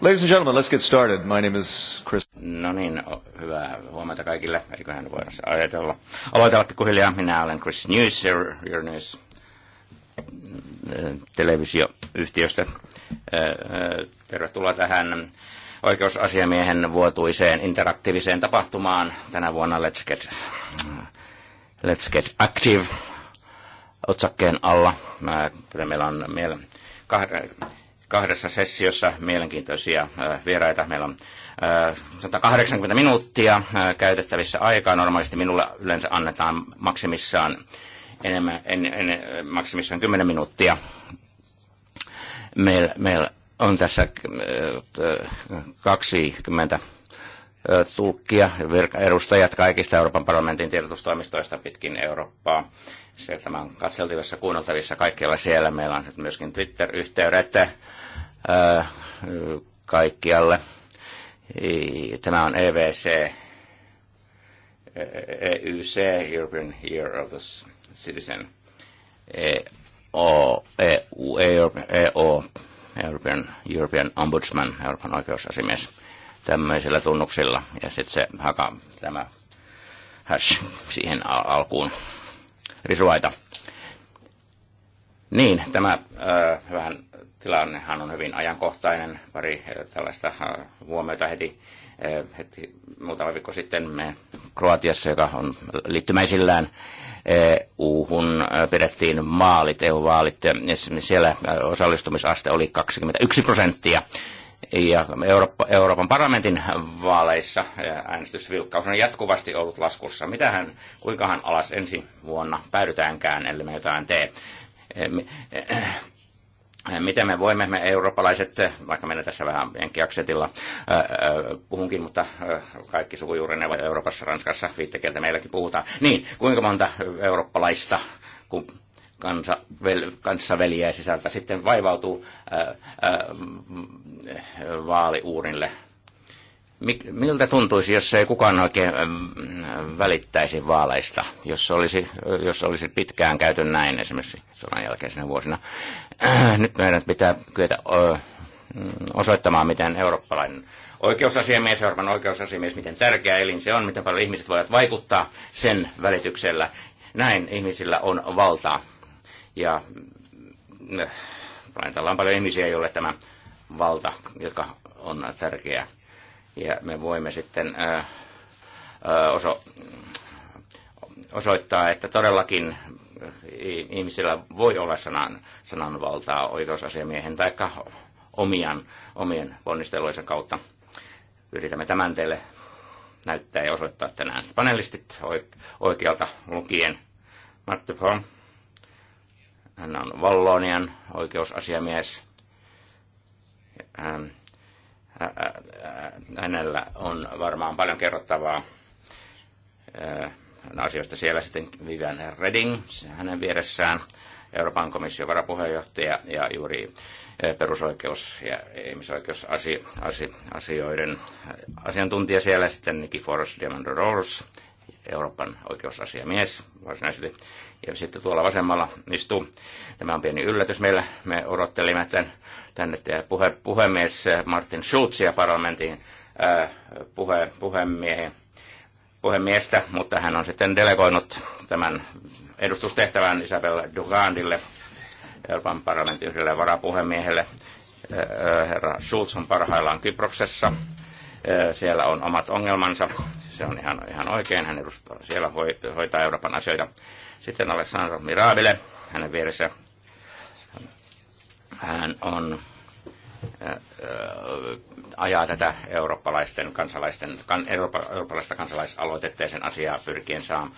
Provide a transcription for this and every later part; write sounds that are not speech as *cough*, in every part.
Ladies and gentlemen, let's get started. My name is Chris. No niin, hyvää huomenta kaikille. Eiköhän voi ajatella. Aloitella pikkuhiljaa. Minä olen Chris News, Your, your News mm, televisioyhtiöstä. Tervetuloa tähän oikeusasiamiehen vuotuiseen interaktiiviseen tapahtumaan tänä vuonna Let's Get, Let's Get Active otsakkeen alla. Meillä on mielen kahdessa sessiossa mielenkiintoisia vieraita. Meillä on 180 minuuttia käytettävissä aikaa. Normaalisti minulle yleensä annetaan maksimissaan, enemmän, en, en, maksimissaan 10 minuuttia. Meillä, meil on tässä 20 tulkkia, edustajat kaikista Euroopan parlamentin tiedotustoimistoista pitkin Eurooppaa se, tämä on katseltavissa, kuunneltavissa kaikkialla siellä. Meillä on myöskin Twitter-yhteydet ää, äh, kaikkialle. Tämä on EVC, EUC, e European Year of the Citizen, EO, EU, EO, e European, European Ombudsman, Euroopan oikeusasimies, tämmöisillä tunnuksilla. Ja sitten se haka, tämä hash siihen alkuun risuaita. Niin, tämä äh, vähän tilannehan on hyvin ajankohtainen. Pari äh, tällaista äh, huomiota heti, äh, heti muutama viikko sitten me Kroatiassa, joka on liittymäisillään EU-hun, äh, äh, pidettiin maalit, EU-vaalit. Ja siellä äh, osallistumisaste oli 21 prosenttia. Äh, ja Eurooppa, Euroopan parlamentin vaaleissa äänestysvilkkaus on jatkuvasti ollut laskussa. Mitähän, kuinkahan alas ensi vuonna päädytäänkään, ellei me jotain tee. Eh, Miten me voimme, me eurooppalaiset, vaikka meillä tässä vähän enkiaksetilla eh, eh, puhunkin, mutta kaikki sukujuurenne Euroopassa, Ranskassa, viittekieltä meilläkin puhutaan. Niin, kuinka monta eurooppalaista kun kansa, vel, ja sisältä sitten vaivautuu ää, ää, mm, vaaliuurille. Mik, miltä tuntuisi, jos ei kukaan oikein mm, välittäisi vaaleista, jos olisi, jos olisi pitkään käyty näin esimerkiksi sodan jälkeisenä vuosina? Äh, nyt meidän pitää kyetä mm, osoittamaan, miten eurooppalainen oikeusasiamies, Euroopan oikeusasiamies, miten tärkeä elin se on, miten paljon ihmiset voivat vaikuttaa sen välityksellä. Näin ihmisillä on valtaa. Ja planeetalla mm, on paljon ihmisiä, joille tämä valta, jotka on tärkeä, Ja me voimme sitten ää, oso, osoittaa, että todellakin ihmisillä voi olla sanan, sananvaltaa oikeusasiamiehen tai omien omien ponnistelujensa kautta. Yritämme tämän teille näyttää ja osoittaa tänään panelistit oikealta lukien. Matti Pohon. Hän on Vallonian oikeusasiamies. Hän, hänellä on varmaan paljon kerrottavaa asioista siellä sitten Vivian Redding hänen vieressään, Euroopan komission varapuheenjohtaja ja juuri perusoikeus- ja ihmisoikeusasioiden asiantuntija siellä sitten Nikiforos Diamandouros, Euroopan oikeusasiamies varsinaisesti. Ja sitten tuolla vasemmalla istuu. Tämä on pieni yllätys meillä. Me odottelimme tämän, tänne puhe, puhemies Martin Schulzia parlamentin ää, puhe, puhemiehi, puhemiestä, mutta hän on sitten delegoinut tämän edustustehtävän Isabel Dugandille, Euroopan parlamentin yhdelle varapuhemiehelle. Herra Schulz on parhaillaan Kyproksessa siellä on omat ongelmansa. Se on ihan, ihan oikein. Hän edustaa, siellä hoi, hoitaa Euroopan asioita. Sitten Alessandro Mirabile, hänen vieressä. Hän on ajaa tätä eurooppalaisten kansalaisten, kan, eurooppa, eurooppalaista kansalaisaloitetta ja sen asiaa pyrkien saamaan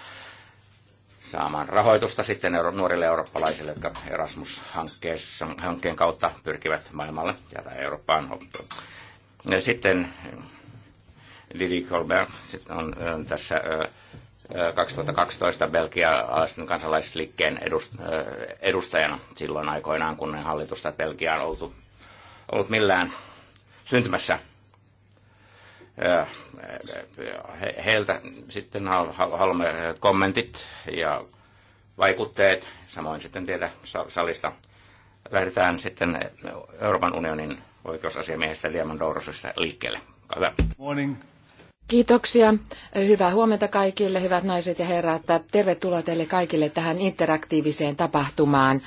saamaan rahoitusta sitten euro, nuorille eurooppalaisille, jotka Erasmus-hankkeen kautta pyrkivät maailmalle ja Eurooppaan sitten Didi Colbert sitten on, on tässä 2012 Belgia-alaisten kansalaisliikkeen edustajana silloin aikoinaan, kun hallitusta Belgiaan ollut, ollut millään syntymässä. Heiltä sitten haluamme kommentit ja vaikutteet, samoin sitten tietä salista lähdetään sitten Euroopan unionin oikeusasiamiehestä Diamondourosesta liikkeelle. Hyvä. Morning. Kiitoksia. Hyvää huomenta kaikille, hyvät naiset ja herrat. Tervetuloa teille kaikille tähän interaktiiviseen tapahtumaan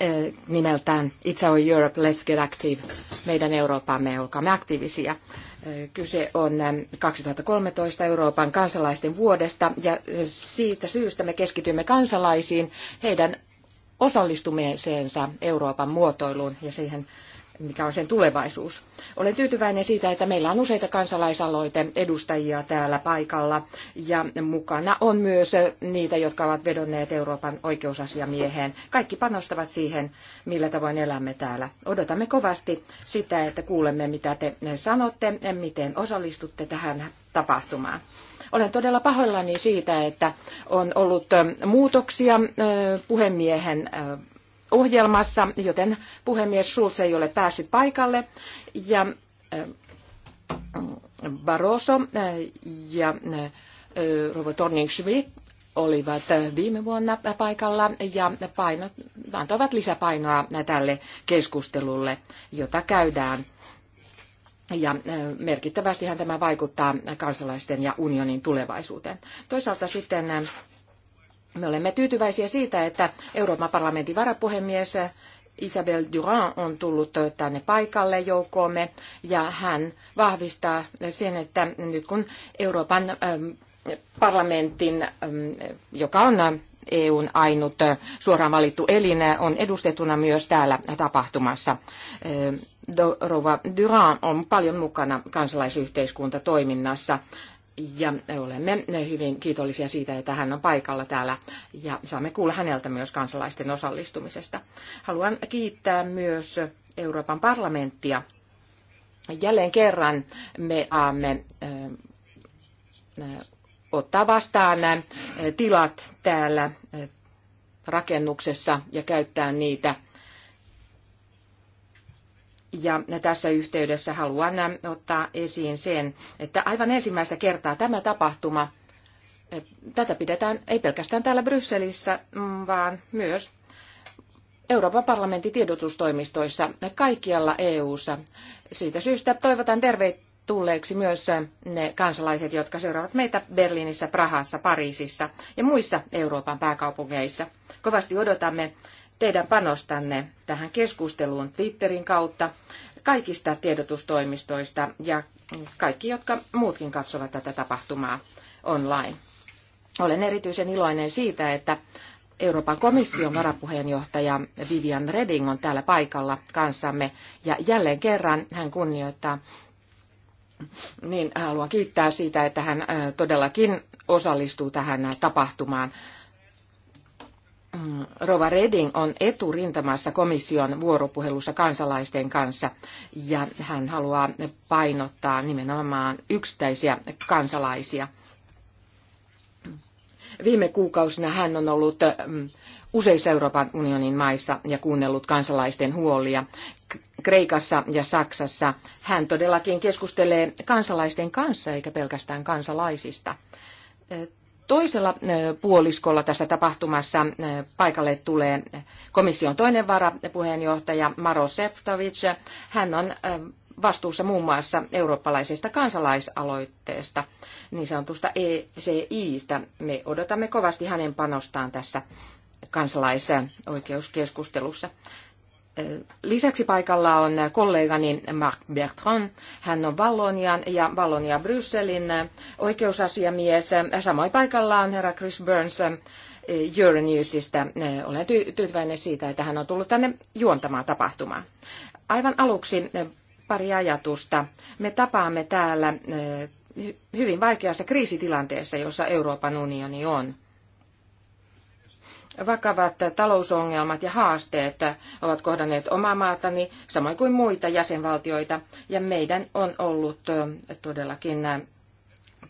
eh, nimeltään It's Our Europe, Let's Get Active. Meidän Euroopamme, olkaamme aktiivisia. Eh, kyse on 2013 eh, Euroopan kansalaisten vuodesta ja siitä syystä me keskitymme kansalaisiin, heidän osallistumiseensa Euroopan muotoiluun ja siihen, mikä on sen tulevaisuus. Olen tyytyväinen siitä, että meillä on useita kansalaisaloite edustajia täällä paikalla ja mukana on myös niitä, jotka ovat vedonneet Euroopan oikeusasiamieheen. Kaikki panostavat siihen, millä tavoin elämme täällä. Odotamme kovasti sitä, että kuulemme, mitä te sanotte, miten osallistutte tähän tapahtumaan. Olen todella pahoillani siitä, että on ollut muutoksia puhemiehen ohjelmassa, joten puhemies Schulz ei ole päässyt paikalle. Ja Barroso ja Rovo thorning schmidt olivat viime vuonna paikalla ja painot, antoivat lisäpainoa tälle keskustelulle, jota käydään ja merkittävästihän tämä vaikuttaa kansalaisten ja unionin tulevaisuuteen. Toisaalta sitten me olemme tyytyväisiä siitä, että Euroopan parlamentin varapuhemies Isabel Durand on tullut tänne paikalle joukkoomme ja hän vahvistaa sen, että nyt kun Euroopan parlamentin, joka on EUn ainut suoraan valittu elin, on edustettuna myös täällä tapahtumassa. Rova Duran on paljon mukana kansalaisyhteiskuntatoiminnassa ja olemme hyvin kiitollisia siitä, että hän on paikalla täällä ja saamme kuulla häneltä myös kansalaisten osallistumisesta. Haluan kiittää myös Euroopan parlamenttia. Jälleen kerran me aamme eh, ottaa vastaan eh, tilat täällä eh, rakennuksessa ja käyttää niitä – ja tässä yhteydessä haluan ottaa esiin sen, että aivan ensimmäistä kertaa tämä tapahtuma, tätä pidetään ei pelkästään täällä Brysselissä, vaan myös Euroopan parlamentin tiedotustoimistoissa kaikkialla EU-ssa. Siitä syystä toivotan tervetulleeksi myös ne kansalaiset, jotka seuraavat meitä Berliinissä, Prahassa, Pariisissa ja muissa Euroopan pääkaupungeissa. Kovasti odotamme teidän panostanne tähän keskusteluun Twitterin kautta kaikista tiedotustoimistoista ja kaikki, jotka muutkin katsovat tätä tapahtumaa online. Olen erityisen iloinen siitä, että Euroopan komission varapuheenjohtaja Vivian Reding on täällä paikalla kanssamme ja jälleen kerran hän kunnioittaa niin haluan kiittää siitä, että hän todellakin osallistuu tähän tapahtumaan. Mm, Rova Reding on eturintamassa komission vuoropuhelussa kansalaisten kanssa ja hän haluaa painottaa nimenomaan yksittäisiä kansalaisia. Viime kuukausina hän on ollut mm, useissa Euroopan unionin maissa ja kuunnellut kansalaisten huolia. Kreikassa ja Saksassa hän todellakin keskustelee kansalaisten kanssa eikä pelkästään kansalaisista. Eh, toisella puoliskolla tässä tapahtumassa paikalle tulee komission toinen varapuheenjohtaja Maro Seftovic. Hän on vastuussa muun muassa eurooppalaisesta kansalaisaloitteesta, niin sanotusta ECIstä. Me odotamme kovasti hänen panostaan tässä kansalaisoikeuskeskustelussa. Lisäksi paikalla on kollegani Marc Bertrand. Hän on Vallonian ja Vallonia Brysselin oikeusasiamies. Samoin paikalla on herra Chris Burns Euronewsista. Olen tyytyväinen siitä, että hän on tullut tänne juontamaan tapahtumaa. Aivan aluksi pari ajatusta. Me tapaamme täällä eh, hyvin vaikeassa kriisitilanteessa, jossa Euroopan unioni on. Vakavat talousongelmat ja haasteet ovat kohdanneet omaa maatani, samoin kuin muita jäsenvaltioita, ja meidän on ollut todellakin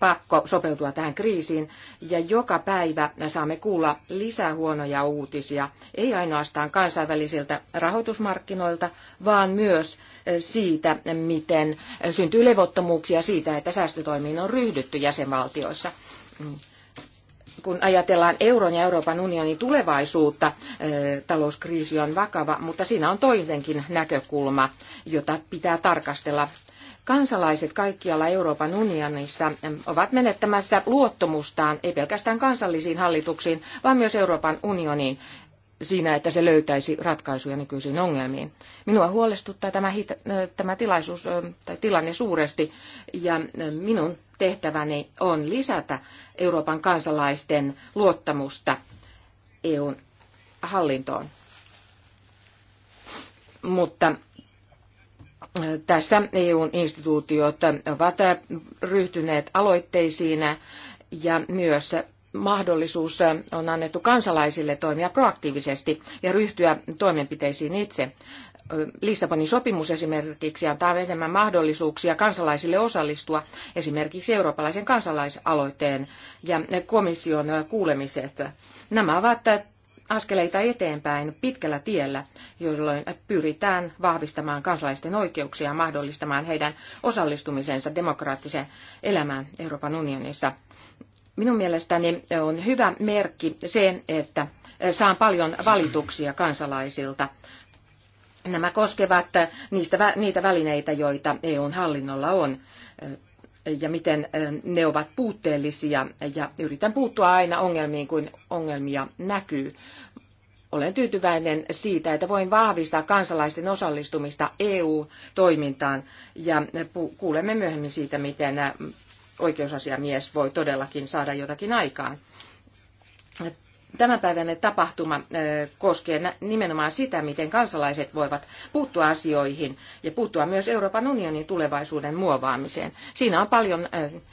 pakko sopeutua tähän kriisiin ja joka päivä saamme kuulla lisää huonoja uutisia, ei ainoastaan kansainvälisiltä rahoitusmarkkinoilta, vaan myös siitä, miten syntyy levottomuuksia siitä, että säästötoimiin on ryhdytty jäsenvaltioissa kun ajatellaan euron ja Euroopan unionin tulevaisuutta, eh, talouskriisi on vakava, mutta siinä on toinenkin näkökulma, jota pitää tarkastella. Kansalaiset kaikkialla Euroopan unionissa ovat menettämässä luottamustaan ei pelkästään kansallisiin hallituksiin, vaan myös Euroopan unioniin siinä, että se löytäisi ratkaisuja nykyisiin ongelmiin. Minua huolestuttaa tämä, tämä tilaisuus, tai tilanne suuresti, ja minun tehtäväni on lisätä Euroopan kansalaisten luottamusta EUn hallintoon. Mutta tässä EUn instituutiot ovat ryhtyneet aloitteisiin ja myös mahdollisuus äh, on annettu kansalaisille toimia proaktiivisesti ja ryhtyä toimenpiteisiin itse. Äh, Lissabonin sopimus esimerkiksi antaa enemmän mahdollisuuksia kansalaisille osallistua esimerkiksi eurooppalaisen kansalaisaloitteen ja komission äh, kuulemiset. Nämä ovat askeleita eteenpäin pitkällä tiellä, jolloin pyritään vahvistamaan kansalaisten oikeuksia ja mahdollistamaan heidän osallistumisensa demokraattiseen elämään Euroopan unionissa minun mielestäni on hyvä merkki se, että saan paljon valituksia kansalaisilta. Nämä koskevat niistä, niitä välineitä, joita EUn hallinnolla on ja miten ne ovat puutteellisia ja yritän puuttua aina ongelmiin, kun ongelmia näkyy. Olen tyytyväinen siitä, että voin vahvistaa kansalaisten osallistumista EU-toimintaan ja kuulemme myöhemmin siitä, miten oikeusasiamies voi todellakin saada jotakin aikaan. Tämänpäiväinen tapahtuma koskee nimenomaan sitä, miten kansalaiset voivat puuttua asioihin ja puuttua myös Euroopan unionin tulevaisuuden muovaamiseen. Siinä on paljon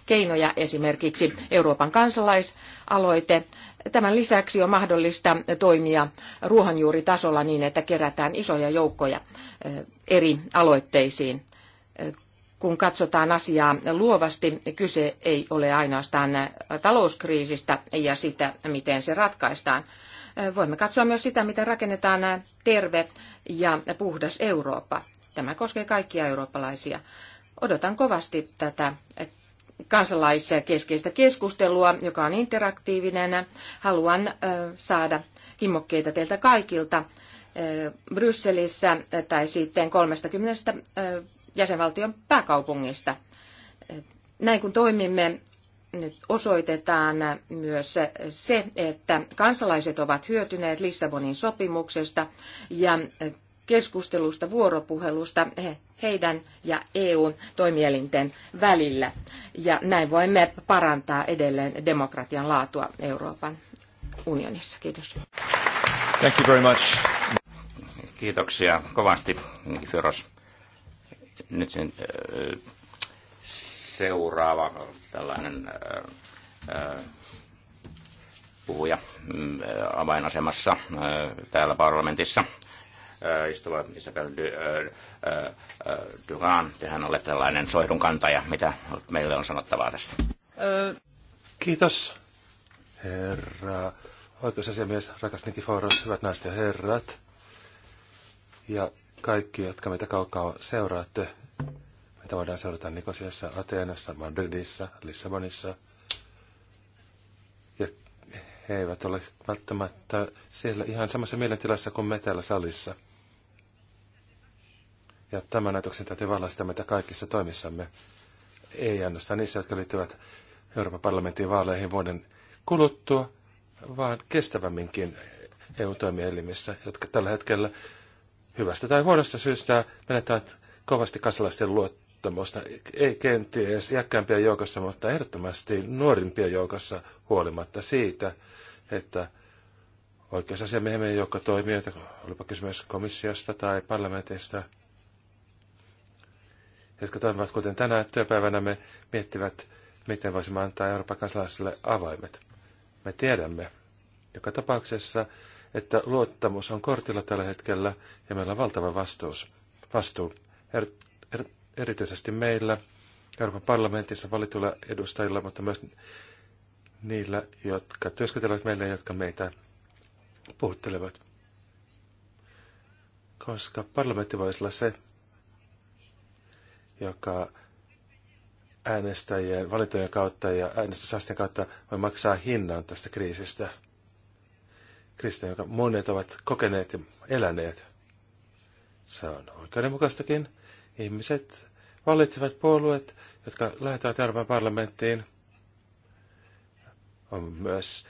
keinoja, esimerkiksi Euroopan kansalaisaloite. Tämän lisäksi on mahdollista toimia ruohonjuuritasolla niin, että kerätään isoja joukkoja eri aloitteisiin kun katsotaan asiaa luovasti, kyse ei ole ainoastaan talouskriisistä ja sitä, miten se ratkaistaan. Voimme katsoa myös sitä, miten rakennetaan terve ja puhdas Eurooppa. Tämä koskee kaikkia eurooppalaisia. Odotan kovasti tätä kansalaiskeskeistä keskustelua, joka on interaktiivinen. Haluan saada kimmokkeita teiltä kaikilta Brysselissä tai sitten 30 jäsenvaltion pääkaupungista. Näin kun toimimme, nyt osoitetaan myös se, että kansalaiset ovat hyötyneet Lissabonin sopimuksesta ja keskustelusta, vuoropuhelusta heidän ja EUn toimielinten välillä. Ja näin voimme parantaa edelleen demokratian laatua Euroopan unionissa. Kiitos. Thank you very much. Kiitoksia kovasti, Fyros nyt sen seuraava tällainen puhuja mm, avainasemassa täällä parlamentissa istuva Isabel Duran. Tehän olet tällainen soihdun kantaja. Mitä meille on sanottavaa tästä? Kiitos, herra oikeusasiamies, rakas Nikiforos, hyvät naiset ja herrat. Ja kaikki, jotka meitä kaukaa seuraatte, meitä voidaan seurata Nikosiassa, Ateenassa, Madridissa, Lissabonissa. Ja he eivät ole välttämättä siellä ihan samassa mielentilassa kuin me täällä salissa. Ja tämän ajatuksen täytyy vallasta, meitä kaikissa toimissamme. Ei ainoastaan niissä, jotka liittyvät Euroopan parlamentin vaaleihin vuoden kuluttua, vaan kestävämminkin EU-toimielimissä, jotka tällä hetkellä hyvästä tai huonosta syystä menettävät kovasti kansalaisten luottamusta. Ei kenties iäkkäämpien joukossa, mutta ehdottomasti nuorimpien joukossa huolimatta siitä, että oikeusasiamiehemme joukko toimijoita, olipa kysymys komissiosta tai parlamentista, jotka toimivat kuten tänään työpäivänämme, miettivät, miten voisimme antaa Euroopan kansalaisille avaimet. Me tiedämme joka tapauksessa, että luottamus on kortilla tällä hetkellä ja meillä on valtava vastuus, vastuu. Er, er, erityisesti meillä, Euroopan parlamentissa valituilla edustajilla, mutta myös niillä, jotka työskentelevät meille ja jotka meitä puhuttelevat. Koska parlamentti voisi olla se, joka äänestäjien valintojen kautta ja äänestysasteen kautta voi maksaa hinnan tästä kriisistä – kristiä, jonka monet ovat kokeneet ja eläneet. Se on oikeudenmukaistakin. Ihmiset valitsevat puolueet, jotka lähetävät Euroopan parlamenttiin. On myös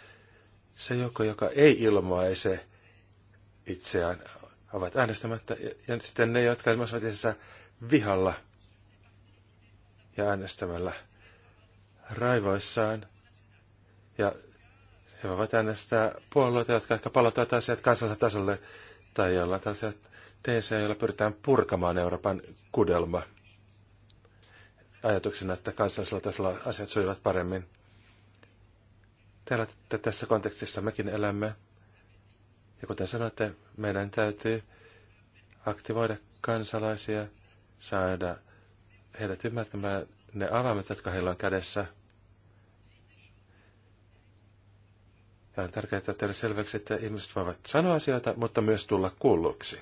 se joko, joka ei ilmaise itseään, ovat äänestämättä, ja sitten ne, jotka ilmaisevat itseään vihalla ja äänestämällä raivoissaan ja he voivat äänestää puolueita, jotka ehkä palauttavat asiat kansalliselle tasolle tai jollain tällaisia teesejä, joilla pyritään purkamaan Euroopan kudelma ajatuksena, että kansallisella tasolla asiat sujuvat paremmin. Täällä tässä kontekstissa mekin elämme. Ja kuten sanoitte, meidän täytyy aktivoida kansalaisia, saada heidät ymmärtämään ne avaimet, jotka heillä on kädessä. Ja on tärkeää tehdä selväksi, että ihmiset voivat sanoa asioita, mutta myös tulla kuulluksi.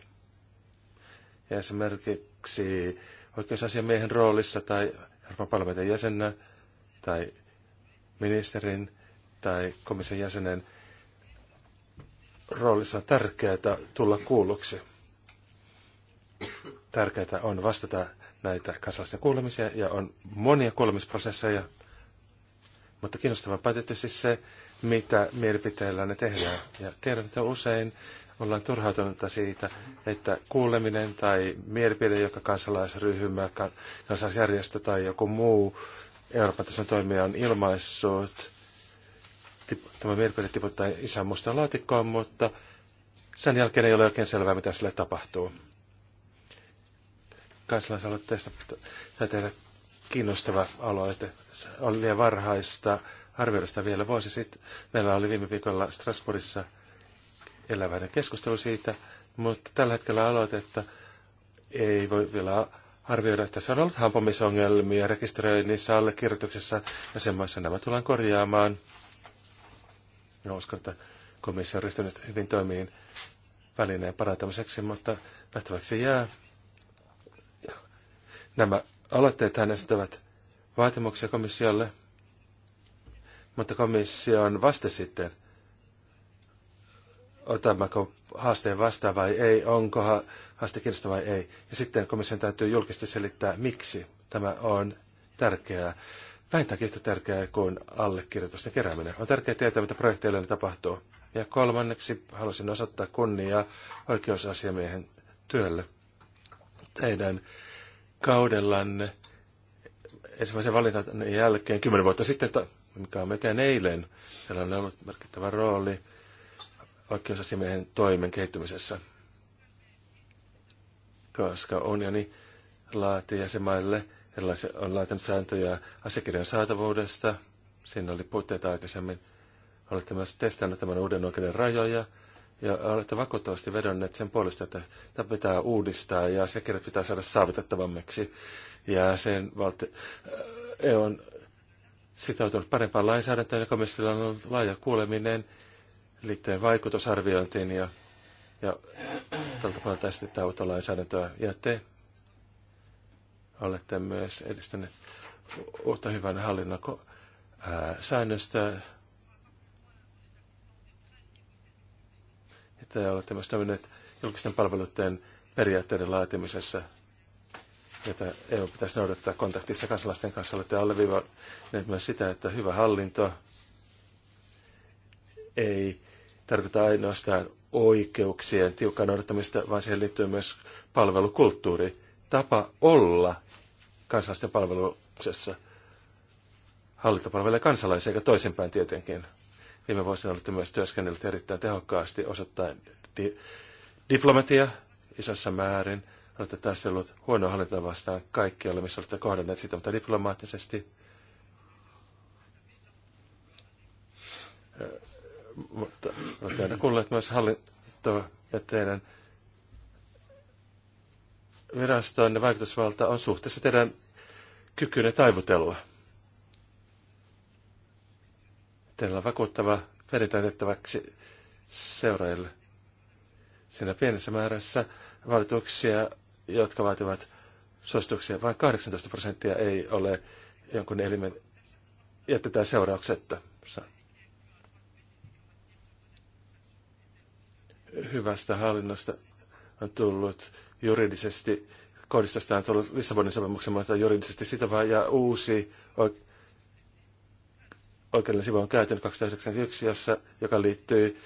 Ja esimerkiksi oikeusasiamiehen roolissa tai Euroopan parlamentin jäsenä tai ministerin tai komission jäsenen roolissa on tärkeää tulla kuulluksi. Tärkeää on vastata näitä kansalaisten kuulemisia ja on monia kuulemisprosesseja, mutta kiinnostavampaa tietysti se, mitä mielipiteillä ne tehdään. Ja tiedän, että usein ollaan turhautuneita siitä, että kuuleminen tai mielipide, joka kansalaisryhmä, kansalaisjärjestö tai joku muu Euroopan tason toimija on ilmaissut, tämä mielipide tiputtaa isän mustaan laatikkoon, mutta sen jälkeen ei ole oikein selvää, mitä sille tapahtuu. Kansalaisaloitteesta pitää tehdä kiinnostava aloite. Oli liian varhaista arvioida sitä vielä vuosi sitten. Meillä oli viime viikolla Strasbourgissa eläväinen keskustelu siitä, mutta tällä hetkellä aloitetta ei voi vielä arvioida, että se on ollut hampomisongelmia rekisteröinnissä, allekirjoituksessa ja semmoissa. Nämä tullaan korjaamaan. Ja uskon, että komissio on ryhtynyt hyvin toimiin välineen parantamiseksi, mutta nähtäväksi jää. Nämä Aloitteet hän esittävät vaatimuksia komissiolle, mutta komissio on vasta sitten, otammeko haasteen vastaan vai ei, onko haaste kiinnostava vai ei. Ja sitten komission täytyy julkisesti selittää, miksi tämä on tärkeää. Vähintäänkin yhtä tärkeää kuin allekirjoitusten kerääminen. On tärkeää tietää, mitä projekteilla tapahtuu. Ja kolmanneksi haluaisin osoittaa kunniaa oikeusasiamiehen työlle. Teidän kaudellanne ensimmäisen valintan jälkeen, kymmenen vuotta sitten, mikä on melkein eilen, siellä on ollut merkittävä rooli oikeusasiamiehen toimen kehittymisessä, koska unioni laatii jäsenmaille erilaisia, on laitanut sääntöjä asiakirjan saatavuudesta, siinä oli puutteita aikaisemmin, olette myös testannut tämän uuden oikeuden rajoja, ja olette vakuuttavasti vedonneet sen puolesta, että tämä pitää uudistaa ja se kirjat pitää saada saavutettavammaksi. Ja sen valti, EU on sitoutunut parempaan lainsäädäntöön ja komissiolla on ollut laaja kuuleminen liittyen vaikutusarviointiin ja, ja tältä puolelta esitetään uutta lainsäädäntöä. Ja te olette myös edistäneet uutta hyvän hallinnon säännöstä että olette myös toimineet julkisten palveluiden periaatteiden laatimisessa, jota EU pitäisi noudattaa kontaktissa kansalaisten kanssa. Olette alleviivanneet myös sitä, että hyvä hallinto ei tarkoita ainoastaan oikeuksien tiukkaan noudattamista, vaan siihen liittyy myös palvelukulttuuri, tapa olla kansalaisten palveluksessa. Hallinto palvelee kansalaisia eikä toisinpäin tietenkin. Viime vuosina olette myös työskennellyt erittäin tehokkaasti osoittain di- diplomatia isossa määrin. Olette taistellut huonoa hallintaa vastaan kaikkialla, missä olette kohdanneet sitä, mutta diplomaattisesti. Mutta olette aina kuulleet myös hallintoa ja teidän ja vaikutusvalta on suhteessa teidän kykyynne taivutella. Teillä on vakuuttava veritaitettavaksi seuraajille. Siinä pienessä määrässä valituksia, jotka vaativat suosituksia, vain 18 prosenttia ei ole jonkun elimen jätetään seurauksetta. Hyvästä hallinnosta on tullut juridisesti, kohdistosta on tullut Lissabonin sopimuksen mukaan juridisesti sitova ja uusi oikeudellinen sivu on käytetty 291, jossa, joka liittyy,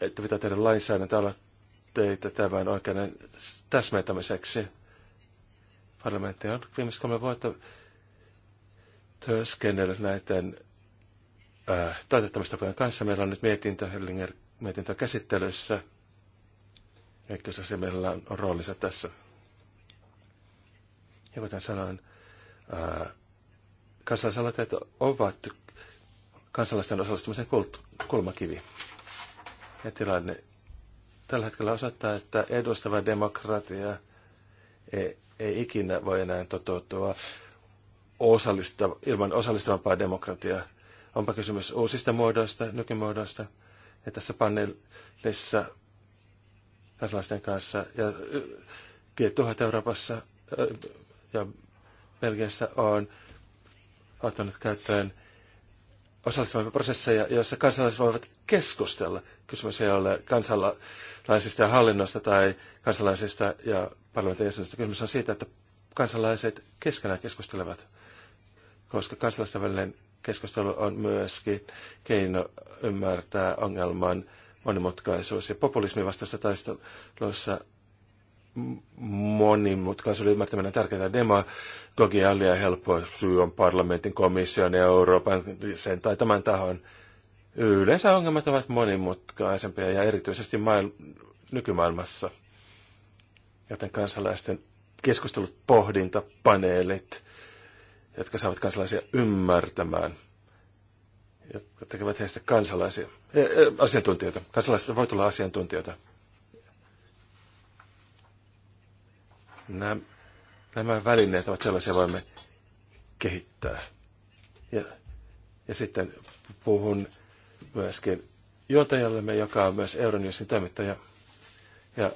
että pitää tehdä lainsäädäntöaloitteita tämän oikeuden täsmentämiseksi. Parlamentti on viimeiset kolme vuotta työskennellyt näiden äh, toteuttamistapojen kanssa. Meillä on nyt mietintö, Hellinger mietintö käsittelyssä. Oikeusasiamiehellä on roolinsa tässä. Ja kuten sanoin, äh, kansalaisaloitteet ovat kansalaisten osallistumisen kulmakivi. Ja tilanne tällä hetkellä osoittaa, että edustava demokratia ei, ei ikinä voi enää toteutua osallista, ilman osallistavampaa demokratiaa. Onpa kysymys uusista muodoista, nykymuodoista, ja tässä paneelissa kansalaisten kanssa ja G1000 Euroopassa ja Belgiassa on ottanut käyttöön osallistuvamme prosesseja, joissa kansalaiset voivat keskustella. Kysymys ei ole kansalaisista ja hallinnosta tai kansalaisista ja parlamentin jäsenistä. Kysymys on siitä, että kansalaiset keskenään keskustelevat, koska kansalaisten välinen keskustelu on myöskin keino ymmärtää ongelman monimutkaisuus. Ja populismin vastaisessa taistelussa monimutkaisuuden ymmärtäminen on tärkeää. on ja helppo syy on parlamentin, komission ja Euroopan sen tai tämän tahon. Yleensä ongelmat ovat monimutkaisempia ja erityisesti mail- nykymaailmassa. Joten kansalaisten keskustelut, paneelit, jotka saavat kansalaisia ymmärtämään, jotka tekevät heistä kansalaisia, eh, eh, asiantuntijoita. Kansalaisista voi tulla asiantuntijoita. Nämä, nämä välineet ovat sellaisia, voimme kehittää. Ja, ja sitten puhun myöskin juontajallemme, joka on myös Euronewsin toimittaja. Ja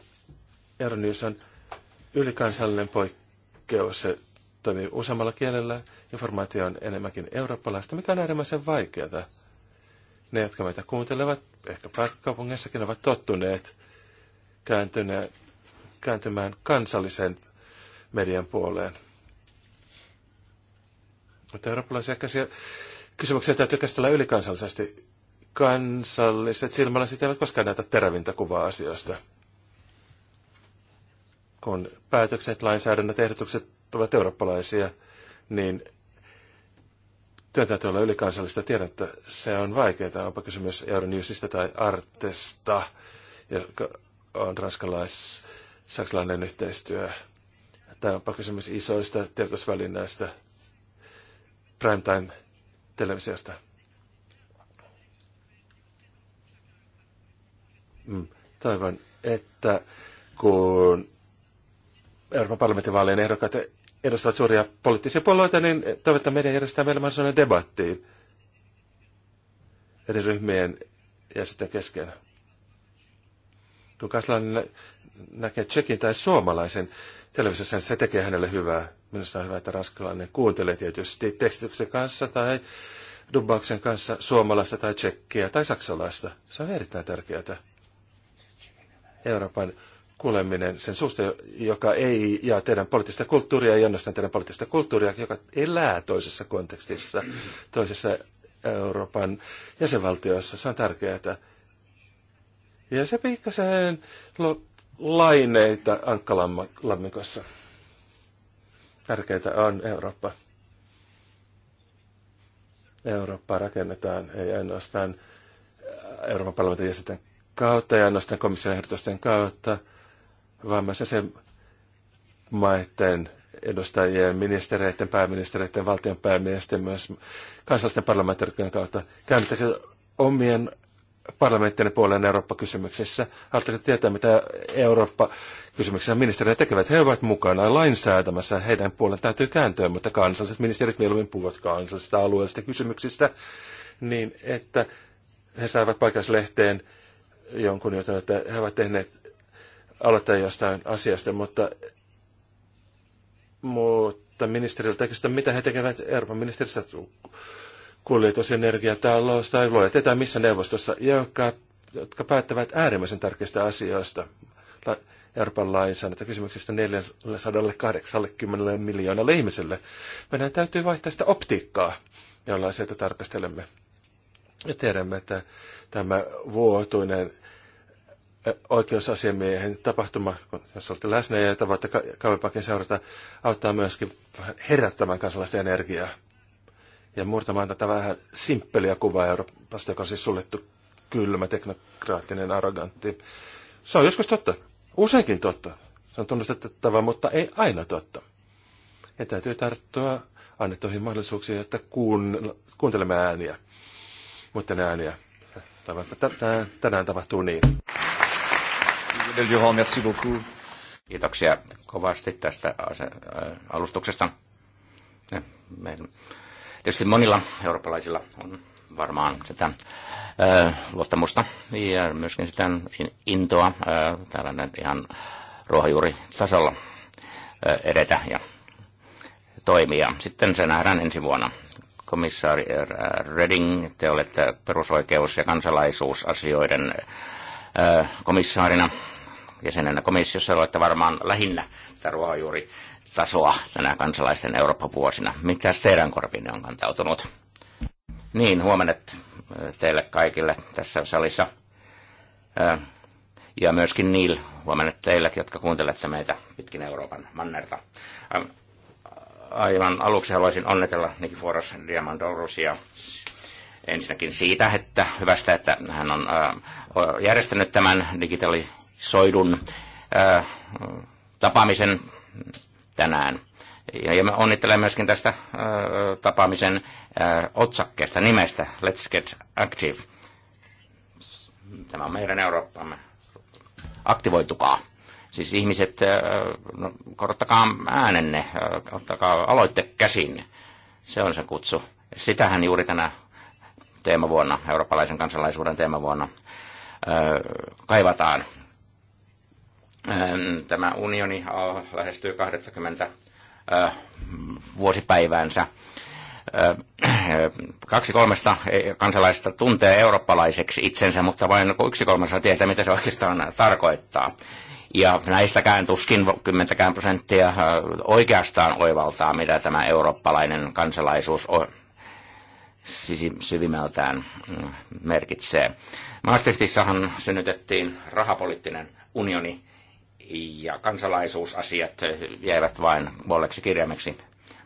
Euronews on ylikansallinen poikkeus. Se toimii useammalla kielellä. Informaatio on enemmänkin eurooppalaista, mikä on äärimmäisen vaikeaa. Ne, jotka meitä kuuntelevat, ehkä pääkaupungissakin, ovat tottuneet kääntyneet kääntymään kansallisen median puoleen. Mutta eurooppalaisia käsiä, kysymyksiä täytyy käsitellä ylikansallisesti. Kansalliset silmälasit eivät koskaan näytä terävintä kuvaa asioista. Kun päätökset, lainsäädännöt, ehdotukset ovat eurooppalaisia, niin työn täytyy olla ylikansallista. Tiedän, että se on vaikeaa. Onpa kysymys Euronewsista tai Artesta, joka on ranskalais saksalainen yhteistyö. Tämä on kysymys isoista tiedotusvälineistä, primetime televisiosta. Mm. Toivon, että kun Euroopan parlamentin vaalien ehdokkaat edustavat suuria poliittisia puolueita, niin toivottavasti meidän järjestää meillä mahdollisuuden debattiin eri ryhmien ja sitten kesken. Kun kansalainen näkee tsekin tai suomalaisen televisiossa, niin se tekee hänelle hyvää. Minusta on hyvä, että ranskalainen kuuntelee tietysti tekstityksen kanssa tai dubbauksen kanssa suomalaista tai tsekkiä tai saksalaista. Se on erittäin tärkeää. Euroopan kuuleminen sen suusta, joka ei jaa teidän poliittista kulttuuria, ei ainoastaan teidän poliittista kulttuuria, joka elää toisessa kontekstissa, toisessa Euroopan jäsenvaltioissa. Se on tärkeää. Ja se pikkasen laineita ankkalammikossa. Tärkeintä on Eurooppa. Eurooppaa rakennetaan ei ainoastaan Euroopan parlamentin jäsenten kautta ja ainoastaan komission ehdotusten kautta, vaan myös sen maiden edustajien, ministereiden, pääministereiden, valtion päämiesten, myös kansallisten parlamentaarikkojen kautta. Käännyttekö omien parlamenttien puolen Eurooppa-kysymyksessä. Haluatteko tietää, mitä Eurooppa-kysymyksessä ministerit tekevät? He ovat mukana lainsäätämässä, heidän puolen täytyy kääntyä, mutta kansalliset ministerit mieluummin puhuvat kansallisista alueellisista kysymyksistä, niin että he saavat paikallislehteen jonkun, jota että he ovat tehneet aloittaa jostain asiasta, mutta mutta ministeriltä mitä he tekevät Euroopan ministerissä kuljetusenergia, talous tai luetetaan missä neuvostossa, joka, jotka päättävät äärimmäisen tärkeistä asioista. Euroopan kysymyksestä 480 miljoonalle ihmiselle. Meidän täytyy vaihtaa sitä optiikkaa, jolla asioita tarkastelemme. Ja tiedämme, että tämä vuotuinen oikeusasiamiehen tapahtuma, jos olette läsnä ja tavoitte voitte seurata, auttaa myöskin herättämään kansalaisten energiaa ja murtamaan tätä vähän simppeliä kuvaa Euroopasta, joka on siis suljettu kylmä, teknokraattinen, arrogantti. Se on joskus totta. Useinkin totta. Se on tunnustettava, mutta ei aina totta. Ja täytyy tarttua annettuihin mahdollisuuksiin, että kuun, kuuntelemme ääniä. Mutta ne ääniä. Tänään tapahtuu niin. Kiitoksia kovasti tästä alustuksesta. Eh, meidän Tietysti monilla eurooppalaisilla on varmaan sitä luottamusta ja myöskin sitä intoa tällainen ihan ruohonjuuritasolla edetä ja toimia. Sitten se nähdään ensi vuonna. Komissaari Reding, te olette perusoikeus- ja kansalaisuusasioiden komissaarina jäsenenä komissiossa, olette varmaan lähinnä tätä ruohonjuuri tasoa tänä kansalaisten Eurooppa-vuosina. Mitäs teidän korvinne on kantautunut? Niin, huomenna äh, teille kaikille tässä salissa. Äh, ja myöskin niillä huomenna teille, jotka kuuntelette meitä pitkin Euroopan mannerta. Äh, aivan aluksi haluaisin onnitella Nikiforos Diamandorusia ensinnäkin siitä, että hyvästä, että hän on järjestänyt tämän digitalisoidun tapaamisen tänään. Ja mä onnittelen myöskin tästä äh, tapaamisen äh, otsakkeesta, nimestä Let's Get Active. Tämä on meidän Eurooppamme. Aktivoitukaa. Siis ihmiset, äh, no, korottakaa äänenne, äh, ottakaa aloitte käsin. Se on se kutsu. Sitähän juuri tänä teemavuonna, eurooppalaisen kansalaisuuden teemavuonna, äh, kaivataan tämä unioni lähestyy 80 vuosipäiväänsä. Kaksi kolmesta e, kansalaista tuntee eurooppalaiseksi itsensä, mutta vain yksi kolmesta tietää, mitä se oikeastaan tarkoittaa. Ja näistäkään tuskin 10 prosenttia oikeastaan oivaltaa, mitä tämä eurooppalainen kansalaisuus on syvimmältään mm, merkitsee. Maastrichtissahan synnytettiin rahapoliittinen unioni, ja kansalaisuusasiat jäivät vain puoleksi kirjaimeksi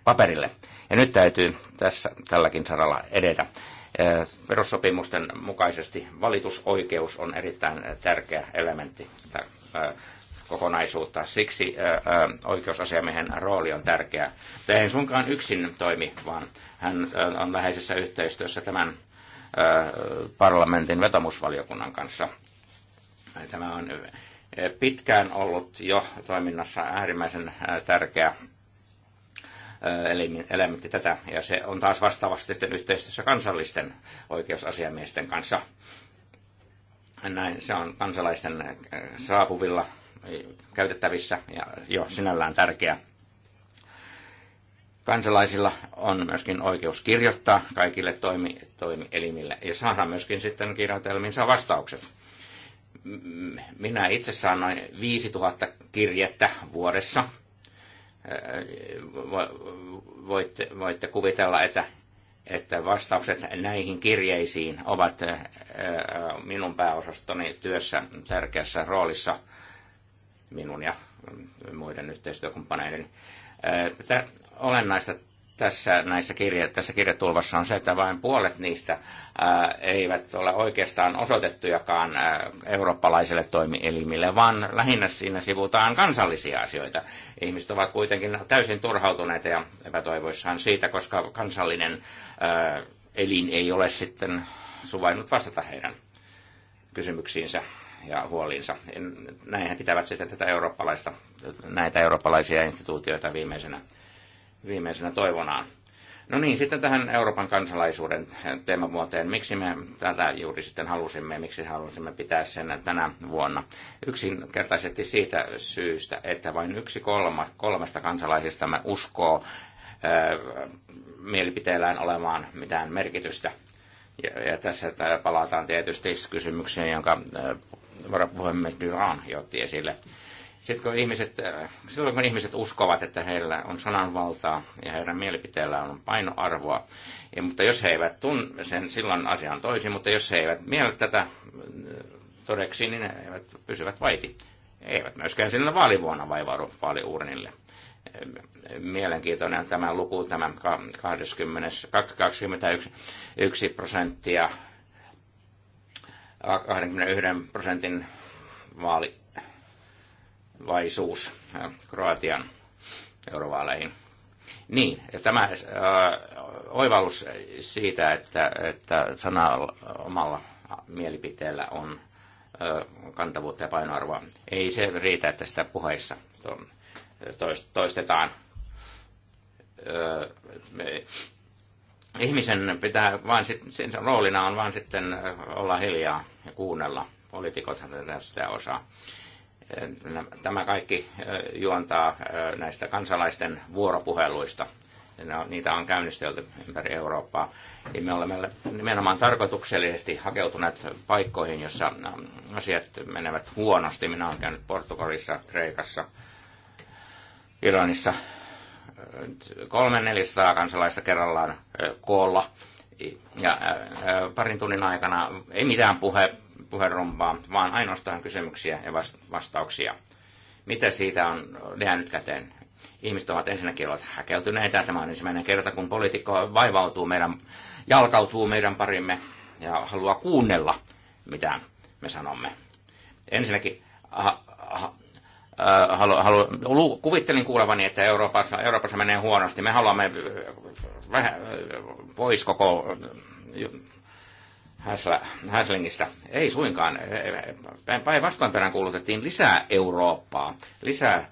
paperille. Ja nyt täytyy tässä tälläkin saralla edetä. Perussopimusten mukaisesti valitusoikeus on erittäin tärkeä elementti kokonaisuutta. Siksi oikeusasiamiehen rooli on tärkeä. Ei suinkaan yksin toimi, vaan hän on läheisessä yhteistyössä tämän parlamentin vetomusvaliokunnan kanssa. Tämä on pitkään ollut jo toiminnassa äärimmäisen tärkeä elementti tätä, ja se on taas vastaavasti sitten yhteistyössä kansallisten oikeusasiamiesten kanssa. Näin se on kansalaisten saapuvilla käytettävissä ja jo sinällään tärkeä. Kansalaisilla on myöskin oikeus kirjoittaa kaikille toimi, toimielimille ja saada myöskin sitten kirjoitelmiinsa vastaukset minä itse saan noin 5000 kirjettä vuodessa. Voitte, voitte kuvitella, että, että vastaukset näihin kirjeisiin ovat minun pääosastoni työssä tärkeässä roolissa minun ja muiden yhteistyökumppaneiden. Olennaista tässä, näissä kirja, tässä kirjatulvassa on se, että vain puolet niistä ää, eivät ole oikeastaan osoitettujakaan ää, eurooppalaisille toimielimille, vaan lähinnä siinä sivutaan kansallisia asioita. Ihmiset ovat kuitenkin täysin turhautuneita ja epätoivoissaan siitä, koska kansallinen ää, elin ei ole sitten suvainnut vastata heidän kysymyksiinsä ja huoliinsa. Näinhän pitävät sitten tätä eurooppalaista, näitä eurooppalaisia instituutioita viimeisenä viimeisenä toivonaan. No niin, sitten tähän Euroopan kansalaisuuden teemavuoteen. Miksi me tätä juuri sitten halusimme, miksi halusimme pitää sen tänä vuonna? Yksinkertaisesti siitä syystä, että vain yksi kolma, kolmesta kansalaisistamme uskoo ää, mielipiteellään olemaan mitään merkitystä. Ja, ja tässä palataan tietysti kysymykseen, jonka varapuhemme Duran jo otti esille. Sitten kun ihmiset, äh, silloin kun ihmiset uskovat, että heillä on sananvaltaa ja heidän mielipiteellä on painoarvoa, ja, mutta jos he eivät tunne sen, silloin asian toisin, mutta jos he eivät miele tätä äh, todeksi, niin he eivät pysyvät vaiti. He eivät myöskään sillä vaalivuonna vaivaudu vaaliuurnille. Äh, mielenkiintoinen tämä luku, tämä 20, 21 prosenttia 21 prosentin vaali laisuus äh, Kroatian eurovaaleihin. Niin, ja tämä äh, oivallus siitä, että, että sana omalla mielipiteellä on äh, kantavuutta ja painoarvoa, ei se riitä, että sitä puheissa toistetaan. Äh, me, ihmisen pitää vain sit, sen roolina on vain sitten äh, olla hiljaa ja kuunnella. Poliitikothan tästä sitä osaa. Tämä kaikki juontaa näistä kansalaisten vuoropuheluista. No, niitä on käynnistelty ympäri Eurooppaa. Me olemme nimenomaan tarkoituksellisesti hakeutuneet paikkoihin, joissa no, asiat menevät huonosti. Minä olen käynyt Portugalissa, Kreikassa, Iranissa. 300-400 kansalaista kerrallaan koolla ja parin tunnin aikana ei mitään puhe, puherumpaa, vaan ainoastaan kysymyksiä ja vastauksia. Mitä siitä on jäänyt käteen? Ihmiset ovat ensinnäkin olleet häkeltyneitä. Tämä on ensimmäinen kerta, kun poliitikko vaivautuu meidän, jalkautuu meidän parimme ja haluaa kuunnella, mitä me sanomme. Ensinnäkin aha, aha, äh, halu, halu, kuvittelin kuulevani, että Euroopassa, Euroopassa menee huonosti. Me haluamme äh, vähän äh, pois koko Häslingistä. Ei suinkaan. Päinvastoin kuulutettiin lisää Eurooppaa, lisää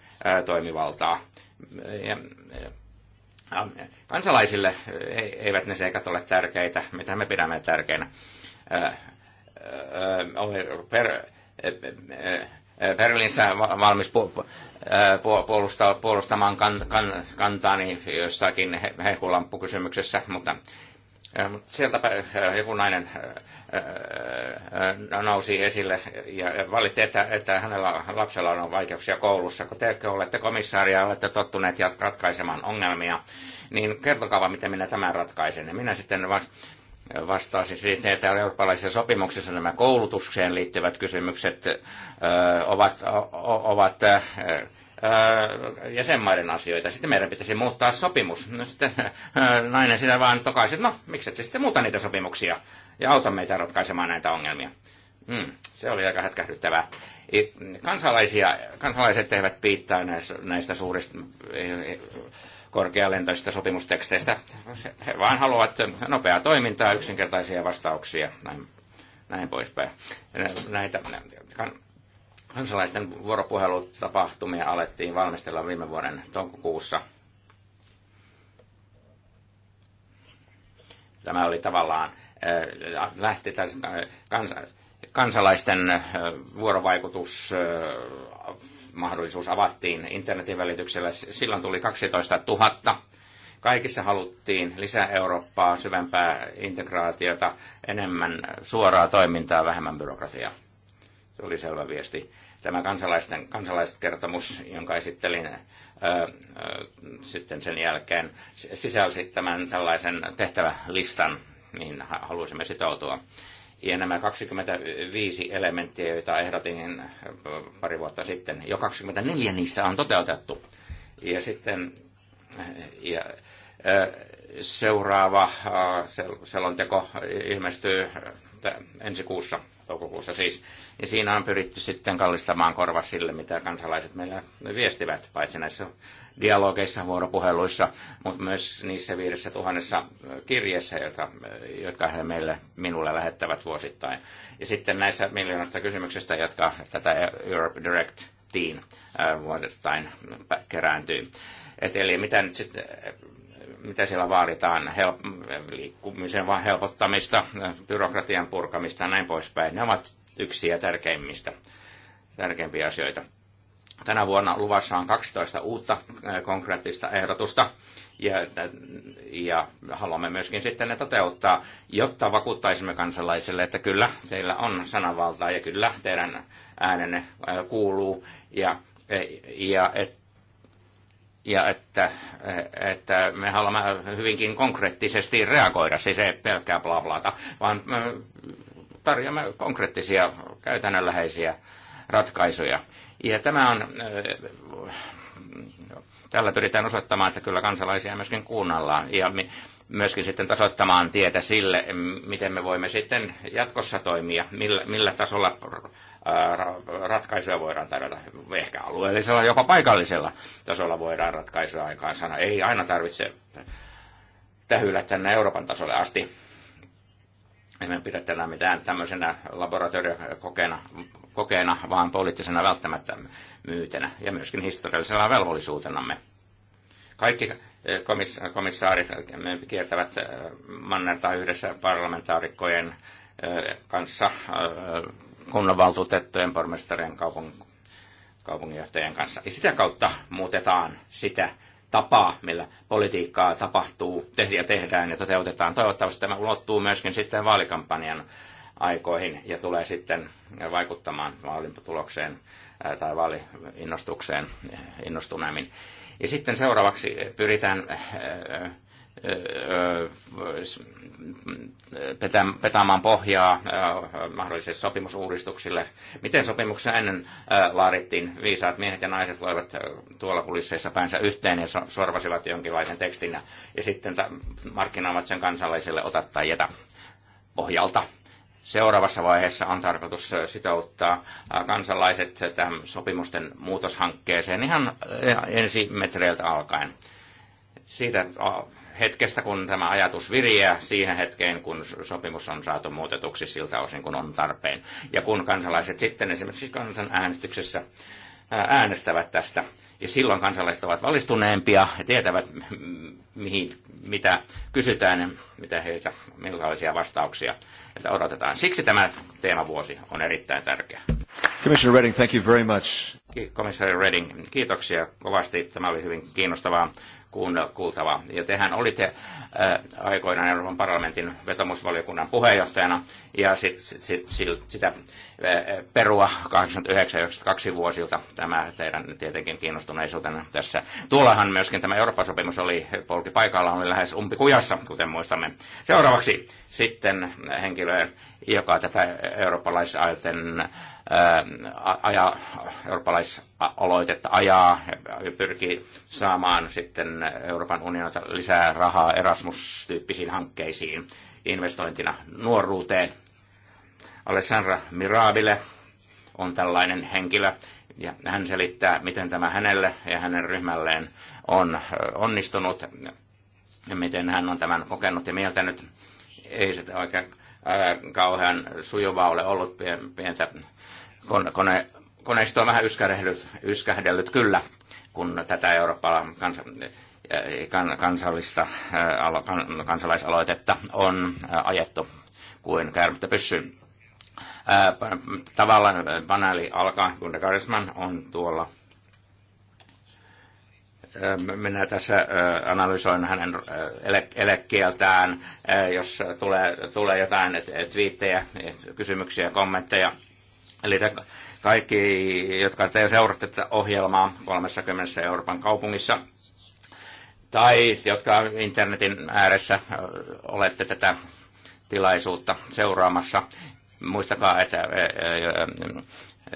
toimivaltaa. Ja, kansalaisille e-, eivät ne seikat ole tärkeitä, mitä me pidämme tärkeinä. Per, Berliinissä valmis puolustamaan kantaani jossakin hehkulamppu mutta mutta sieltäpä joku nainen nousi esille ja valitti, että, että hänellä lapsella on vaikeuksia koulussa. Kun te olette komissaaria olette tottuneet ratkaisemaan ongelmia, niin kertokaa miten minä tämän ratkaisen. Minä sitten vast, vastaisin siihen, että eurooppalaisessa sopimuksissa nämä koulutukseen liittyvät kysymykset ovat, ovat Öö, jäsenmaiden asioita. Sitten meidän pitäisi muuttaa sopimus. No sitten öö, nainen sitä vaan tokaisi, että no, mikset et sitten muuta niitä sopimuksia ja auta meitä ratkaisemaan näitä ongelmia. Mm, se oli aika hätkähdyttävää. Kansalaisia, kansalaiset eivät piittaa näistä, näistä suurista korkealentoisista sopimusteksteistä. He vaan haluavat nopeaa toimintaa, yksinkertaisia vastauksia, näin, näin poispäin. Näitä, kansalaisten vuoropuhelutapahtumia alettiin valmistella viime vuoden toukokuussa. Tämä oli tavallaan äh, lähti täs, äh, kans, kansalaisten äh, vuorovaikutusmahdollisuus avattiin internetin välityksellä. Silloin tuli 12 000. Kaikissa haluttiin lisää Eurooppaa, syvempää integraatiota, enemmän suoraa toimintaa, vähemmän byrokratiaa. Se oli selvä viesti tämä kansalaisten, kansalaiskertomus, jonka esittelin ää, ää, sitten sen jälkeen, sisälsi tämän tällaisen tehtävälistan, mihin haluaisimme sitoutua. Ja nämä 25 elementtiä, joita ehdotin pari vuotta sitten, jo 24 niistä on toteutettu. Ja sitten ja, seuraava selonteko ilmestyy ensi kuussa toukokuussa siis. Ja siinä on pyritty sitten kallistamaan korva sille, mitä kansalaiset meillä viestivät, paitsi näissä dialogeissa, vuoropuheluissa, mutta myös niissä viidessä tuhannessa kirjeessä, jota jotka he meille, minulle lähettävät vuosittain. Ja sitten näissä miljoonasta kysymyksestä, jotka tätä Europe Direct Team vuodestain kerääntyy. Et eli mitä nyt sitten mitä siellä vaaditaan, help, liikkumisen helpottamista, byrokratian purkamista ja näin poispäin. Ne ovat yksi ja tärkeimmistä, tärkeimpiä asioita. Tänä vuonna luvassa on 12 uutta konkreettista ehdotusta ja, ja haluamme myöskin sitten ne toteuttaa, jotta vakuuttaisimme kansalaisille, että kyllä teillä on sananvaltaa ja kyllä teidän äänenne kuuluu ja, ja että ja että, että me haluamme hyvinkin konkreettisesti reagoida, siis ei pelkkää bla vaan me tarjoamme konkreettisia käytännönläheisiä ratkaisuja. Ja tämä on, tällä pyritään osoittamaan, että kyllä kansalaisia myöskin kuunnellaan ja myöskin sitten tasoittamaan tietä sille, miten me voimme sitten jatkossa toimia, millä, millä tasolla ratkaisuja voidaan tarjota. Ehkä alueellisella, jopa paikallisella tasolla voidaan ratkaisuja aikaan sana. Ei aina tarvitse tähyillä tänne Euroopan tasolle asti. Emme pidä tätä mitään tämmöisenä laboratoriokokeena, kokeena, vaan poliittisena välttämättä myytenä ja myöskin historiallisena velvollisuutenamme. Kaikki eh, komissaarit kiertävät eh, mannerta yhdessä parlamentaarikkojen eh, kanssa kunnanvaltuutettujen, pormestarien, kaupung, kaupunginjohtajien kanssa. Ja sitä kautta muutetaan sitä tapaa, millä politiikkaa tapahtuu, ja tehdään ja toteutetaan. Toivottavasti tämä ulottuu myöskin sitten vaalikampanjan aikoihin ja tulee sitten vaikuttamaan vaalintulokseen tai vaaliinnostukseen innostuneemmin. Ja sitten seuraavaksi pyritään petämään pohjaa äh, mahdollisille sopimusuudistuksille. Miten sopimuksia ennen äh, laadittiin? Viisaat miehet ja naiset loivat äh, tuolla kulisseissa päänsä yhteen ja sorvasivat jonkinlaisen tekstin ja sitten markkinoivat sen kansalaisille ota tai jätä pohjalta. Seuraavassa vaiheessa on tarkoitus sitouttaa kansalaiset tähän sopimusten muutoshankkeeseen ihan ensimetreiltä alkaen. Siitä hetkestä, kun tämä ajatus viriää, siihen hetkeen, kun sopimus on saatu muutetuksi siltä osin, kun on tarpeen. Ja kun kansalaiset sitten esimerkiksi kansanäänestyksessä äänestävät tästä, ja silloin kansalaiset ovat valistuneempia ja tietävät, mihin, mitä kysytään ja mitä heitä, millaisia vastauksia että odotetaan. Siksi tämä teemavuosi on erittäin tärkeä. Commissioner Redding, thank you very much. Komissaari Redding, kiitoksia kovasti. Tämä oli hyvin kiinnostavaa kuultava. Ja tehän olitte äh, aikoinaan Euroopan parlamentin vetomusvaliokunnan puheenjohtajana ja sit, sit, sit, sit, sitä äh, perua 89-92 vuosilta tämä teidän tietenkin kiinnostuneisuutena tässä. Tuollahan myöskin tämä Euroopan sopimus oli polki paikalla, oli lähes umpikujassa, kuten muistamme. Seuraavaksi sitten henkilö, joka tätä eurooppalaisen Ähm, ajaa, eurooppalaisaloitetta ajaa ja pyrkii saamaan sitten Euroopan unionilta lisää rahaa Erasmus-tyyppisiin hankkeisiin investointina nuoruuteen. Alessandra Mirabile on tällainen henkilö, ja hän selittää, miten tämä hänelle ja hänen ryhmälleen on äh, onnistunut ja miten hän on tämän kokenut ja mieltänyt. Ei sitä oikein kauhean sujuvaa ole ollut pientä kone, koneisto on vähän yskähdellyt, yskähdellyt kyllä, kun tätä Euroopan kansa, kansallista kansalaisaloitetta on ajettu kuin käärmettä pyssyyn. Tavallaan paneeli alkaa, kun de Garisman on tuolla minä tässä analysoin hänen elekieltään, jos tulee, tulee jotain twiittejä, kysymyksiä, kommentteja. Eli te kaikki, jotka te seuraatte tätä ohjelmaa 30 Euroopan kaupungissa, tai jotka internetin ääressä olette tätä tilaisuutta seuraamassa, muistakaa, että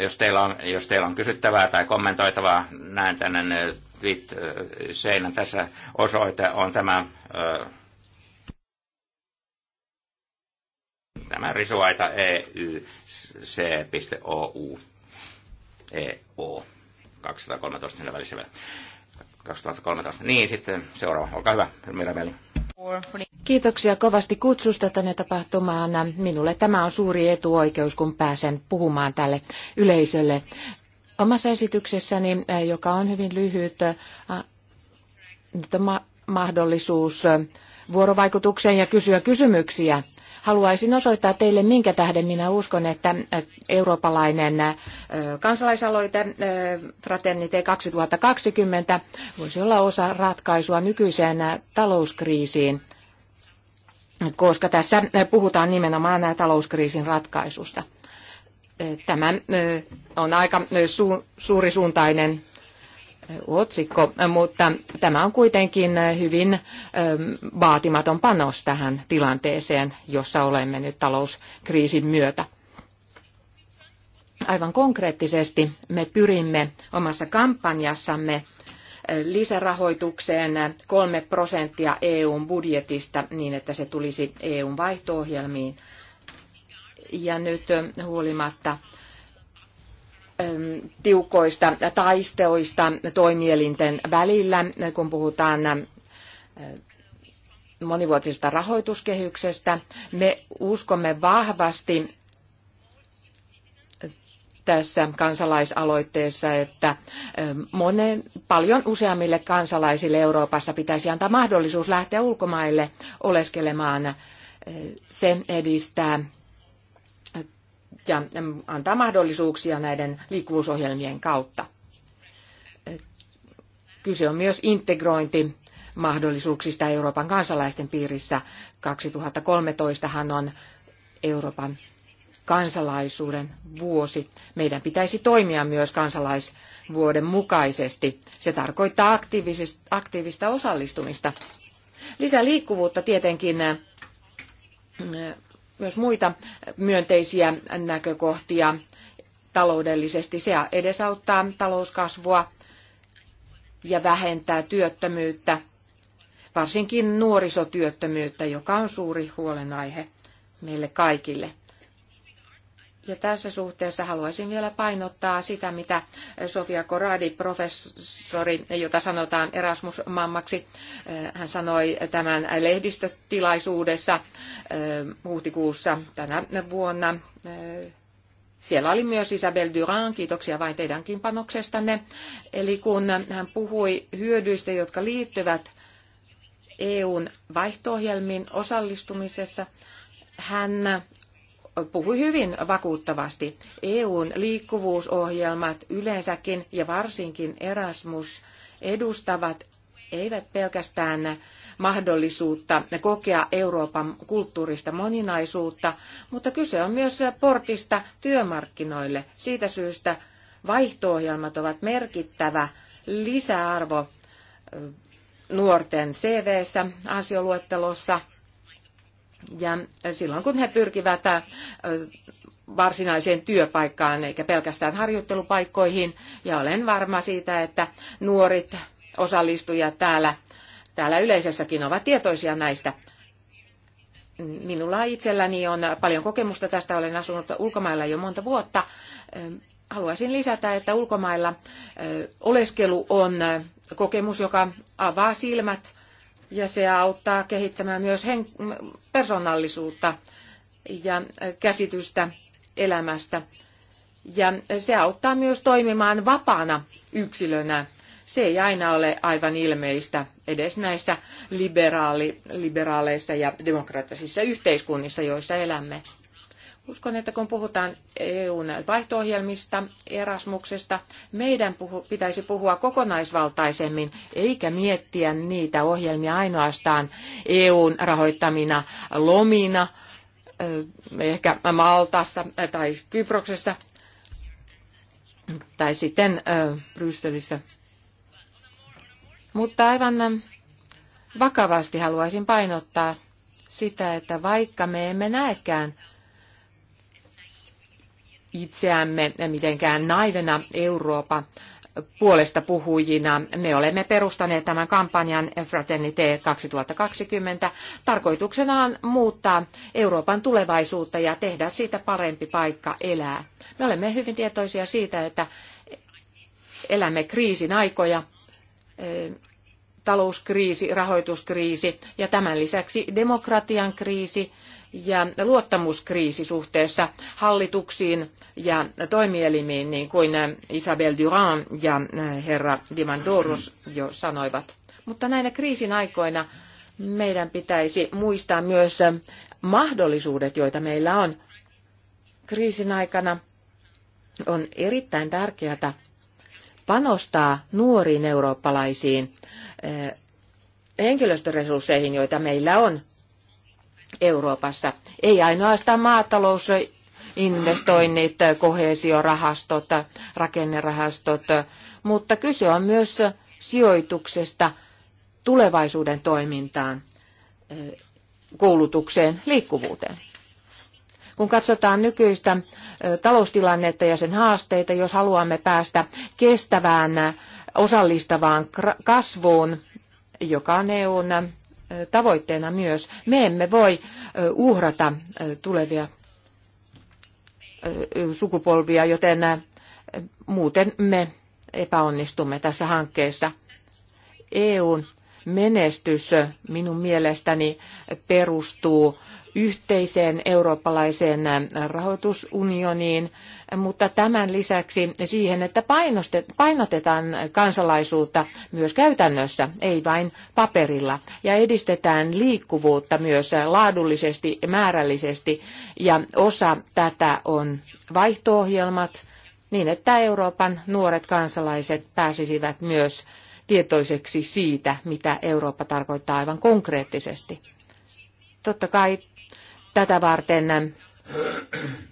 jos teillä on, jos teillä on kysyttävää tai kommentoitavaa, näen tänne seinän tässä osoite on tämä, tämä risuaita eyc.ou. EO 213 siinä välissä vielä. 2013. Niin, sitten seuraava. Olkaa hyvä, Mirabeli. Kiitoksia kovasti kutsusta tänne tapahtumaan. Minulle tämä on suuri etuoikeus, kun pääsen puhumaan tälle yleisölle. Omassa esityksessäni, joka on hyvin lyhyt, tämä mahdollisuus vuorovaikutukseen ja kysyä kysymyksiä. Haluaisin osoittaa teille, minkä tähden minä uskon, että eurooppalainen kansalaisaloite Fraternite 2020 voisi olla osa ratkaisua nykyiseen talouskriisiin, koska tässä puhutaan nimenomaan talouskriisin ratkaisusta. Tämä on aika suurisuuntainen otsikko, mutta tämä on kuitenkin hyvin vaatimaton panos tähän tilanteeseen, jossa olemme nyt talouskriisin myötä. Aivan konkreettisesti me pyrimme omassa kampanjassamme lisärahoitukseen kolme prosenttia EUn budjetista niin, että se tulisi EUn vaihtoohjelmiin – ja nyt huolimatta tiukoista taisteluista toimielinten välillä, kun puhutaan monivuotisesta rahoituskehyksestä. Me uskomme vahvasti tässä kansalaisaloitteessa, että monen, paljon useammille kansalaisille Euroopassa pitäisi antaa mahdollisuus lähteä ulkomaille oleskelemaan. Se edistää ja antaa mahdollisuuksia näiden liikkuvuusohjelmien kautta. Kyse on myös integrointi mahdollisuuksista Euroopan kansalaisten piirissä. 2013 hän on Euroopan kansalaisuuden vuosi. Meidän pitäisi toimia myös kansalaisvuoden mukaisesti. Se tarkoittaa aktiivista osallistumista. Lisää liikkuvuutta tietenkin myös muita myönteisiä näkökohtia taloudellisesti. Se edesauttaa talouskasvua ja vähentää työttömyyttä, varsinkin nuorisotyöttömyyttä, joka on suuri huolenaihe meille kaikille. Ja tässä suhteessa haluaisin vielä painottaa sitä, mitä Sofia Koradi, professori, jota sanotaan Erasmus-mammaksi, eh, hän sanoi tämän lehdistötilaisuudessa eh, huhtikuussa tänä vuonna. Eh, siellä oli myös Isabel Duran, kiitoksia vain teidänkin panoksestanne. Eli kun hän puhui hyödyistä, jotka liittyvät EUn vaihto-ohjelmiin osallistumisessa, hän puhui hyvin vakuuttavasti. EUn liikkuvuusohjelmat yleensäkin ja varsinkin Erasmus edustavat eivät pelkästään mahdollisuutta kokea Euroopan kulttuurista moninaisuutta, mutta kyse on myös portista työmarkkinoille. Siitä syystä vaihtoohjelmat ovat merkittävä lisäarvo nuorten CV-ssä, ansioluettelossa – ja eh, silloin kun he pyrkivät eh, varsinaiseen työpaikkaan eikä pelkästään harjoittelupaikkoihin. Ja olen varma siitä, että nuoret osallistujat täällä, täällä yleisössäkin ovat tietoisia näistä. Minulla itselläni on paljon kokemusta tästä. Olen asunut ulkomailla jo monta vuotta. Eh, haluaisin lisätä, että ulkomailla oleskelu on kokemus, joka avaa silmät ja se auttaa kehittämään myös hen- persoonallisuutta ja käsitystä elämästä. Ja se auttaa myös toimimaan vapaana yksilönä. Se ei aina ole aivan ilmeistä edes näissä liberaali, liberaaleissa ja demokraattisissa yhteiskunnissa, joissa elämme. Uskon, että kun puhutaan EUn vaihto-ohjelmista, Erasmuksesta, meidän puhu, pitäisi puhua kokonaisvaltaisemmin, eikä miettiä niitä ohjelmia ainoastaan EUn rahoittamina lomina, ehkä Maltassa tai Kyproksessa tai sitten Brysselissä. Mutta aivan vakavasti haluaisin painottaa sitä, että vaikka me emme näekään itseämme mitenkään naivena Euroopan puolesta puhujina. Me olemme perustaneet tämän kampanjan Fraternité 2020. Tarkoituksena on muuttaa Euroopan tulevaisuutta ja tehdä siitä parempi paikka elää. Me olemme hyvin tietoisia siitä, että elämme kriisin aikoja, talouskriisi, rahoituskriisi ja tämän lisäksi demokratian kriisi, ja luottamuskriisi suhteessa hallituksiin ja toimielimiin, niin kuin Isabel Durand ja äh, herra Dimandoros jo sanoivat. Mutta näinä kriisin aikoina meidän pitäisi muistaa myös äh, mahdollisuudet, joita meillä on. Kriisin aikana on erittäin tärkeää panostaa nuoriin eurooppalaisiin äh, henkilöstöresursseihin, joita meillä on Euroopassa. Ei ainoastaan maatalousinvestoinnit, kohesiorahastot, rakennerahastot, mutta kyse on myös sijoituksesta tulevaisuuden toimintaan, koulutukseen, liikkuvuuteen. Kun katsotaan nykyistä taloustilannetta ja sen haasteita, jos haluamme päästä kestävään osallistavaan kasvuun, joka on EUn tavoitteena myös. Me emme voi uhrata tulevia sukupolvia, joten muuten me epäonnistumme tässä hankkeessa. EUn menestys minun mielestäni perustuu yhteiseen eurooppalaiseen rahoitusunioniin, mutta tämän lisäksi siihen, että painotetaan kansalaisuutta myös käytännössä, ei vain paperilla, ja edistetään liikkuvuutta myös laadullisesti ja määrällisesti, ja osa tätä on vaihtoohjelmat, niin että Euroopan nuoret kansalaiset pääsisivät myös tietoiseksi siitä, mitä Eurooppa tarkoittaa aivan konkreettisesti. Totta kai tätä varten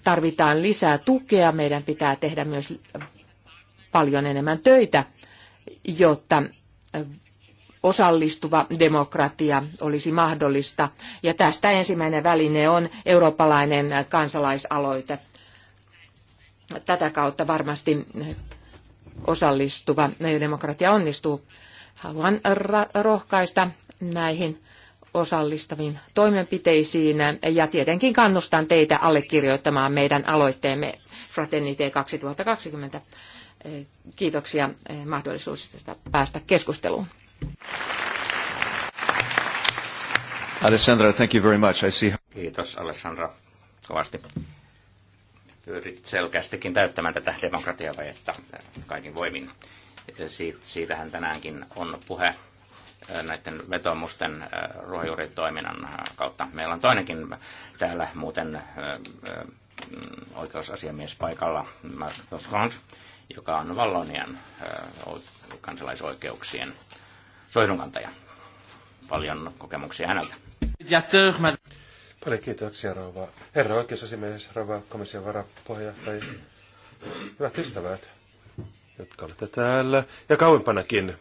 tarvitaan lisää tukea. Meidän pitää tehdä myös paljon enemmän töitä, jotta osallistuva demokratia olisi mahdollista. Ja tästä ensimmäinen väline on eurooppalainen kansalaisaloite. Tätä kautta varmasti osallistuva demokratia onnistuu. Haluan rohkaista näihin osallistaviin toimenpiteisiin ja tietenkin kannustan teitä allekirjoittamaan meidän aloitteemme Fraternité 2020. Kiitoksia mahdollisuudesta päästä keskusteluun. Alessandra, thank you very much. I see... Kiitos Alessandra kovasti pyrit selkeästikin täyttämään tätä demokratiavajetta kaikin voimin. Siitähän tänäänkin on puhe näiden vetomusten ruohonjuuritoiminnan kautta. Meillä on toinenkin täällä muuten oikeusasiamies paikalla, Mark Grant, joka on Vallonian kansalaisoikeuksien soidunkantaja. Paljon kokemuksia häneltä. Paljon kiitoksia, rouva. Herra oikeusasiamies, rouva komission varapuheenjohtaja. Hyvät ystävät, jotka olette täällä ja kauempanakin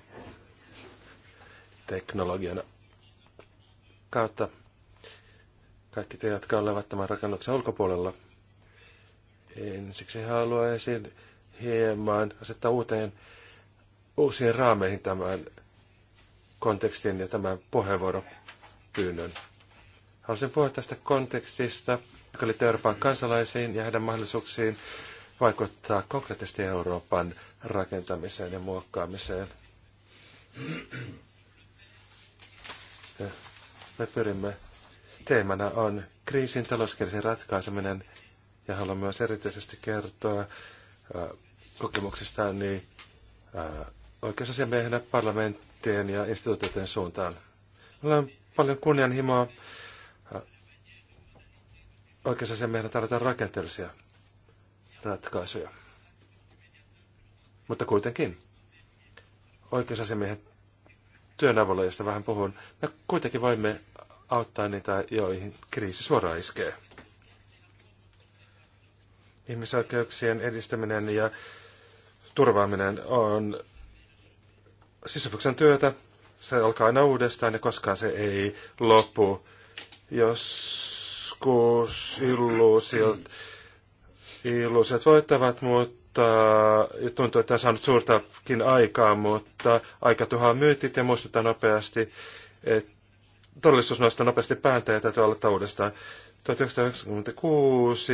teknologian kautta. Kaikki te, jotka olevat tämän rakennuksen ulkopuolella. Ensiksi haluaisin hieman asettaa uuteen, uusiin raameihin tämän kontekstin ja tämän puheenvuoropyynnön. pyynnön Haluaisin puhua tästä kontekstista, joka liittyy Euroopan kansalaisiin ja heidän mahdollisuuksiin vaikuttaa konkreettisesti Euroopan rakentamiseen ja muokkaamiseen. Ja me pyrimme. Teemana on kriisin talouskriisin ratkaiseminen ja haluan myös erityisesti kertoa kokemuksistaan niin oikeusasiamiehenä parlamenttien ja instituutioiden suuntaan. Meillä on paljon kunnianhimoa oikeusasiamiehen tarvitaan rakenteellisia ratkaisuja. Mutta kuitenkin oikeusasiamiehen työn avulla, josta vähän puhun, me kuitenkin voimme auttaa niitä, joihin kriisi suoraan iskee. Ihmisoikeuksien edistäminen ja turvaaminen on sisäfuksen työtä. Se alkaa aina uudestaan ja koskaan se ei lopu. Jos joskus illuusiot, illuusiot voittavat, mutta tuntuu, että on saanut suurtakin aikaa, mutta aika tuhaa myytit ja muistuttaa nopeasti, että todellisuus nostaa nopeasti pääntä ja täytyy aloittaa uudestaan. 1996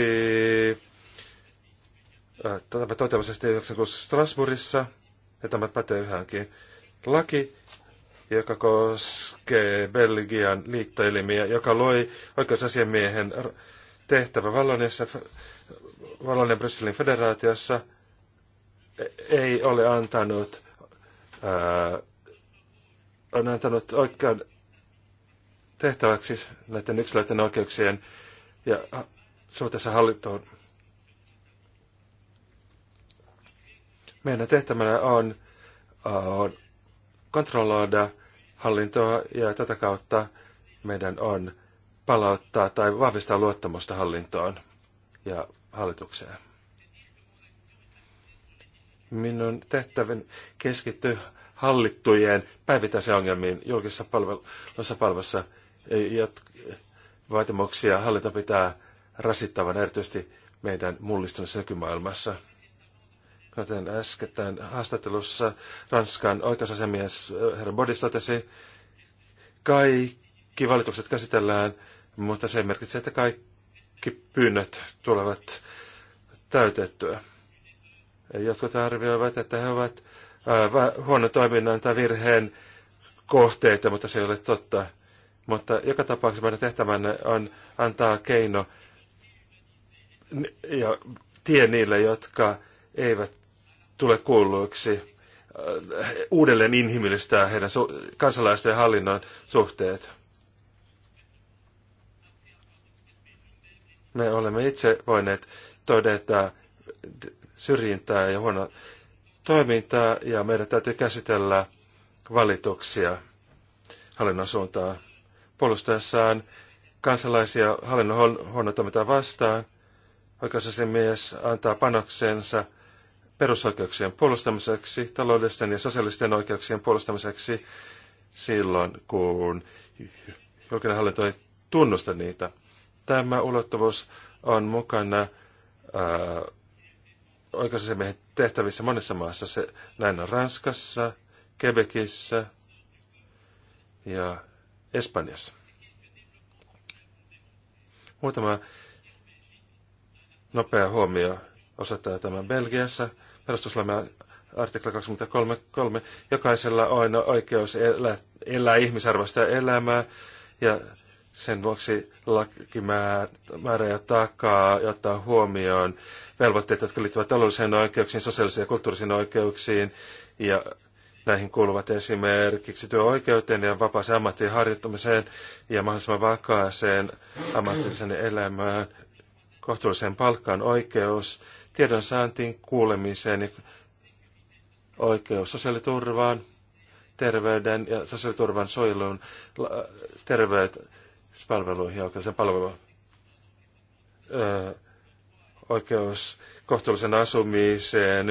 äh, tämä toteutuisesti 1996 Strasbourgissa, ja tämä pätee yhäänkin. Laki, joka koskee Belgian liittoelimiä, joka loi oikeusasiamiehen tehtävä Vallonissa, Vallonen Brysselin federaatiossa, ei ole antanut, ää, on antanut oikean tehtäväksi näiden yksilöiden oikeuksien ja suhteessa hallittoon. Meidän tehtävänä on, on kontrolloida hallintoa ja tätä kautta meidän on palauttaa tai vahvistaa luottamusta hallintoon ja hallitukseen. Minun tehtävän keskittyy hallittujen päivittäisiin ongelmiin julkisessa palvelussa palvelussa. Vaatimuksia hallinto pitää rasittavan erityisesti meidän mullistuneessa nykymaailmassa – Kuten äskettäin haastattelussa Ranskan oikeusasiamies eh, herra Bodis totesi, kaikki valitukset käsitellään, mutta se merkitsee, että kaikki pyynnöt tulevat täytettyä. Jotkut arvioivat, että he ovat eh, huonon toiminnan tai virheen kohteita, mutta se ei ole totta. Mutta joka tapauksessa meidän tehtävänne on antaa keino ja tie niille, jotka eivät tule kuulluiksi, äh, uudelleen inhimillistää heidän kansalaisten ja hallinnon suhteet. Me olemme itse voineet todeta syrjintää ja huonoa toimintaa, ja meidän täytyy käsitellä valituksia hallinnon suuntaan puolustaessaan kansalaisia hallinnon toimintaa vastaan. Oikeusasiamies antaa panoksensa – perusoikeuksien puolustamiseksi, taloudellisten ja sosiaalisten oikeuksien puolustamiseksi silloin, kun julkinen hallinto ei tunnusta niitä. Tämä ulottuvuus on mukana oikeusasiamiehen tehtävissä monessa maassa. Se, näin on Ranskassa, Quebecissä ja Espanjassa. Muutama nopea huomio osoittaa tämän Belgiassa perustuslaimen artikla 23.3. Jokaisella on oikeus elää, elää ihmisarvoista elämää ja sen vuoksi lakimäärä ja takaa ja ottaa huomioon velvoitteet, jotka liittyvät taloudelliseen oikeuksiin, sosiaalisiin ja kulttuurisiin oikeuksiin ja näihin kuuluvat esimerkiksi työoikeuteen ja vapaaseen ammattiin harjoittamiseen ja mahdollisimman vakaaseen ammatillisen elämään, kohtuulliseen palkkaan oikeus tiedonsaantiin, kuulemiseen ja oikeus sosiaaliturvaan, terveyden ja sosiaaliturvan suojeluun, terveyspalveluihin ja oikeuden palveluun. oikeus kohtuullisen asumiseen,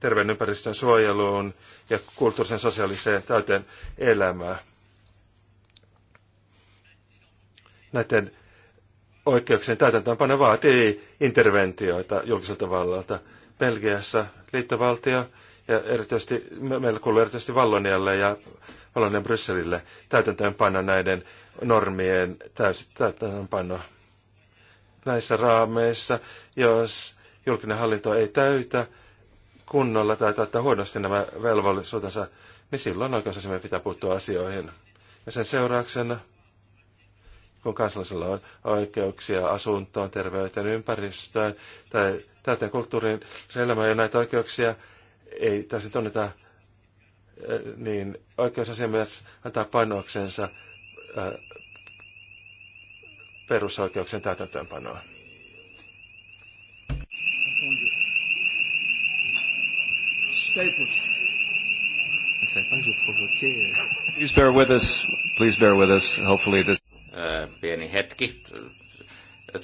terveyden ympäristön suojeluun ja kulttuurisen sosiaaliseen täyteen elämään. Näiden oikeuksien täytäntöönpano vaatii interventioita julkiselta vallalta. Belgiassa liittovaltio ja erityisesti, meillä kuuluu erityisesti Vallonialle ja Vallonian Brysselille täytäntöönpano näiden normien täysi, täytäntöönpano. Näissä raameissa, jos julkinen hallinto ei täytä kunnolla tai täyttää huonosti nämä velvollisuutensa, niin silloin oikeusasiamme pitää puuttua asioihin. Ja sen seurauksena kun kansalaisilla on oikeuksia asuntoon, terveyteen, ympäristöön tai täyteen kulttuuriin elämään ja näitä oikeuksia ei tässä tunneta, eh, niin oikeusasiamies antaa panoksensa eh, perusoikeuksien täytäntöönpanoa. Please bear with us. Please bear with us. Hopefully this pieni hetki.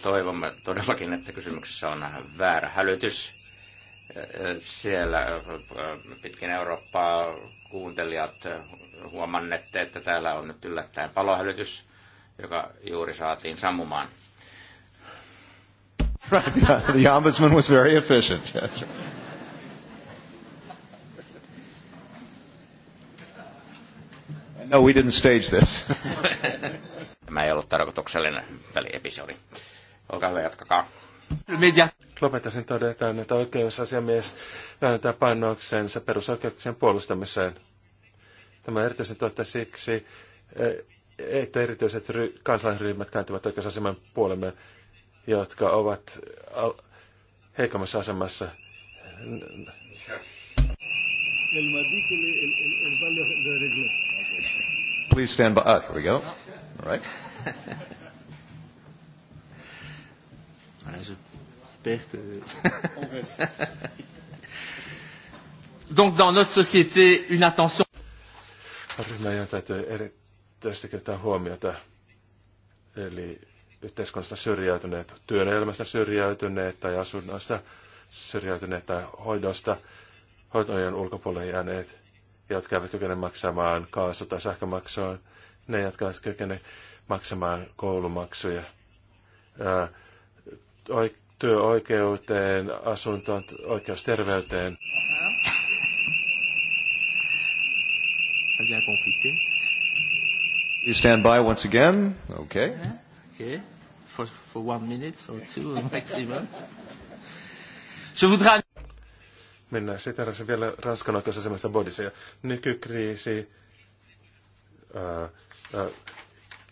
Toivomme todellakin, että kysymyksessä on väärä hälytys. Siellä pitkin Eurooppaa kuuntelijat huomannette, että täällä on nyt yllättäen palohälytys, joka juuri saatiin sammumaan. Right, yeah. The ombudsman was very efficient. Yes. No, we didn't stage this. *laughs* Tämä ei ollut tarkoituksellinen väliepisodi. Olkaa hyvä, jatkakaa. Media. Lopettaisin todetaan, että oikeusasiamies vääntää panoksensa perusoikeuksien puolustamiseen. Tämä erityisen totta siksi, eh, että erityiset ry- kansalaisryhmät kääntyvät oikeusaseman puolemme, jotka ovat heikommassa asemassa. Please stand by. Uh, here we go right? voilà, *laughs* ah, j'espère que. *laughs* Donc, dans notre société, une attention. Ryhmä, johon täytyy erityisesti kiinnittää huomiota, eli yhteiskunnasta syrjäytyneet, työelämästä syrjäytyneet tai asunnoista syrjäytyneet tai hoidosta, hoitojen ulkopuolelle jääneet, jotka eivät kykene maksamaan kaasu- tai sähkömaksoon, ne, jotka olisivat kykeneet maksamaan koulumaksuja, työoikeuteen, asuntoon, oikeus terveyteen. You stand by once again. Okay. Okay. For, for one minute or two *laughs* maximum. Je voudrais... Mennään sitten vielä Ranskan oikeusasemasta Bodissa. Nykykriisi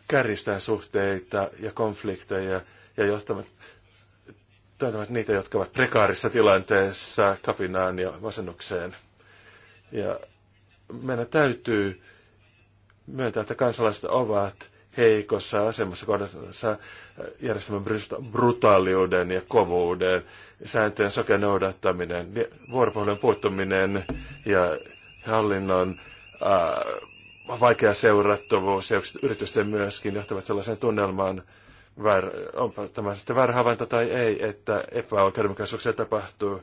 kärjistää suhteita ja konflikteja ja johtavat taitavat niitä, jotka ovat prekaarissa tilanteessa kapinaan ja vasennukseen. Ja meidän täytyy myöntää, että kansalaiset ovat heikossa asemassa kohdassa järjestelmän brutaaliuden ja kovuuden, sääntöjen sokea noudattaminen, vuoropuhelun puuttuminen ja hallinnon äh, vaikea seurattavuus ja yritysten myöskin johtavat sellaiseen tunnelmaan, väär, onpa tämä sitten väärä havainto tai ei, että epäoikeudenmukaisuuksia tapahtuu.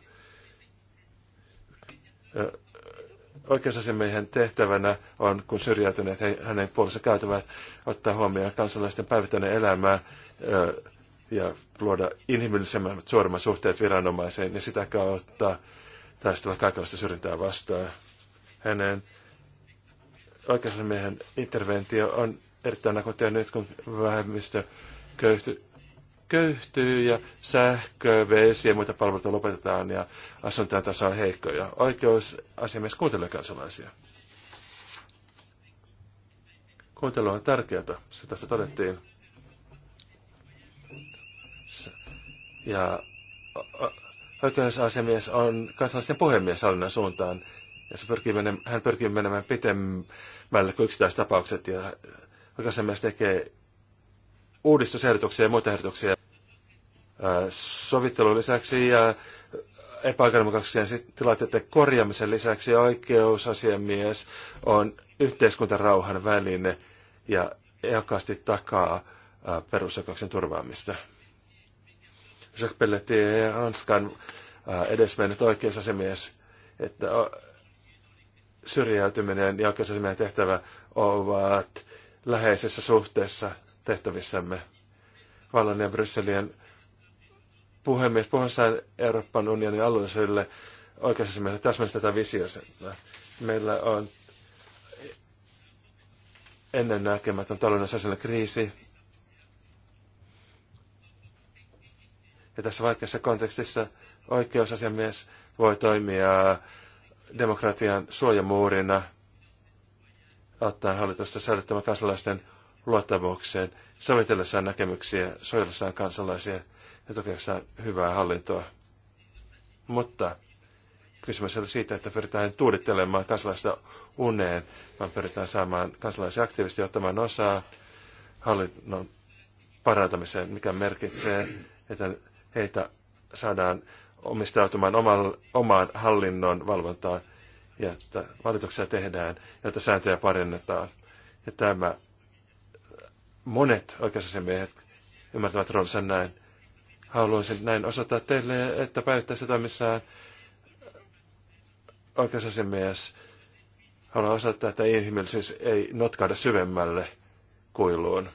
Oikeusasiamiehen tehtävänä on, kun syrjäytyneet hänen puolensa käytävät, ottaa huomioon kansalaisten päivittäinen elämää ja luoda inhimillisemmät, suoremmat suhteet viranomaiseen ja sitä kautta taistella kaikenlaista syrjintää vastaan. Hänen oikeusasiamiehen interventio on erittäin akuuttia nyt, kun vähemmistö köyhtyy köyhtyy ja sähkö, vesi ja muita palveluita lopetetaan ja asuntojen taso on heikko. Ja oikeusasiamies kuuntelee kansalaisia. Kuuntelu on tärkeää, se tässä todettiin. Ja oikeusasiamies on kansalaisten puhemies hallinnan suuntaan ja se pyrkii menemään, hän pyrkii menemään pitemmälle kuin yksittäistapaukset ja oikeastaan tekee uudistusehdotuksia ja muita ehdotuksia sovittelun lisäksi ja epäoikeudenmukaisen tilanteiden korjaamisen lisäksi oikeusasiamies on yhteiskuntarauhan väline ja ehdokkaasti takaa perusoikeuksien turvaamista. Jacques Pelletier, Ranskan edesmennyt oikeusasiamies, että syrjäytyminen ja oikeusasiamiehen tehtävä ovat läheisessä suhteessa tehtävissämme. Vallan ja Brysselien puhemies puhuessaan Euroopan unionin alueelle oikeusasiamiehen täsmästä tätä visiota. Meillä on ennennäkemätön talouden sosiaalinen kriisi. Ja tässä vaikeassa kontekstissa oikeusasiamies voi toimia demokratian suojamuurina auttaa hallitusta säilyttämään kansalaisten luottamukseen, sovitellessaan näkemyksiä, suojellessaan kansalaisia ja tukeessaan hyvää hallintoa. Mutta kysymys oli siitä, että pyritään tuudittelemaan kansalaista uneen, vaan pyritään saamaan kansalaisia aktiivisesti ottamaan osaa hallinnon parantamiseen, mikä merkitsee, että heitä saadaan omistautumaan oman, omaan hallinnon valvontaan ja että valituksia tehdään ja että sääntöjä parennetaan. Ja tämä monet oikeusasiamiehet ymmärtävät roolinsa näin. Haluaisin näin osoittaa teille, että päivittäisessä toimissaan oikeusasiamies haluaa osoittaa, että inhimillisyys ei notkauda syvemmälle kuiluun.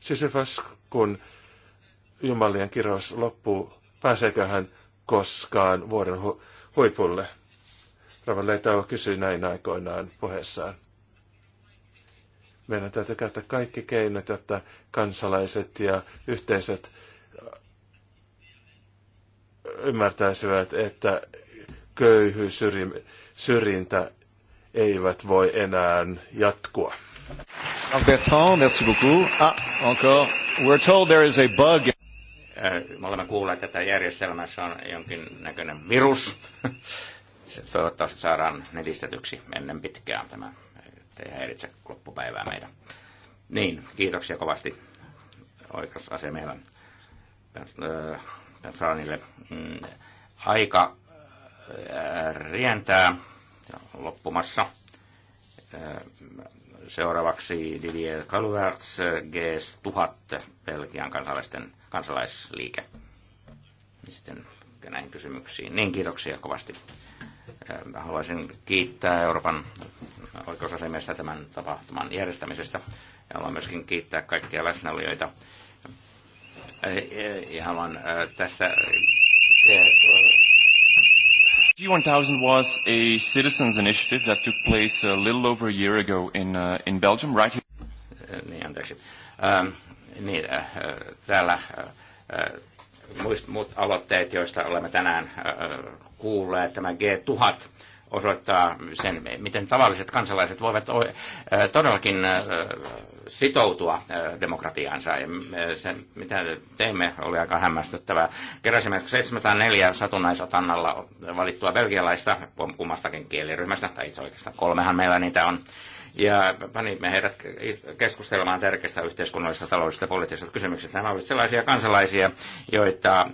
Sisyfas, kun jumalien kirous loppuu, pääseekö hän koskaan vuoden hu- huipulle. Rava Leitao kysyi näin aikoinaan puheessaan. Meidän täytyy käyttää kaikki keinot, jotta kansalaiset ja yhteiset äh, ymmärtäisivät, että köyhyys, syrjintä eivät voi enää jatkua. Bertrand, merci beaucoup. Ah, encore. We're told there is a bug me olemme kuulleet, että järjestelmässä on jonkin näköinen virus. toivottavasti saadaan netistetyksi ennen pitkään. Tämä ettei häiritse loppupäivää meitä. Niin, kiitoksia kovasti oikeusasemiehellä Petranille. Mm, aika rientää loppumassa Seuraavaksi Didier Calverts, G1000, Belgian kansalaisten kansalaisliike. Sitten näihin kysymyksiin. Niin, kiitoksia kovasti. Mä äh, haluaisin kiittää Euroopan oikeusasemiestä tämän tapahtuman järjestämisestä. Ja haluan myöskin kiittää kaikkia läsnäolijoita. Äh, äh, ja haluan tästä G1000 was a citizens initiative that took place a little over a year ago in, uh, in Belgium, right here. Äh, niin, anteeksi. Ähm, niin, äh, täällä äh, äh, muist, muut aloitteet, joista olemme tänään äh, äh kuulleet, tämä G1000 osoittaa sen, miten tavalliset kansalaiset voivat todellakin sitoutua demokratiaansa. Ja se, mitä teimme, oli aika hämmästyttävää. Keräsimme 704 satunnaisotannalla valittua belgialaista kummastakin kieliryhmästä, tai itse oikeastaan kolmehan meillä niitä on ja panimme heidät keskustelemaan tärkeistä yhteiskunnallisista, taloudellisista ja poliittisista kysymyksistä. Nämä olivat sellaisia kansalaisia, joita,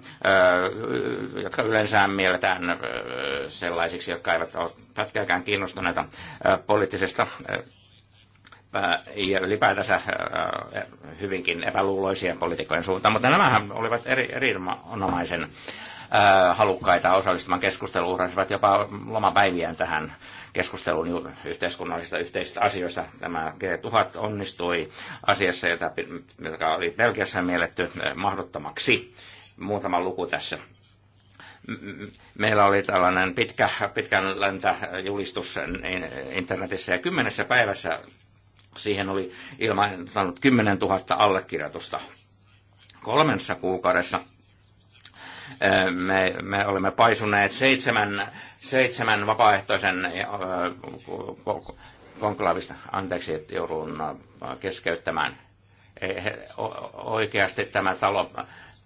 jotka yleensä mielletään sellaisiksi, jotka eivät ole pätkääkään kiinnostuneita poliittisesta ja ylipäätänsä hyvinkin epäluuloisia poliitikkojen suuntaan, mutta nämähän olivat eri, erinomaisen halukkaita osallistumaan keskusteluun, uhrasivat jopa lomapäiviään tähän keskusteluun yhteiskunnallisista yhteisistä asioista. Tämä G1000 onnistui asiassa, jota, joka oli Belgiassa mielletty mahdottomaksi. Muutama luku tässä meillä oli tällainen pitkä, pitkän läntä julistus niin, internetissä ja kymmenessä päivässä siihen oli ilmaantunut 10 000 allekirjoitusta. Kolmessa kuukaudessa me, me olemme paisuneet seitsemän, seitsemän vapaaehtoisen konklaavista, anteeksi, että joudun keskeyttämään. E, oikeasti tämä talo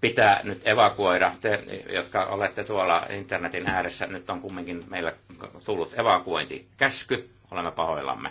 pitää nyt evakuoida. Te, jotka olette tuolla internetin ääressä, nyt on kumminkin meillä tullut evakuointikäsky. Olemme pahoillamme.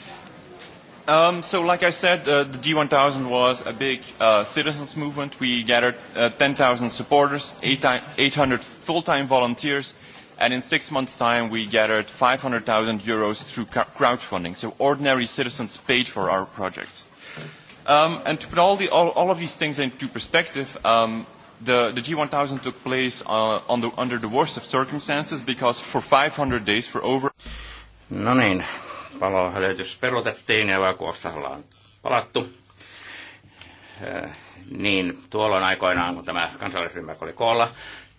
Um, so, like I said, uh, the G1000 was a big uh, citizens movement. We gathered uh, 10,000 supporters, 800 full-time volunteers, and in six months' time, we gathered 500,000 euros through crowdfunding. So, ordinary citizens paid for our project. Um, and to put all, the, all, all of these things into perspective, um, the, the G1000 took place uh, on the, under the worst of circumstances because for 500 days, for over. No niin, valohälytys perutettiin ja elokuusta ollaan palattu. Niin tuolloin aikoinaan, kun tämä kansallisryhmä oli koolla,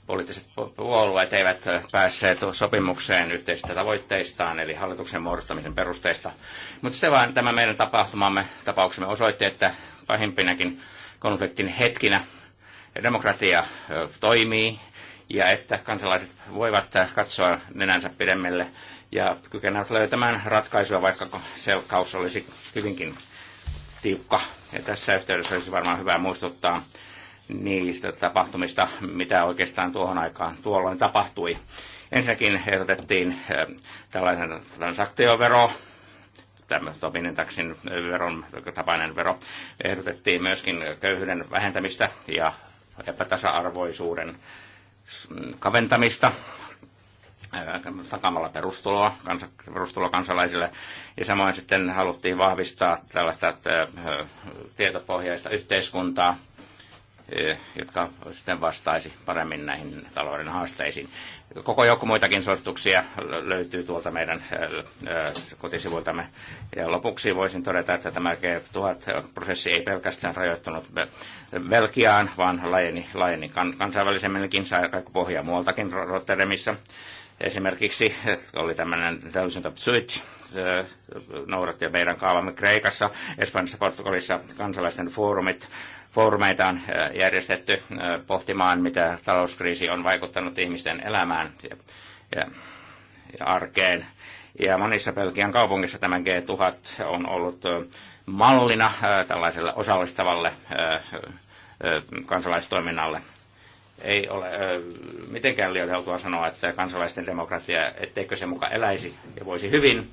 poliittiset puolueet eivät päässeet sopimukseen yhteisistä tavoitteistaan, eli hallituksen muodostamisen perusteista. Mutta se vain tämä meidän tapahtumamme, tapauksemme osoitti, että pahimpinakin konfliktin hetkinä demokratia toimii ja että kansalaiset voivat katsoa nenänsä pidemmälle ja kykenevät löytämään ratkaisuja, vaikka selkkaus olisi hyvinkin tiukka. Ja tässä yhteydessä olisi varmaan hyvä muistuttaa niistä tapahtumista, mitä oikeastaan tuohon aikaan tuolloin tapahtui. Ensinnäkin ehdotettiin eh, tällainen transaktiovero, tämä Tobinin taksin veron, tapainen vero. Ehdotettiin myöskin köyhyyden vähentämistä ja epätasa-arvoisuuden kaventamista Äh, takamalla perustuloa, kansa, perustuloa kansalaisille. Ja samoin sitten haluttiin vahvistaa tällaista äh, tietopohjaista yhteiskuntaa, äh, jotka sitten vastaisi paremmin näihin talouden haasteisiin. Koko joukko muitakin suosituksia löytyy tuolta meidän kotisivuiltamme. Ja lopuksi voisin todeta, että tämä G1000-prosessi ei pelkästään rajoittunut Belgiaan, vaan laajeni, laajeni kansainvälisemminkin, sai pohjaa muualtakin Rotterdamissa. Esimerkiksi oli tämmöinen Thousand of Switch, äh, noudatti meidän kaavamme Kreikassa, Espanjassa, Portugalissa kansalaisten foorumit, foorumeita on äh, järjestetty äh, pohtimaan, mitä talouskriisi on vaikuttanut ihmisten elämään ja, ja, ja arkeen. Ja monissa Pelkian kaupungissa tämä G1000 on ollut mallina tällaiselle osallistavalle kansalaistoiminnalle ei ole mitenkään liioiteltua sanoa, että kansalaisten demokratia, etteikö se muka eläisi ja voisi hyvin.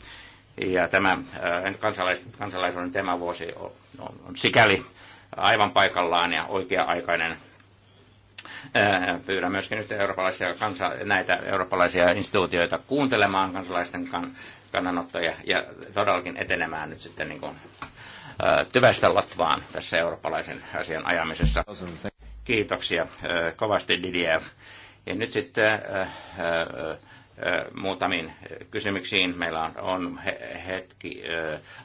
Ja tämä kansalais, kansalaisuuden tämä vuosi on, on sikäli aivan paikallaan ja oikea-aikainen. Pyydän myöskin nyt eurooppalaisia kansa, näitä eurooppalaisia instituutioita kuuntelemaan kansalaisten kan, kannanottoja ja todellakin etenemään nyt sitten niin kuin, tyvästä latvaan tässä eurooppalaisen asian ajamisessa. Kiitoksia äh, kovasti Didier. Ja nyt sitten äh, äh, muutamiin kysymyksiin. Meillä on, on hetki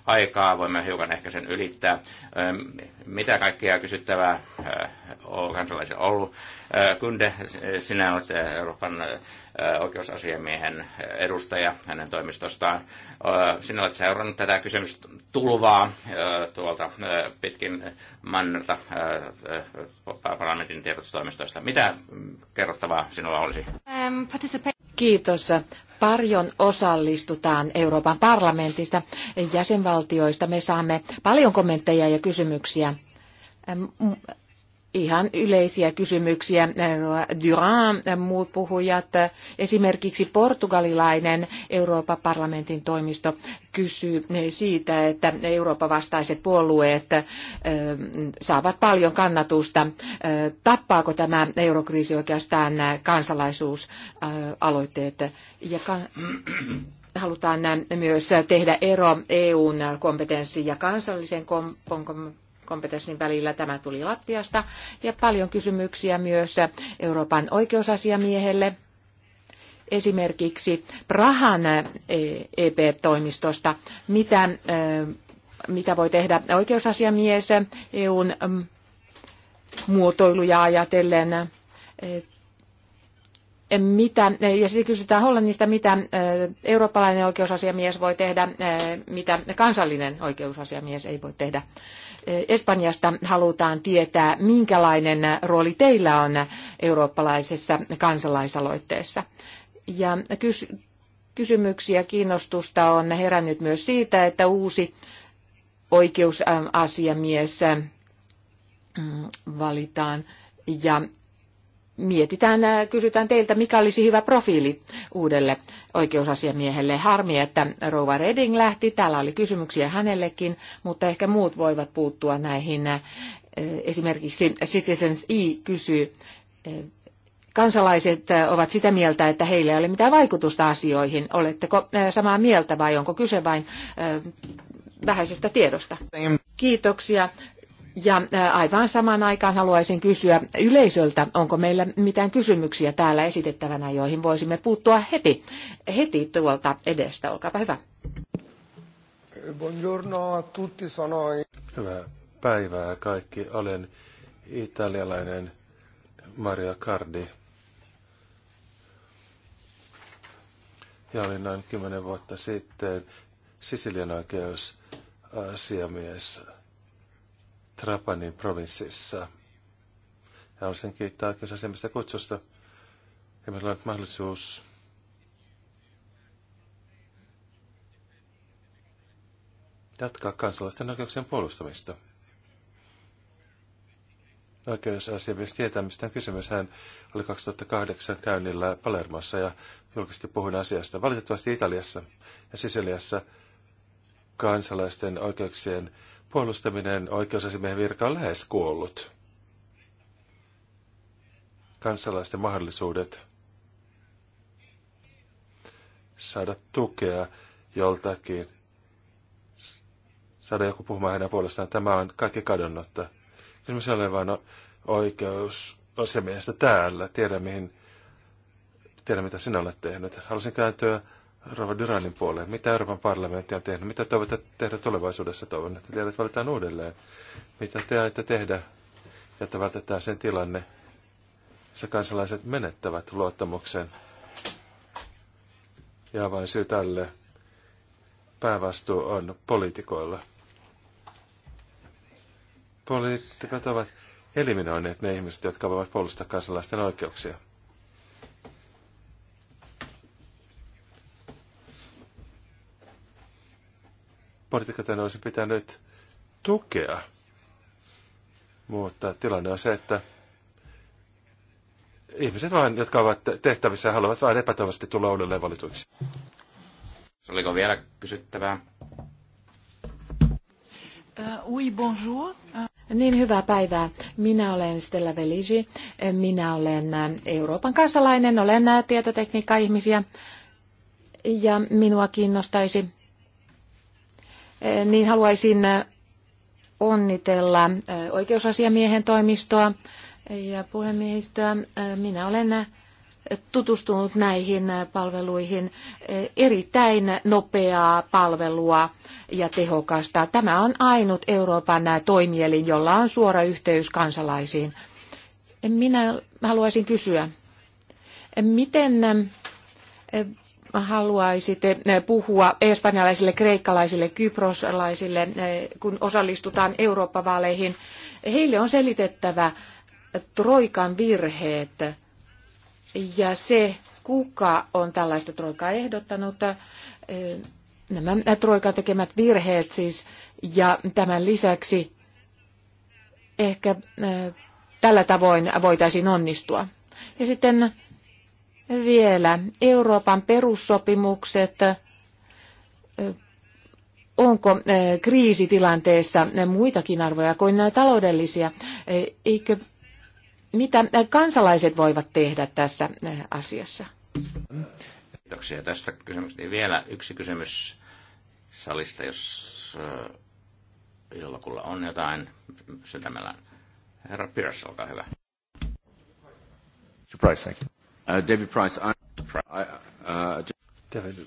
aikaa, voimme hiukan ehkä sen ylittää. Ähm, mitä kaikkea kysyttävää on kansalaisilla ollut? Kunde, sinä olet Euroopan oikeusasiamiehen edustaja hänen toimistostaan. Sinä olet seurannut tätä kysymystä tulvaa tuolta pitkin mannerta parlamentin tiedotustoimistoista. Mitä kerrottavaa sinulla olisi? Ähm, Kiitos. Paljon osallistutaan Euroopan parlamentista, jäsenvaltioista. Me saamme paljon kommentteja ja kysymyksiä ihan yleisiä kysymyksiä. Duran, eh, muut puhujat, eh, esimerkiksi portugalilainen Euroopan parlamentin toimisto kysyy eh, siitä, että Euroopan vastaiset puolueet saavat paljon kannatusta. Tappaako tämä eurokriisi oikeastaan kansalaisuusaloitteet? Ja kan- *clears throat* halutaan myös tehdä ero EUn kompetenssin ja kansallisen kom- kompetenssin välillä. Tämä tuli lattiasta ja paljon kysymyksiä myös Euroopan oikeusasiamiehelle. Esimerkiksi Prahan EP-toimistosta, mitä, mitä voi tehdä oikeusasiamies EUn muotoiluja ajatellen mitä, ja sitten kysytään Hollannista, mitä äh, eurooppalainen oikeusasiamies voi tehdä, äh, mitä kansallinen oikeusasiamies ei voi tehdä. Äh, Espanjasta halutaan tietää, minkälainen rooli teillä on eurooppalaisessa kansalaisaloitteessa. Ja kysymyksiä kiinnostusta on herännyt myös siitä, että uusi oikeusasiamies mm, valitaan ja mietitään, äh, kysytään teiltä, mikä olisi hyvä profiili uudelle oikeusasiamiehelle. Harmi, että Rouva Reding lähti. Täällä oli kysymyksiä hänellekin, mutta ehkä muut voivat puuttua näihin. Äh, esimerkiksi Citizens E kysyy, äh, kansalaiset ovat sitä mieltä, että heillä ei ole mitään vaikutusta asioihin. Oletteko samaa mieltä vai onko kyse vain vähäisestä tiedosta? Kiitoksia. Ja aivan samaan aikaan haluaisin kysyä yleisöltä, onko meillä mitään kysymyksiä täällä esitettävänä, joihin voisimme puuttua heti, heti tuolta edestä. Olkaapa hyvä. Buongiorno a tutti, sanoi. Hyvää päivää kaikki. Olen italialainen Maria Cardi. Ja olin noin kymmenen vuotta sitten Sisilian oikeusasiamies Trapanin provinssissa. Ja haluaisin kiittää oikeusasiamista kutsusta. Ja meillä on mahdollisuus jatkaa kansalaisten oikeuksien puolustamista. Oikeusasiamies tietää, mistä on kysymys. Hän oli 2008 käynnillä Palermossa ja julkisesti puhuin asiasta. Valitettavasti Italiassa ja Sisiliassa kansalaisten oikeuksien puolustaminen oikeusasiamiehen virka on lähes kuollut. Kansalaisten mahdollisuudet saada tukea joltakin, saada joku puhumaan heidän puolestaan, tämä on kaikki kadonnutta. Kysymys ei ole vain oikeusasiamiehestä täällä, tiedän mihin tiedän mitä sinä olet tehnyt. Haluaisin kääntyä Rova Duranin puoleen. Mitä Euroopan parlamentti on tehnyt? Mitä toivotte tehdä tulevaisuudessa? Toivon, että teidät valitaan uudelleen. Mitä te aiotte tehdä, jotta vältetään sen tilanne, jossa kansalaiset menettävät luottamuksen? Ja vain syy tälle päävastuu on poliitikoilla. Poliitikot ovat eliminoineet ne ihmiset, jotka voivat puolustaa kansalaisten oikeuksia. poliitikkojen olisi pitänyt tukea. Mutta tilanne on se, että ihmiset vain, jotka ovat tehtävissä, haluavat vain epätoivasti tulla uudelleen valituiksi. Oliko vielä kysyttävää? Uh, oui, bonjour. Uh. Niin, hyvää päivää. Minä olen Stella Veligi. Minä olen uh, Euroopan kansalainen, olen uh, tietotekniikka-ihmisiä. Ja minua kiinnostaisi Eh, niin haluaisin eh, onnitella eh, oikeusasiamiehen toimistoa ja puhemiehistöä. Minä olen tutustunut näihin palveluihin. Erittäin nopeaa palvelua ja tehokasta. Tämä on ainut Euroopan toimielin, jolla on suora yhteys kansalaisiin. Minä haluaisin kysyä, miten haluaisitte eh, puhua espanjalaisille, kreikkalaisille, kyproslaisille, eh, kun osallistutaan Eurooppa-vaaleihin? Heille on selitettävä Troikan virheet ja se, kuka on tällaista Troikaa ehdottanut, eh, nämä Troikan tekemät virheet siis, ja tämän lisäksi ehkä tällä tavoin voitaisiin onnistua. Ja sitten vielä Euroopan perussopimukset, onko eh, kriisitilanteessa muitakin arvoja kuin taloudellisia, eh, eikö mitä kansalaiset voivat tehdä tässä eh, asiassa? Kiitoksia tästä kysymyksestä. Niin vielä yksi kysymys salista, jos jollakulla on jotain on. Herra Pierce, olkaa hyvä. Surprise, thank you. Uh, David Price, I'm uh, David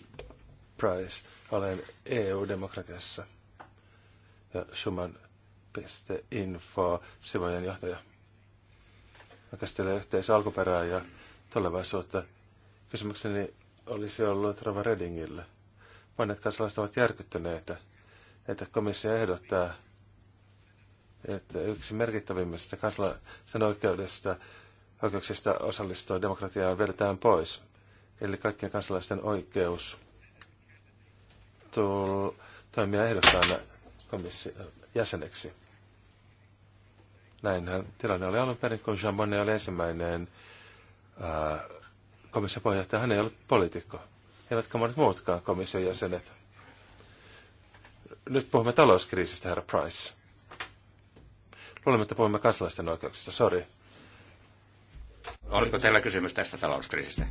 Price, olen EU-demokratiassa ja Schumann.info sivujen johtaja. Mä käsittelen yhteisö alkuperää ja tulevaisuutta. Kysymykseni olisi ollut Rova Redingille. Monet kansalaiset ovat järkyttyneitä, että komissio ehdottaa, että yksi merkittävimmistä kansalaisen oikeudesta oikeuksista osallistua demokratiaan vedetään pois. Eli kaikkien kansalaisten oikeus toimia ehdokkaana jäseneksi. Näinhän tilanne oli alun perin, kun Jean Bonnet oli ensimmäinen komission puheenjohtaja. Hän ei ollut poliitikko, eivätkä monet muutkaan komission jäsenet. Nyt puhumme talouskriisistä, herra Price. Luulemme, että puhumme kansalaisten oikeuksista. Sorry. Oliko teillä kysymys tästä talouskriisistä?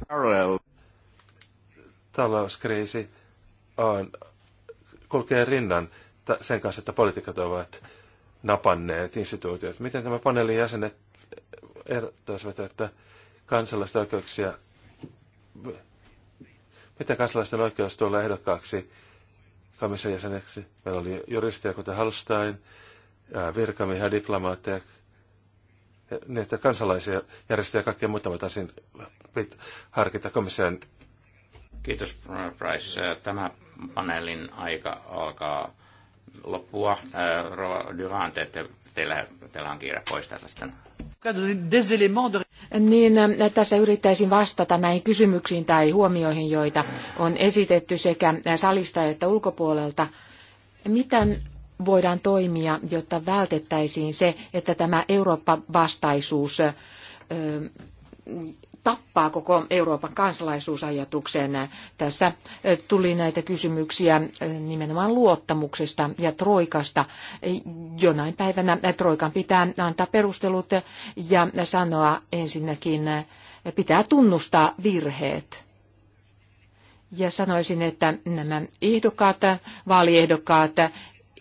Talouskriisi on, kulkee rinnan sen kanssa, että poliitikot ovat napanneet instituutiot. Miten tämä paneelin jäsenet ehdottaisivat, että kansalaisten oikeuksia, mitä kansalaisten oikeus tulla ehdokkaaksi komission jäseneksi? Meillä oli juristia, kuten Halstein, virkamiehiä, diplomaatteja, niin että kansalaisia, järjestöjä ja kaikkia muita voitaisiin harkita komission. Kiitos, Price. Tämä paneelin aika alkaa loppua. Äh, Rova Durant, te, teillä, teillä on kiire pois tästä. niin, äh, tässä yrittäisin vastata näihin kysymyksiin tai huomioihin, joita on esitetty sekä salista että ulkopuolelta. Mitä voidaan toimia, jotta vältettäisiin se, että tämä Eurooppa-vastaisuus tappaa koko Euroopan kansalaisuusajatuksen. Tässä tuli näitä kysymyksiä nimenomaan luottamuksesta ja troikasta. Jonain päivänä troikan pitää antaa perustelut ja sanoa ensinnäkin, pitää tunnustaa virheet. Ja sanoisin, että nämä ehdokkaat, vaaliehdokkaat,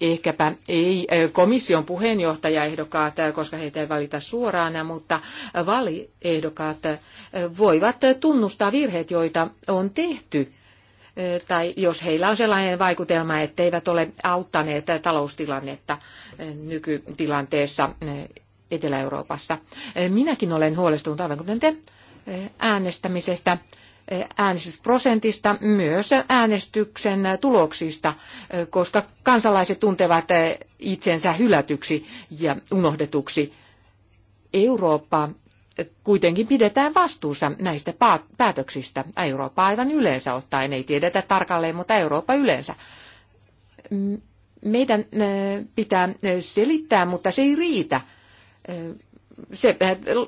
ehkäpä ei komission puheenjohtajaehdokkaat, koska heitä ei valita suoraan, mutta valiehdokkaat voivat tunnustaa virheet, joita on tehty tai jos heillä on sellainen vaikutelma, etteivät ole auttaneet taloustilannetta nykytilanteessa Etelä-Euroopassa. Minäkin olen huolestunut, aivan kuten te, äänestämisestä äänestysprosentista, myös äänestyksen tuloksista, koska kansalaiset tuntevat itsensä hylätyksi ja unohdetuksi. Eurooppa kuitenkin pidetään vastuussa näistä päätöksistä. Eurooppa aivan yleensä ottaen, ei tiedetä tarkalleen, mutta Eurooppa yleensä. Meidän pitää selittää, mutta se ei riitä se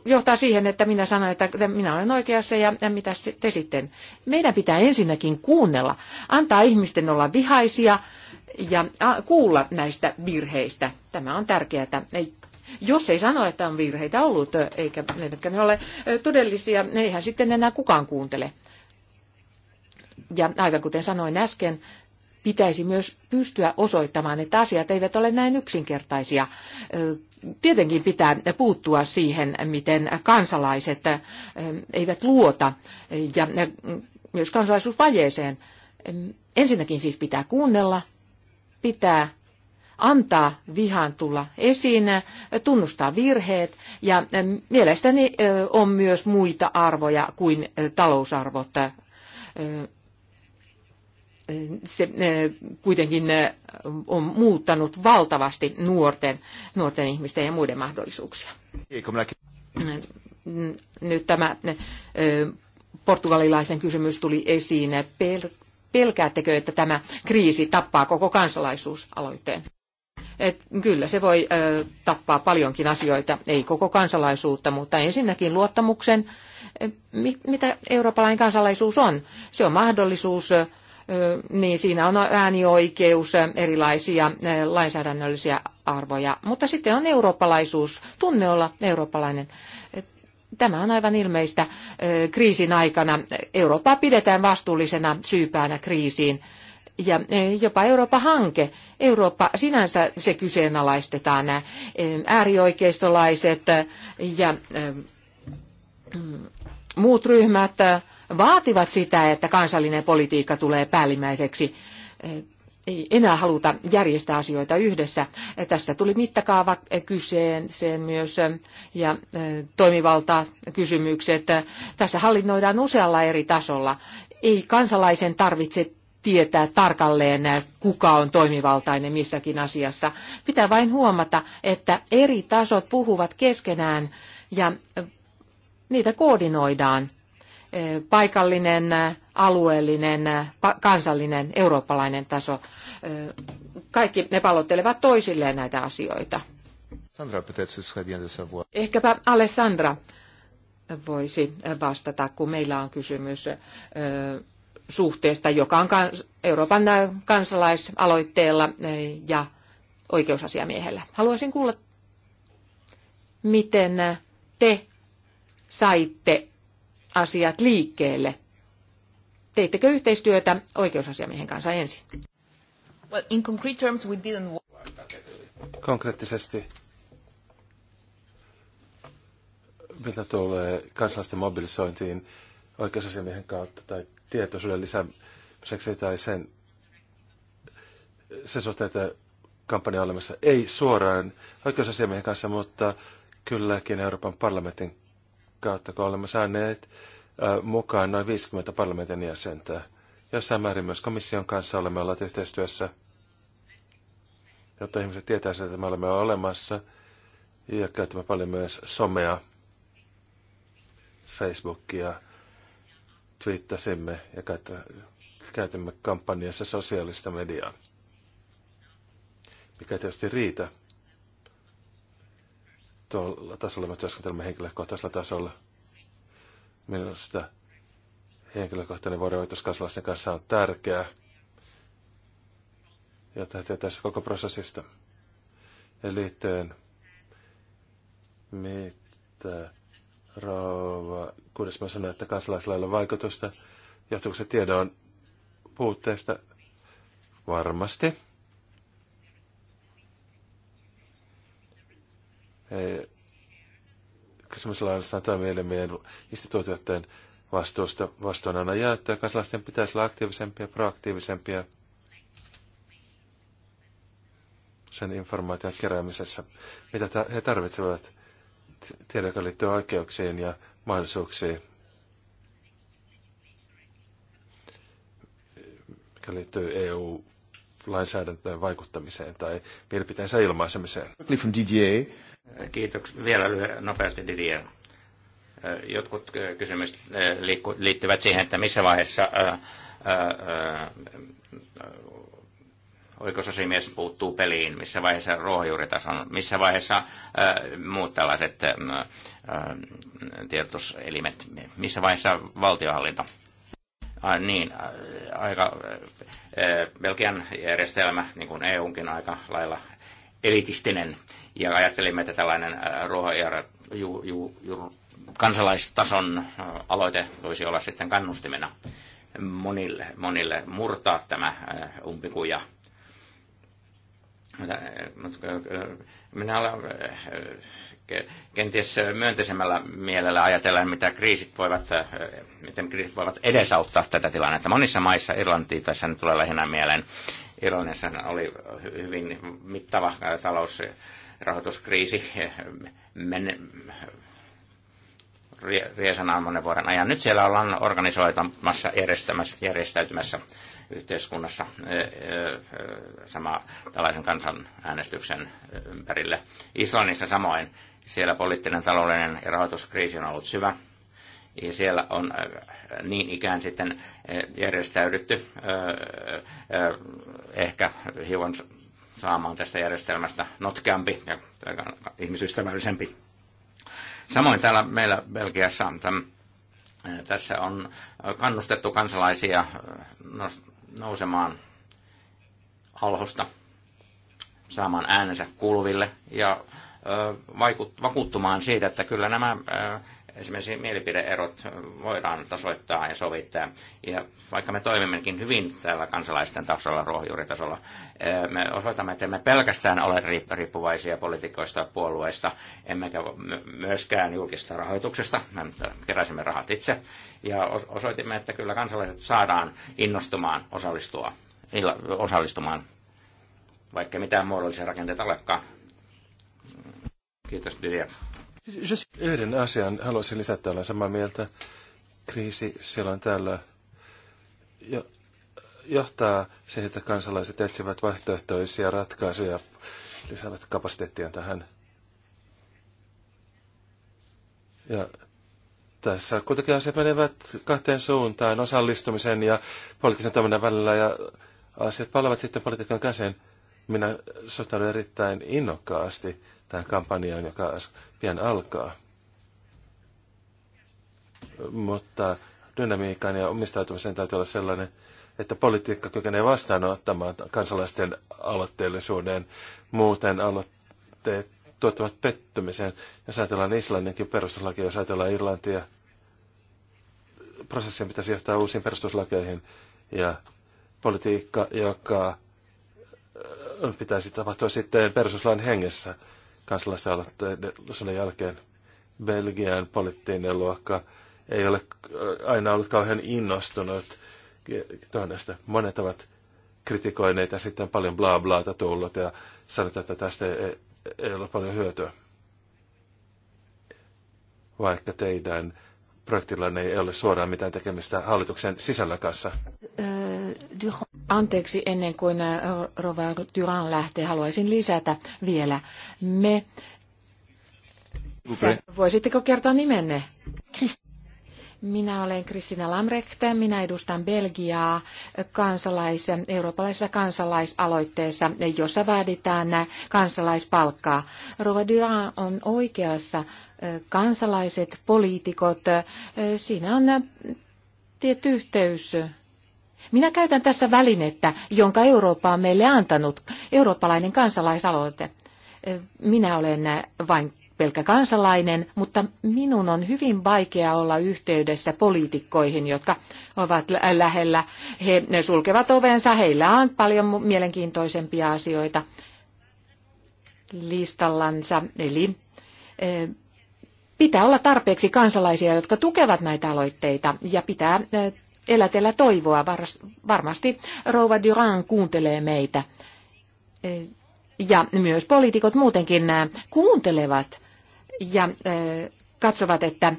johtaa siihen, että minä sanon, että minä olen oikeassa ja mitä te sitten. Meidän pitää ensinnäkin kuunnella, antaa ihmisten olla vihaisia ja kuulla näistä virheistä. Tämä on tärkeää. Ei, jos ei sano, että on virheitä ollut, eikä, eivätkä ne ole todellisia, niin eihän sitten enää kukaan kuuntele. Ja aivan kuten sanoin äsken, pitäisi myös pystyä osoittamaan, että asiat eivät ole näin yksinkertaisia. Tietenkin pitää puuttua siihen, miten kansalaiset eivät luota ja myös kansalaisuusvajeeseen. Ensinnäkin siis pitää kuunnella, pitää antaa vihan tulla esiin, tunnustaa virheet ja mielestäni on myös muita arvoja kuin talousarvot se eh, kuitenkin eh, on muuttanut valtavasti nuorten, nuorten ihmisten ja muiden mahdollisuuksia. Nyt tämä eh, portugalilaisen kysymys tuli esiin. Pelkäättekö, että tämä kriisi tappaa koko kansalaisuusaloitteen? Et kyllä se voi ö, tappaa paljonkin asioita, ei koko kansalaisuutta, mutta ensinnäkin luottamuksen, mit, mitä eurooppalainen kansalaisuus on. Se on mahdollisuus niin siinä on äänioikeus, erilaisia lainsäädännöllisiä arvoja. Mutta sitten on eurooppalaisuus, tunne olla eurooppalainen. Tämä on aivan ilmeistä kriisin aikana. Eurooppaa pidetään vastuullisena syypäänä kriisiin ja jopa Eurooppa-hanke. Eurooppa sinänsä se kyseenalaistetaan nämä äärioikeistolaiset ja mm, muut ryhmät vaativat sitä, että kansallinen politiikka tulee päällimmäiseksi. Ei enää haluta järjestää asioita yhdessä. Tässä tuli mittakaava kyseen sen myös ja e, toimivaltakysymykset. Tässä hallinnoidaan usealla eri tasolla. Ei kansalaisen tarvitse tietää tarkalleen, kuka on toimivaltainen missäkin asiassa. Pitää vain huomata, että eri tasot puhuvat keskenään ja e, niitä koordinoidaan paikallinen, alueellinen, kansallinen, eurooppalainen taso. Kaikki ne palottelevat toisilleen näitä asioita. Sandra, Ehkäpä Alessandra voisi vastata, kun meillä on kysymys suhteesta, joka on Euroopan kansalaisaloitteella ja oikeusasiamiehellä. Haluaisin kuulla, miten te saitte asiat liikkeelle. Teittekö yhteistyötä oikeusasiamiehen kanssa ensin? Well, in concrete terms we didn't work. Konkreettisesti, mitä tulee kansalaisten mobilisointiin oikeusasiamiehen kautta tai tietoisuuden lisäämiseksi tai sen, sen suhteen, että kampanja olemassa ei suoraan oikeusasiamiehen kanssa, mutta kylläkin Euroopan parlamentin kautta, kun olemme saaneet mukaan noin 50 parlamentin jäsentä. Jossain määrin myös komission kanssa olemme olleet yhteistyössä, jotta ihmiset tietäisivät, että me olemme olemassa ja käytämme paljon myös somea, Facebookia, twiittasimme ja käytämme kampanjassa sosiaalista mediaa, mikä tietysti riitä tuolla tasolla me työskentelemme henkilökohtaisella tasolla. Minusta henkilökohtainen vuorovaikutus kansalaisten kanssa on tärkeää, Ja he tässä koko prosessista. Ja liittyen, mitä rouva, kuudes mä sanoin, että kansalaisilla ei ole vaikutusta, johtuuko se tiedon puutteesta? Varmasti. Kysymys on meidän instituutioiden vastuusta jaettu, ja kansalaisten pitäisi olla aktiivisempia, proaktiivisempia sen informaation keräämisessä, mitä he tarvitsevat tiedon, joka liittyy oikeuksiin ja mahdollisuuksiin, mikä liittyy EU-lainsäädäntöön vaikuttamiseen tai mielipiteensä ilmaisemiseen. From DGA. Kiitoksia. Vielä lyhyen, nopeasti Didier. Jotkut kysymykset liittyvät siihen, että missä vaiheessa oikeusasiamies puuttuu peliin, missä vaiheessa ruohonjuuritason, missä vaiheessa ää, muut tällaiset tietoselimet, missä vaiheessa valtiohallinto. Ah, niin, aika, ää, Belgian järjestelmä, niin kuin EUnkin aika lailla elitistinen ja ajattelimme, että tällainen äh, ruohonjuur, ju, ju, ju, kansalaistason äh, aloite voisi olla sitten kannustimena monille, monille murtaa tämä äh, umpikuja. Minä olen kenties myönteisemmällä mielellä ajatella, mitä kriisit voivat, miten kriisit voivat edesauttaa tätä tilannetta. Monissa maissa, Irlanti tässä nyt tulee lähinnä mieleen, Irlannissa oli hyvin mittava talous rahoituskriisi men, riesanaan monen vuoden ajan. Nyt siellä ollaan organisoitumassa, järjestämässä, järjestäytymässä yhteiskunnassa sama tällaisen kansanäänestyksen ympärille. Islannissa samoin siellä poliittinen, taloudellinen ja rahoituskriisi on ollut syvä. Ja siellä on niin ikään sitten järjestäydytty ehkä hiukan saamaan tästä järjestelmästä notkeampi ja ihmisystävällisempi. Samoin täällä meillä Belgiassa tämän, eh, tässä on kannustettu kansalaisia eh, nousemaan alhosta, saamaan äänensä kuuluville ja eh, vaikut, vakuuttumaan siitä, että kyllä nämä esimerkiksi mielipideerot voidaan tasoittaa ja sovittaa. Ja vaikka me toimimmekin hyvin täällä kansalaisten tasolla, ruohonjuuritasolla, eh, me osoitamme, että emme pelkästään ole riippuvaisia poliitikoista ja puolueista, emmekä myöskään julkista rahoituksesta. Me keräsimme rahat itse ja osoitimme, että kyllä kansalaiset saadaan innostumaan osallistua, osallistumaan, vaikka mitään muodollisia rakenteita olekaan. Kiitos, Didier. Jos yhden asian haluaisin lisätä, olen samaa mieltä. Kriisi silloin täällä jo, johtaa siihen, että kansalaiset etsivät vaihtoehtoisia ratkaisuja, lisäävät kapasiteettia tähän. Ja tässä kuitenkin asiat menevät kahteen suuntaan, osallistumisen ja poliittisen toiminnan välillä, ja asiat palavat sitten politiikan käseen. Minä suhtaudun erittäin innokkaasti tähän kampanjaan, joka pian alkaa. Mutta dynamiikan ja omistautumisen täytyy olla sellainen, että politiikka kykenee vastaanottamaan kansalaisten aloitteellisuuden. Muuten aloitteet tuottavat pettymisen. Jos ajatellaan Islanninkin perustuslaki, jos ajatellaan Irlantia, prosessin pitäisi johtaa uusiin perustuslakeihin ja politiikka, joka pitäisi tapahtua sitten perustuslain hengessä kansalaisten aloitteiden jälkeen Belgian poliittinen luokka ei ole aina ollut kauhean innostunut tuonnesta. Monet ovat kritikoineet ja sitten paljon bla blaata tullut ja sanotaan, että tästä ei, ei ole paljon hyötyä. Vaikka teidän projektilla ei ole suoraan mitään tekemistä hallituksen sisällä kanssa. Äh, Anteeksi, ennen kuin äh, Rova Duran lähtee, haluaisin lisätä vielä. Me Sä, voisitteko kertoa nimenne? Kristi. Minä olen Kristina Lamrekte, minä edustan Belgiaa kansalais, eurooppalaisessa kansalaisaloitteessa, jossa vaaditaan kansalaispalkkaa. Rova Duran on oikeassa kansalaiset, poliitikot, siinä on tietty yhteys minä käytän tässä välinettä, jonka Eurooppa on meille antanut, eurooppalainen kansalaisaloite. Minä olen vain pelkä kansalainen, mutta minun on hyvin vaikea olla yhteydessä poliitikkoihin, jotka ovat lähellä. He sulkevat ovensa, heillä on paljon mielenkiintoisempia asioita listallansa. Eli e, pitää olla tarpeeksi kansalaisia, jotka tukevat näitä aloitteita ja pitää e, elätellä toivoa. Varmasti Rouva Duran kuuntelee meitä. E, ja myös poliitikot muutenkin kuuntelevat ja katsovat, että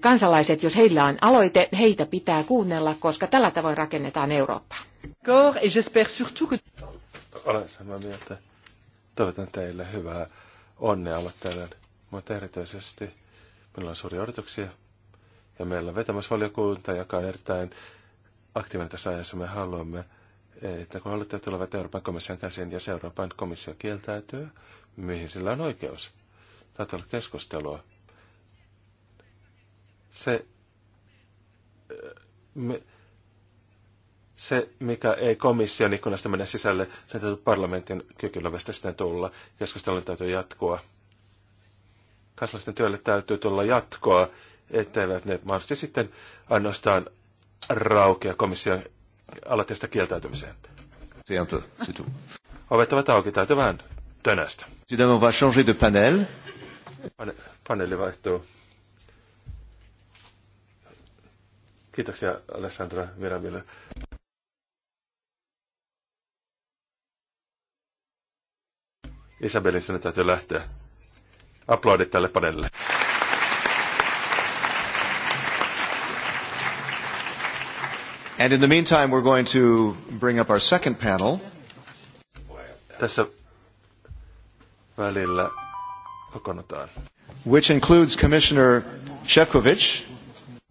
kansalaiset, jos heillä on aloite, heitä pitää kuunnella, koska tällä tavoin rakennetaan Eurooppaa. Olen samaa mieltä. Toivotan teille hyvää onnea olla täällä, mutta erityisesti meillä on suuria odotuksia ja meillä on vetämisvaliokunta, joka on erittäin aktiivinen tässä ajassa. Me haluamme, että kun aloitteet tulevat Euroopan komission käsiin, ja Euroopan komissio kieltäytyy, mihin sillä on oikeus. Tätä on keskustelua. Se, eh, me, se, mikä ei komission ikkunasta mene sisälle, se täytyy parlamentin kykylävästä sitten tulla. Keskustelun täytyy jatkua. Kansalaisten työlle täytyy tulla jatkoa, etteivät ne mahdollisesti sitten ainoastaan raukea komission aloitteesta kieltäytymiseen. Ovet ovat auki, täytyy vähän tönästä. Sitten on va changer de panel. Pane, paneeli vaihtuu. Kiitoksia Alessandra Miramille. Isabelin sinne täytyy lähteä. Aplodit tälle paneelille. And in the meantime, we're going to bring up our second panel. Tässä välillä kokoonnutaan. Which includes Commissioner Shevkovich.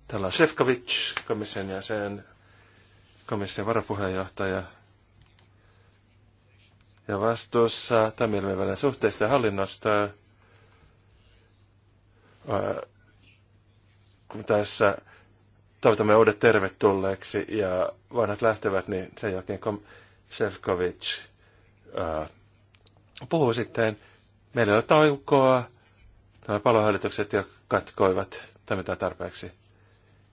Täällä on Shevkovich, komission jäsen, komission varapuheenjohtaja. Ja vastuussa Tamilmen välillä suhteista ja hallinnosta kun tässä toivotamme uudet tervetulleeksi ja vanhat lähtevät, niin sen jälkeen Shevkovich puhuu sitten Meillä on taukoa, nämä palohälytykset jo katkoivat toimintaa tarpeeksi.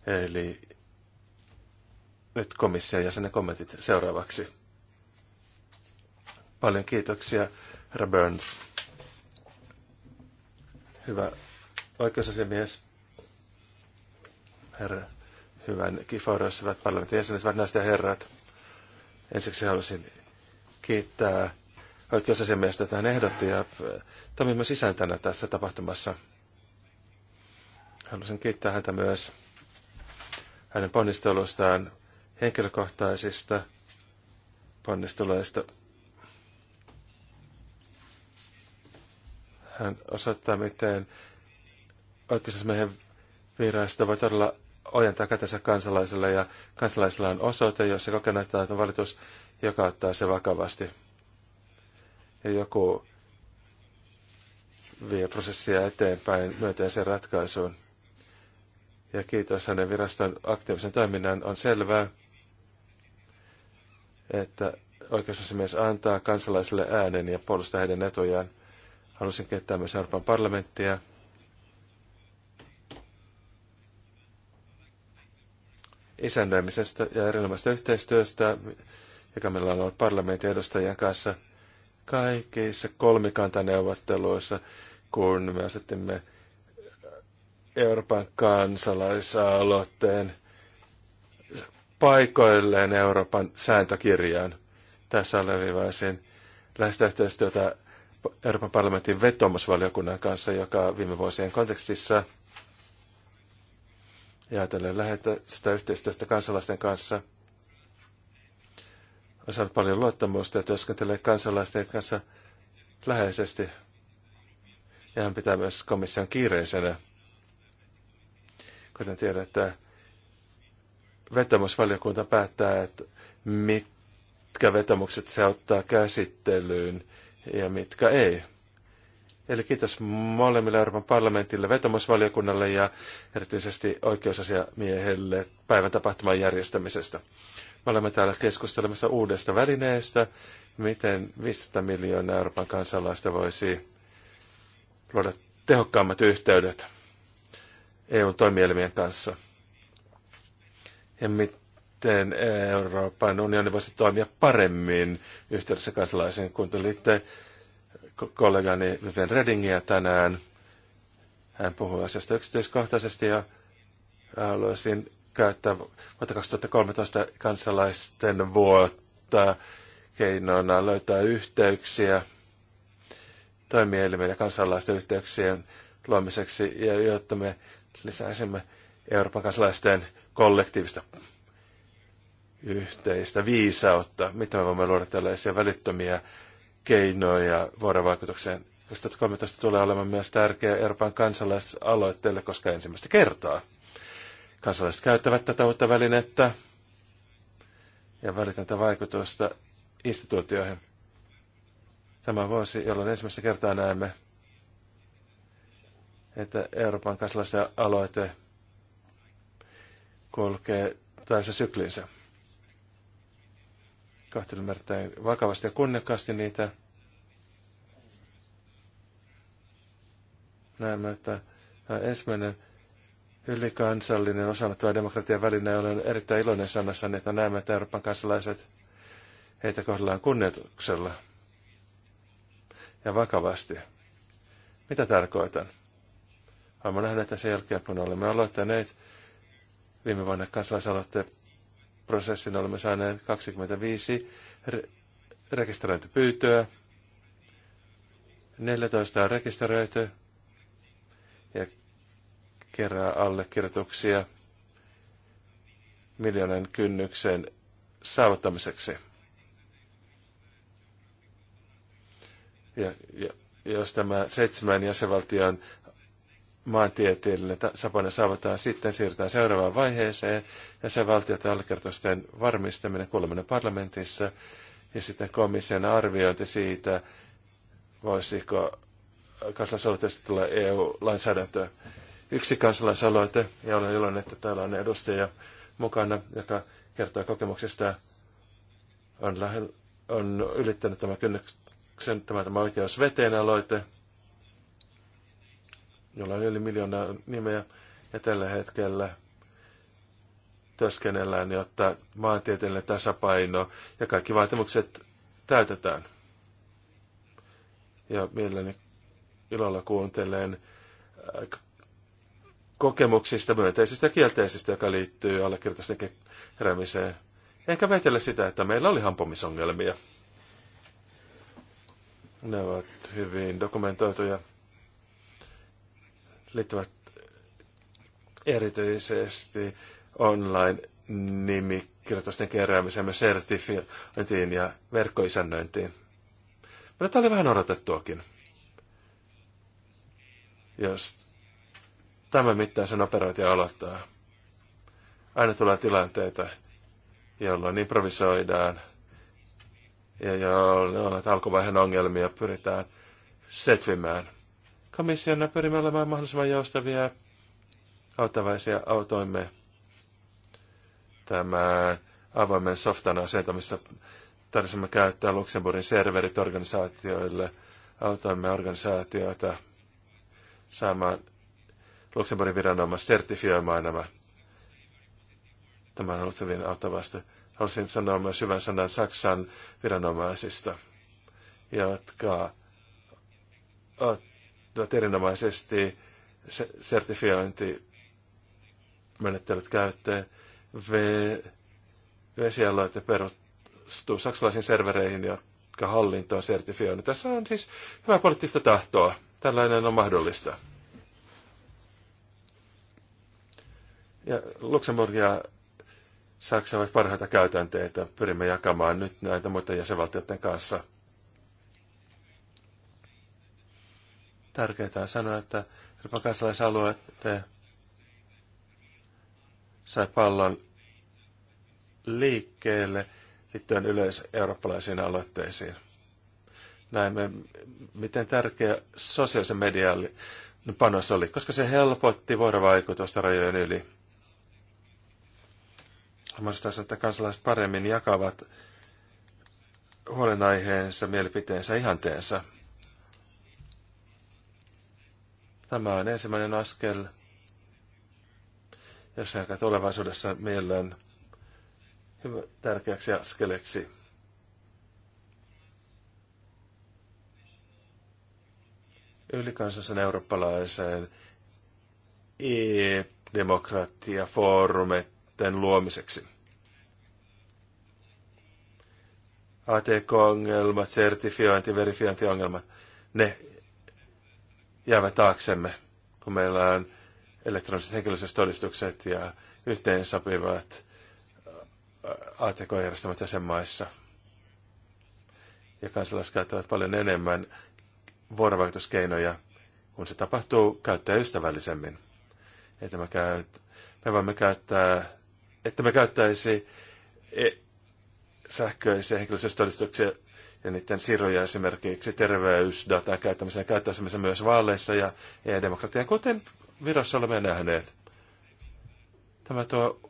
Eli nyt komission jäsenen kommentit seuraavaksi. Paljon kiitoksia, herra Burns. Hyvä oikeusasiamies, herra, hyvän Kiforos, hyvät parlamentin jäsenet, hyvät naiset ja herrat. Ensiksi haluaisin kiittää oikeusasiamiestä tähän ehdotti ja äh, myös sisäntänä tässä tapahtumassa. Haluaisin kiittää häntä myös hänen ponnistelustaan henkilökohtaisista ponnisteluista. Hän osoittaa, miten oikeusasiamiehen virasto voi todella ojentaa kätensä kansalaiselle ja kansalaisilla on osoite, jossa kokenaan, että on valitus, joka ottaa se vakavasti ja joku vie prosessia eteenpäin myönteiseen ratkaisuun. Ja kiitos hänen viraston aktiivisen toiminnan. On selvää, että oikeusasiamies antaa kansalaisille äänen ja puolustaa heidän etujaan. Haluaisin kiittää myös Euroopan parlamenttia. isännöimisestä ja erinomaisesta yhteistyöstä, joka meillä on ollut parlamentin edustajien kanssa – kaikissa kolmikantaneuvotteluissa, kun me asetimme Euroopan kansalaisaloitteen paikoilleen Euroopan sääntökirjaan. Tässä alleviivaisin läheistä yhteistyötä Euroopan parlamentin vetomusvaliokunnan kanssa, joka viime vuosien kontekstissa ja ajatellen lähettää sitä yhteistyöstä kansalaisten kanssa – on saanut paljon luottamusta ja työskentelee kansalaisten kanssa läheisesti. Ja hän pitää myös komission kiireisenä. Kuten tiedätte, vetämysvaliokunta päättää, että mitkä vetomukset se ottaa käsittelyyn ja mitkä ei. Eli kiitos molemmille Euroopan parlamentille, vetomusvaliokunnalle ja erityisesti oikeusasiamiehelle päivän tapahtuman järjestämisestä. Me olemme täällä keskustelemassa uudesta välineestä, miten 500 miljoonaa Euroopan kansalaista voisi luoda tehokkaammat yhteydet EUn toimielimien kanssa. Ja miten Euroopan unioni voisi toimia paremmin yhteydessä kansalaisiin. Kuuntelitte kollegani Vivian Redingiä tänään. Hän puhui asiasta yksityiskohtaisesti ja haluaisin että vuotta 2013 kansalaisten vuotta keinoina löytää yhteyksiä toimielimen ja kansalaisten yhteyksien luomiseksi, ja jotta me lisäisimme Euroopan kansalaisten kollektiivista yhteistä viisautta, mitä me voimme luoda tällaisia välittömiä keinoja vuorovaikutukseen. 2013 tulee olemaan myös tärkeä Euroopan kansalaisaloitteelle, koska ensimmäistä kertaa Kansalaiset käyttävät tätä uutta välinettä ja välitöntä vaikutusta instituutioihin. Tämä vuosi, jolloin ensimmäistä kertaa näemme, että Euroopan kansalaisten aloite kulkee täysin syklinsä. Kahtelu vakavasti ja kunnekkaasti niitä. Näemme, että ensimmäinen ylikansallinen osanottava demokratian väline, ja olen erittäin iloinen sanassani, että näemme, että Euroopan kansalaiset heitä kohdellaan kunnioituksella ja vakavasti. Mitä tarkoitan? Olemme nähneet sen jälkeen, kun olemme aloittaneet viime vuonna kansalaisaloitteen prosessin, olemme saaneet 25 re- rekisteröintipyytöä. 14 on rekisteröity ja kerää allekirjoituksia miljoonan kynnyksen saavuttamiseksi. Ja, ja jos tämä seitsemän jäsenvaltion maantieteellinen sapana saavutaan, sitten siirrytään seuraavaan vaiheeseen, ja se valtioiden allekirjoitusten varmistaminen kuuleminen parlamentissa, ja sitten komission arviointi siitä, voisiko kansalaisaloitteesta tulla EU-lainsäädäntöä yksi kansalaisaloite, ja olen iloinen, että täällä on edustaja mukana, joka kertoo kokemuksesta on, lähe, on ylittänyt tämä kynnyksen, tämä, tämä oikeus veteen aloite, jolla on yli miljoonaa nimeä, ja tällä hetkellä työskennellään, jotta maantieteellinen tasapaino ja kaikki vaatimukset täytetään. Ja mielelläni ilolla kuuntelen kokemuksista, myönteisistä ja kielteisistä, joka liittyy allekirjoitusten keräämiseen. Enkä vetele sitä, että meillä oli hampumisongelmia. Ne ovat hyvin dokumentoituja, liittyvät erityisesti online-nimikirjoitusten keräämiseen, myös sertifiointiin ja verkkoisännöintiin. Mutta tämä oli vähän odotettuakin. Just tämän mittaisen operaatio aloittaa. Aina tulee tilanteita, jolloin improvisoidaan ja jolloin alkuvaiheen ongelmia pyritään setvimään. Komissiona pyrimme olemaan mahdollisimman joustavia auttavaisia autoimme tämän avoimen softan asentamissa tarvitsemme käyttää Luxemburgin serverit organisaatioille, autoimme organisaatioita saamaan Luxemburgin viranomaiset sertifioimaan nämä. Tämä on ollut hyvin auttavasti. Haluaisin sanoa myös hyvän sanan Saksan viranomaisista, jotka ovat erinomaisesti sertifiointimenettelyt käyttöön. Vesialoite perustuu saksalaisiin servereihin, jotka hallinto on sertifioinut. Tässä on siis hyvää poliittista tahtoa. Tällainen on mahdollista. Ja Luxemburg ja Saksa ovat parhaita käytänteitä. Pyrimme jakamaan nyt näitä muiden jäsenvaltioiden kanssa. Tärkeää on sanoa, että Euroopan kansalaisalue sai pallon liikkeelle liittyen yleiseurooppalaisiin aloitteisiin. Näemme, miten tärkeä sosiaalisen median panos oli, koska se helpotti vuorovaikutusta rajojen yli mahdollistaa tässä että kansalaiset paremmin jakavat huolenaiheensa, mielipiteensä, ihanteensa. Tämä on ensimmäinen askel, jos joka tulevaisuudessa mieleen hyvä, tärkeäksi askeleksi. Ylikansallisen eurooppalaisen e-demokratiafoorumit suhteen luomiseksi. ATK-ongelmat, sertifiointi, verifiointiongelmat, ne jäävät taaksemme, kun meillä on elektroniset todistukset ja sopivat ATK-järjestelmät jäsenmaissa. Ja kansalaiset käyttävät paljon enemmän vuorovaikutuskeinoja, kun se tapahtuu käyttäjäystävällisemmin. Että me, käyt, me voimme käyttää että me käyttäisi e- sähköisiä henkilöllisyystodistuksia ja niiden siirroja esimerkiksi terveysdatan käyttämiseen käyttäisimme myös vaaleissa ja e-demokratiaan, kuten virassa olemme nähneet. Tämä tuo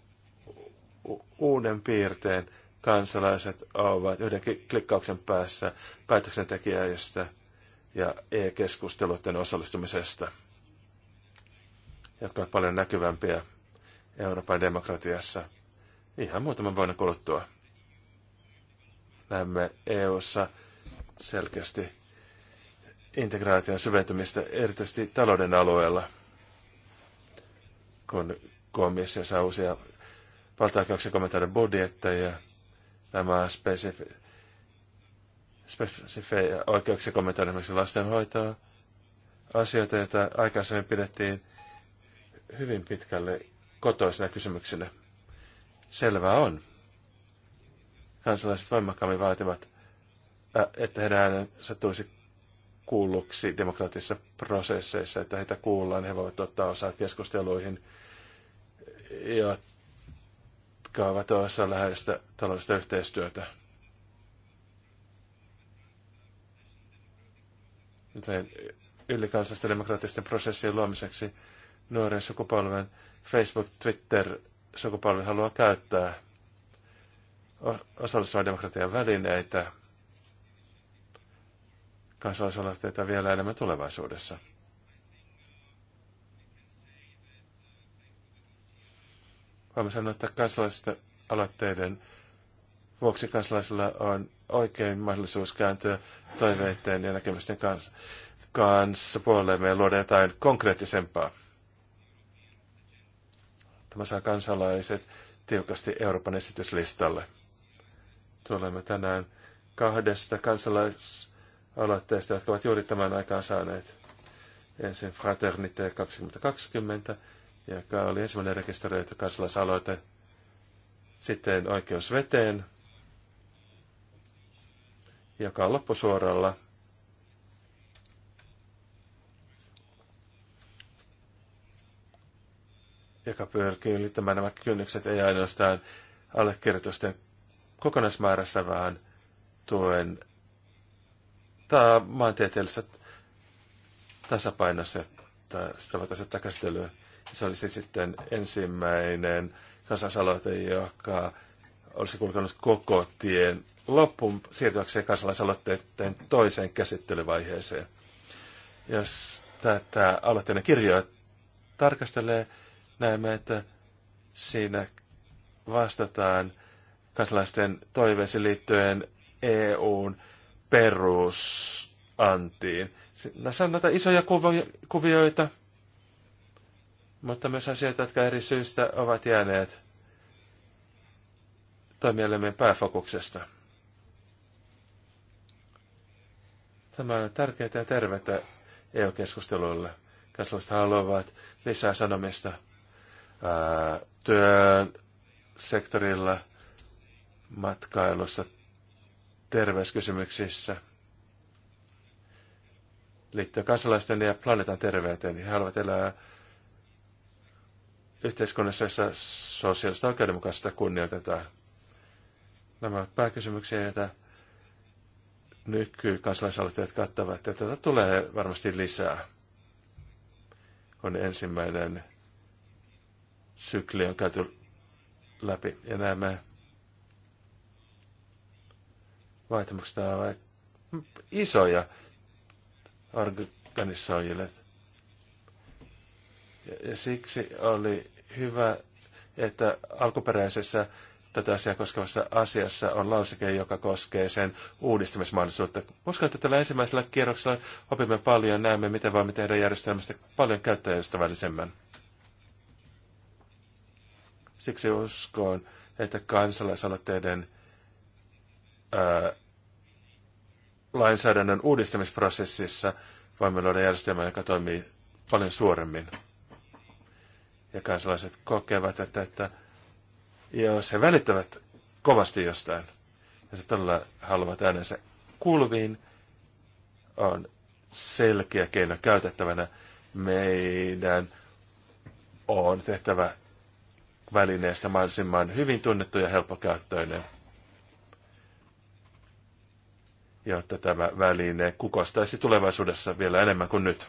uuden piirteen kansalaiset ovat yhden klikkauksen päässä päätöksentekijäistä ja e-keskusteluiden osallistumisesta, jotka ovat paljon näkyvämpiä Euroopan demokratiassa ihan muutaman vuoden kuluttua. Näemme EU:ssa selkeästi integraation syventymistä erityisesti talouden alueella, kun komissio saa uusia valtaoikeuksia kommentoida budjetteja, nämä spesifi, spesifejä oikeuksia kommentoida esimerkiksi lastenhoitoa, asioita, joita aikaisemmin pidettiin hyvin pitkälle kotoisena kysymyksenä. selvä on. Kansalaiset voimakkaammin vaativat, että heidän äänensä tulisi kuulluksi demokraattisissa prosesseissa, että heitä kuullaan, he voivat ottaa osaa keskusteluihin, jotka ovat osa läheistä taloudellista yhteistyötä. ylikansallisten demokraattisten prosessien luomiseksi nuoren sukupolven Facebook, Twitter, sukupolvi haluaa käyttää osallistuvan demokratian välineitä, kansalaisaloitteita vielä enemmän tulevaisuudessa. Voimme sanoa, että kansalaisten aloitteiden vuoksi kansalaisilla on oikein mahdollisuus kääntyä toiveiden ja näkemysten kanssa, kanssa puoleen ja luoda jotain konkreettisempaa. Tämä saa kansalaiset tiukasti Euroopan esityslistalle. Tulemme tänään kahdesta kansalaisaloitteesta, jotka ovat juuri tämän aikaan saaneet. Ensin Fraternite 2020, joka oli ensimmäinen rekisteröity kansalaisaloite. Sitten Oikeus veteen, joka on loppusuoralla – joka pyrkii ylittämään nämä kynnykset ei ainoastaan allekirjoitusten kokonaismäärässä, vaan tuen tämä maantieteellisessä tasapainossa, että sitä voitaisiin käsittelyä. Se olisi sitten ensimmäinen kansalaisaloite, joka olisi kulkenut koko tien loppuun siirtyäkseen kansalaisaloitteiden toiseen käsittelyvaiheeseen. Jos tätä aloitteiden kirjoa tarkastelee, näemme, että siinä vastataan kansalaisten toiveisiin liittyen EUn perusantiin. Näissä on näitä isoja kuvioita, mutta myös asioita, jotka eri syistä ovat jääneet toimielimen pääfokuksesta. Tämä on tärkeää ja tervetä EU-keskusteluille. Kansalaiset haluavat lisää sanomista – työn sektorilla, matkailussa, terveyskysymyksissä liittyen kansalaisten ja planeetan terveyteen. Niin he haluavat elää yhteiskunnassa, jossa sosiaalista oikeudenmukaisuutta kunnioitetaan. Nämä ovat pääkysymyksiä, joita nykykansalaisaloitteet kattavat, ja tätä tulee varmasti lisää. On ensimmäinen sykli on käyty läpi ja näemme vaihtamukset ovat isoja organisoijille. Ja siksi oli hyvä, että alkuperäisessä tätä asiaa koskevassa asiassa on lauseke, joka koskee sen uudistamismahdollisuutta. Uskon, että tällä ensimmäisellä kierroksella opimme paljon, näemme, miten voimme tehdä järjestelmästä paljon käyttäjäystävällisemmän. Siksi uskon, että kansalaisaloitteiden ää, lainsäädännön uudistamisprosessissa voimme luoda järjestelmän, joka toimii paljon suoremmin. Ja kansalaiset kokevat, että, että jos he välittävät kovasti jostain, ja se todella haluavat äänensä kuuluviin, on selkeä keino käytettävänä. Meidän on tehtävä välineestä mahdollisimman hyvin tunnettu ja helppokäyttöinen, jotta tämä väline kukostaisi tulevaisuudessa vielä enemmän kuin nyt.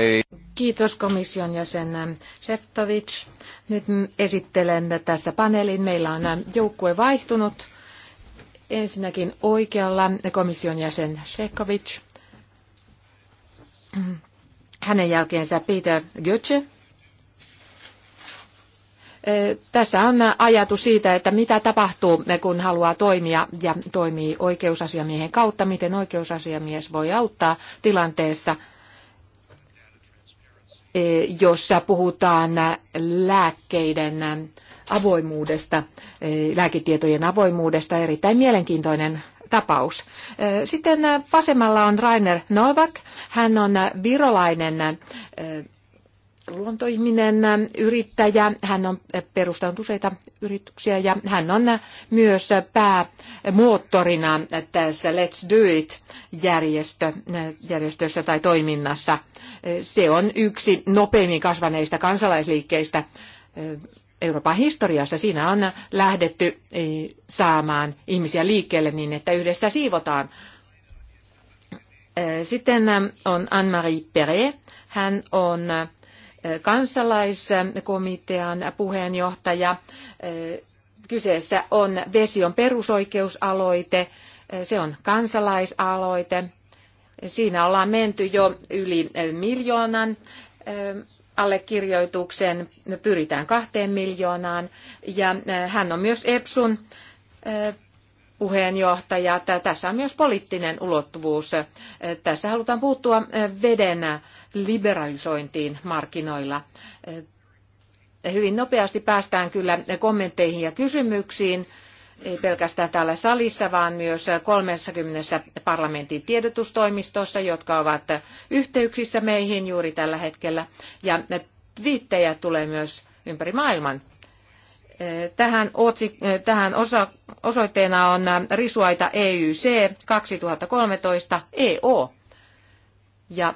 I... Kiitos komission jäsen Sheftovic. Nyt esittelen tässä paneelin. Meillä on joukkue vaihtunut. Ensinnäkin oikealla komission jäsen Sheftovic. Hänen jälkeensä Peter Götze tässä on ajatus siitä, että mitä tapahtuu, kun haluaa toimia ja toimii oikeusasiamiehen kautta, miten oikeusasiamies voi auttaa tilanteessa, jossa puhutaan lääkkeiden avoimuudesta, lääketietojen avoimuudesta, erittäin mielenkiintoinen tapaus. Sitten vasemmalla on Rainer Novak. Hän on virolainen luontoihminen, yrittäjä. Hän on perustanut useita yrityksiä ja hän on myös päämoottorina tässä Let's Do It järjestö, järjestössä tai toiminnassa. Se on yksi nopeimmin kasvaneista kansalaisliikkeistä Euroopan historiassa. Siinä on lähdetty eh, saamaan ihmisiä liikkeelle niin, että yhdessä siivotaan. Eh, sitten on Anne-Marie Perret. Hän on kansalaiskomitean puheenjohtaja. Kyseessä on Desion perusoikeusaloite. Se on kansalaisaloite. Siinä ollaan menty jo yli miljoonan eh, allekirjoituksen, pyritään kahteen miljoonaan. Ja eh, hän on myös EPSun eh, puheenjohtaja. Tässä on myös poliittinen ulottuvuus. Tässä halutaan puuttua veden liberalisointiin markkinoilla. Eh, hyvin nopeasti päästään kyllä kommentteihin ja kysymyksiin, ei pelkästään täällä salissa, vaan myös 30 parlamentin tiedotustoimistossa, jotka ovat yhteyksissä meihin juuri tällä hetkellä. Ja twiittejä tulee myös ympäri maailman. Eh, tähän, otsik- eh, tähän osa- osoitteena on risuaita EYC 2013 EO. Ja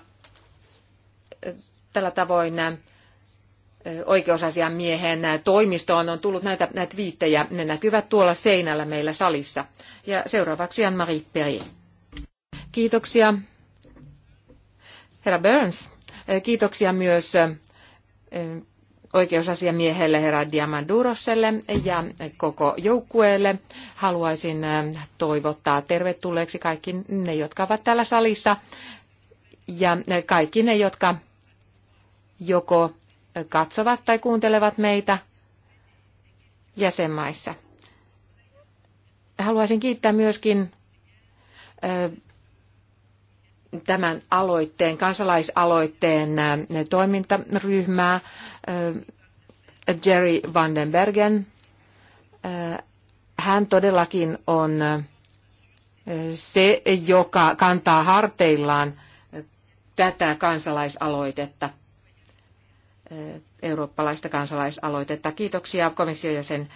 tällä tavoin oikeusasiamiehen toimistoon on tullut näitä, näitä viittejä. Ne näkyvät tuolla seinällä meillä salissa. Ja seuraavaksi Anne-Marie Peri. Kiitoksia. Herra Burns, kiitoksia myös oikeusasiamiehelle herra Diamanduroselle ja koko joukkueelle. Haluaisin toivottaa tervetulleeksi kaikki ne, jotka ovat täällä salissa ja kaikki ne, jotka joko katsovat tai kuuntelevat meitä jäsenmaissa. Haluaisin kiittää myöskin tämän aloitteen, kansalaisaloitteen toimintaryhmää Jerry Vandenbergen. Hän todellakin on se, joka kantaa harteillaan tätä kansalaisaloitetta – eurooppalaista kansalaisaloitetta. Kiitoksia komission jäsen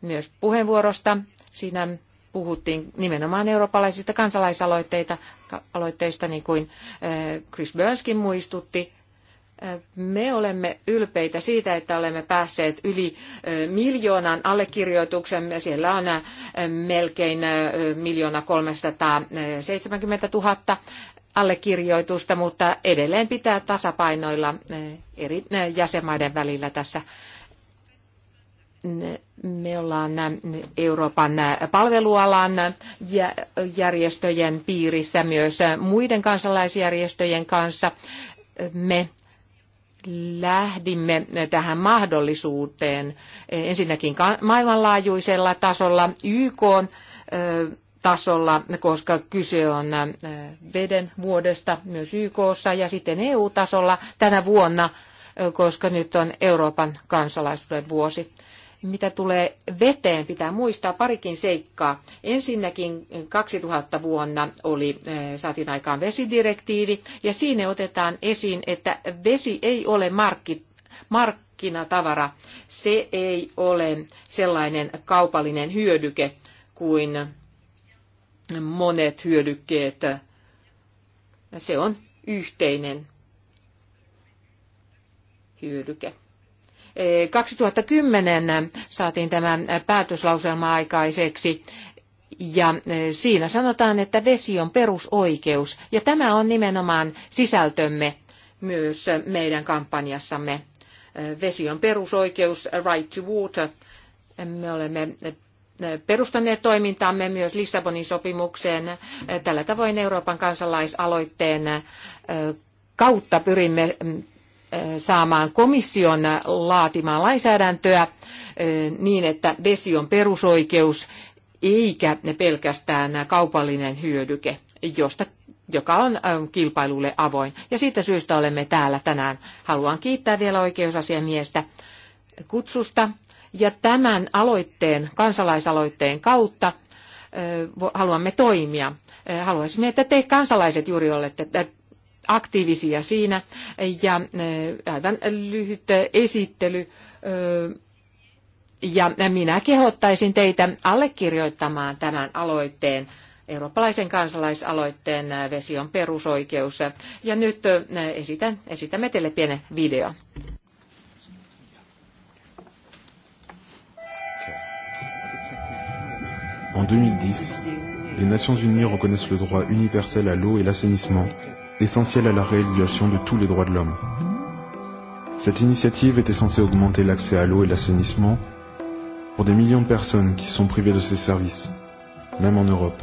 myös puheenvuorosta. Siinä puhuttiin nimenomaan eurooppalaisista kansalaisaloitteita, aloitteista, niin kuin Chris Burnskin muistutti. Me olemme ylpeitä siitä, että olemme päässeet yli miljoonan allekirjoituksen. Siellä on melkein miljoona 370 000 allekirjoitusta, mutta edelleen pitää tasapainoilla eh, eri eh, jäsenmaiden välillä tässä. Me ollaan eh, Euroopan palvelualan järjestöjen piirissä myös muiden kansalaisjärjestöjen kanssa. Me lähdimme tähän mahdollisuuteen ensinnäkin maailmanlaajuisella tasolla YK tasolla, koska kyse on äh, veden vuodesta myös YKssa ja sitten EU-tasolla tänä vuonna, äh, koska nyt on Euroopan kansalaisuuden vuosi. Mitä tulee veteen, pitää muistaa parikin seikkaa. Ensinnäkin 2000 vuonna oli, äh, saatiin aikaan vesidirektiivi, ja siinä otetaan esiin, että vesi ei ole markki, markkinatavara. Se ei ole sellainen kaupallinen hyödyke kuin monet hyödykkeet. Se on yhteinen hyödyke. 2010 e, saatiin tämä päätöslauselma aikaiseksi ja e, siinä sanotaan, että vesi on perusoikeus ja tämä on nimenomaan sisältömme myös meidän kampanjassamme. E, vesi on perusoikeus, right to water. Me olemme perustaneet toimintamme myös Lissabonin sopimukseen. Tällä tavoin Euroopan kansalaisaloitteen kautta pyrimme saamaan komission laatimaan lainsäädäntöä niin, että vesi on perusoikeus eikä pelkästään kaupallinen hyödyke, josta, joka on kilpailulle avoin. Ja siitä syystä olemme täällä tänään. Haluan kiittää vielä oikeusasiamiestä kutsusta ja tämän aloitteen, kansalaisaloitteen kautta haluamme toimia. Haluaisimme, että te kansalaiset juuri olette aktiivisia siinä. Ja aivan lyhyt esittely. Ja minä kehottaisin teitä allekirjoittamaan tämän aloitteen, eurooppalaisen kansalaisaloitteen Vesi on perusoikeus. Ja nyt esitän, esitämme teille pienen videon. En 2010, les Nations Unies reconnaissent le droit universel à l'eau et l'assainissement, essentiel à la réalisation de tous les droits de l'homme. Cette initiative était censée augmenter l'accès à l'eau et l'assainissement pour des millions de personnes qui sont privées de ces services, même en Europe.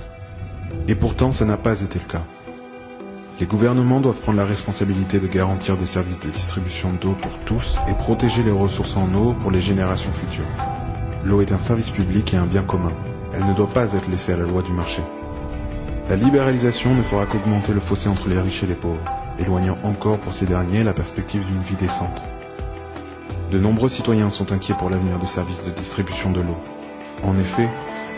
Et pourtant, ça n'a pas été le cas. Les gouvernements doivent prendre la responsabilité de garantir des services de distribution d'eau pour tous et protéger les ressources en eau pour les générations futures. L'eau est un service public et un bien commun. Elle ne doit pas être laissée à la loi du marché. La libéralisation ne fera qu'augmenter le fossé entre les riches et les pauvres, éloignant encore pour ces derniers la perspective d'une vie décente. De nombreux citoyens sont inquiets pour l'avenir des services de distribution de l'eau. En effet,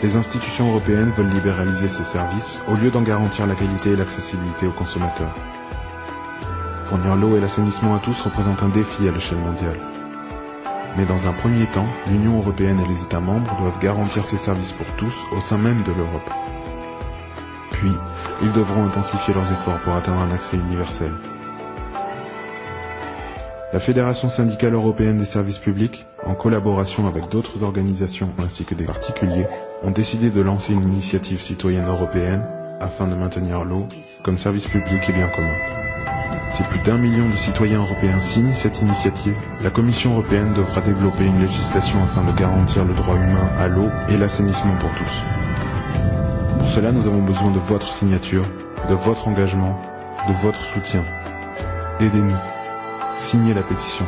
les institutions européennes veulent libéraliser ces services au lieu d'en garantir la qualité et l'accessibilité aux consommateurs. Fournir l'eau et l'assainissement à tous représente un défi à l'échelle mondiale. Mais dans un premier temps, l'Union européenne et les États membres doivent garantir ces services pour tous au sein même de l'Europe. Puis, ils devront intensifier leurs efforts pour atteindre un accès universel. La Fédération syndicale européenne des services publics, en collaboration avec d'autres organisations ainsi que des particuliers, ont décidé de lancer une initiative citoyenne européenne afin de maintenir l'eau comme service public et bien commun. Si plus d'un million de citoyens européens signent cette initiative, la Commission européenne devra développer une législation afin de garantir le droit humain à l'eau et l'assainissement pour tous. Pour cela, nous avons besoin de votre signature, de votre engagement, de votre soutien. Aidez-nous. Signez la pétition.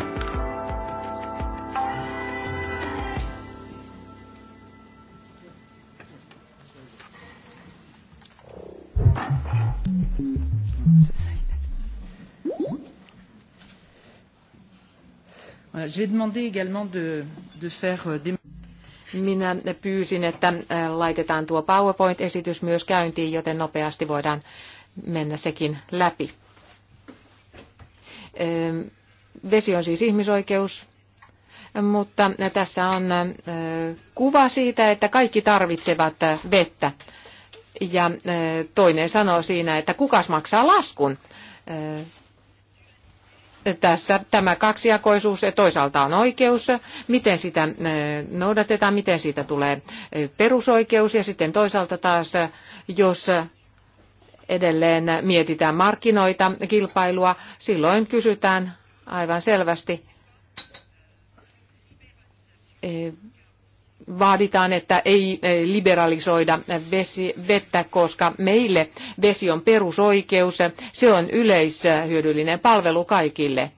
également de, de faire euh, des... Minä pyysin, että äh, laitetaan tuo PowerPoint-esitys myös käyntiin, joten nopeasti voidaan mennä sekin läpi. Ähm, vesi on siis ihmisoikeus, mutta tässä on äh, kuva siitä, että kaikki tarvitsevat äh, vettä. Ja toinen sanoo siinä, että kukas maksaa laskun tässä tämä kaksijakoisuus toisaalta on oikeus, miten sitä eh, noudatetaan, miten siitä tulee eh, perusoikeus ja sitten toisaalta taas, jos edelleen mietitään markkinoita, kilpailua, silloin kysytään aivan selvästi eh, vaaditaan, että ei liberalisoida vesi, vettä, koska meille vesi on perusoikeus. Se on yleishyödyllinen palvelu kaikille.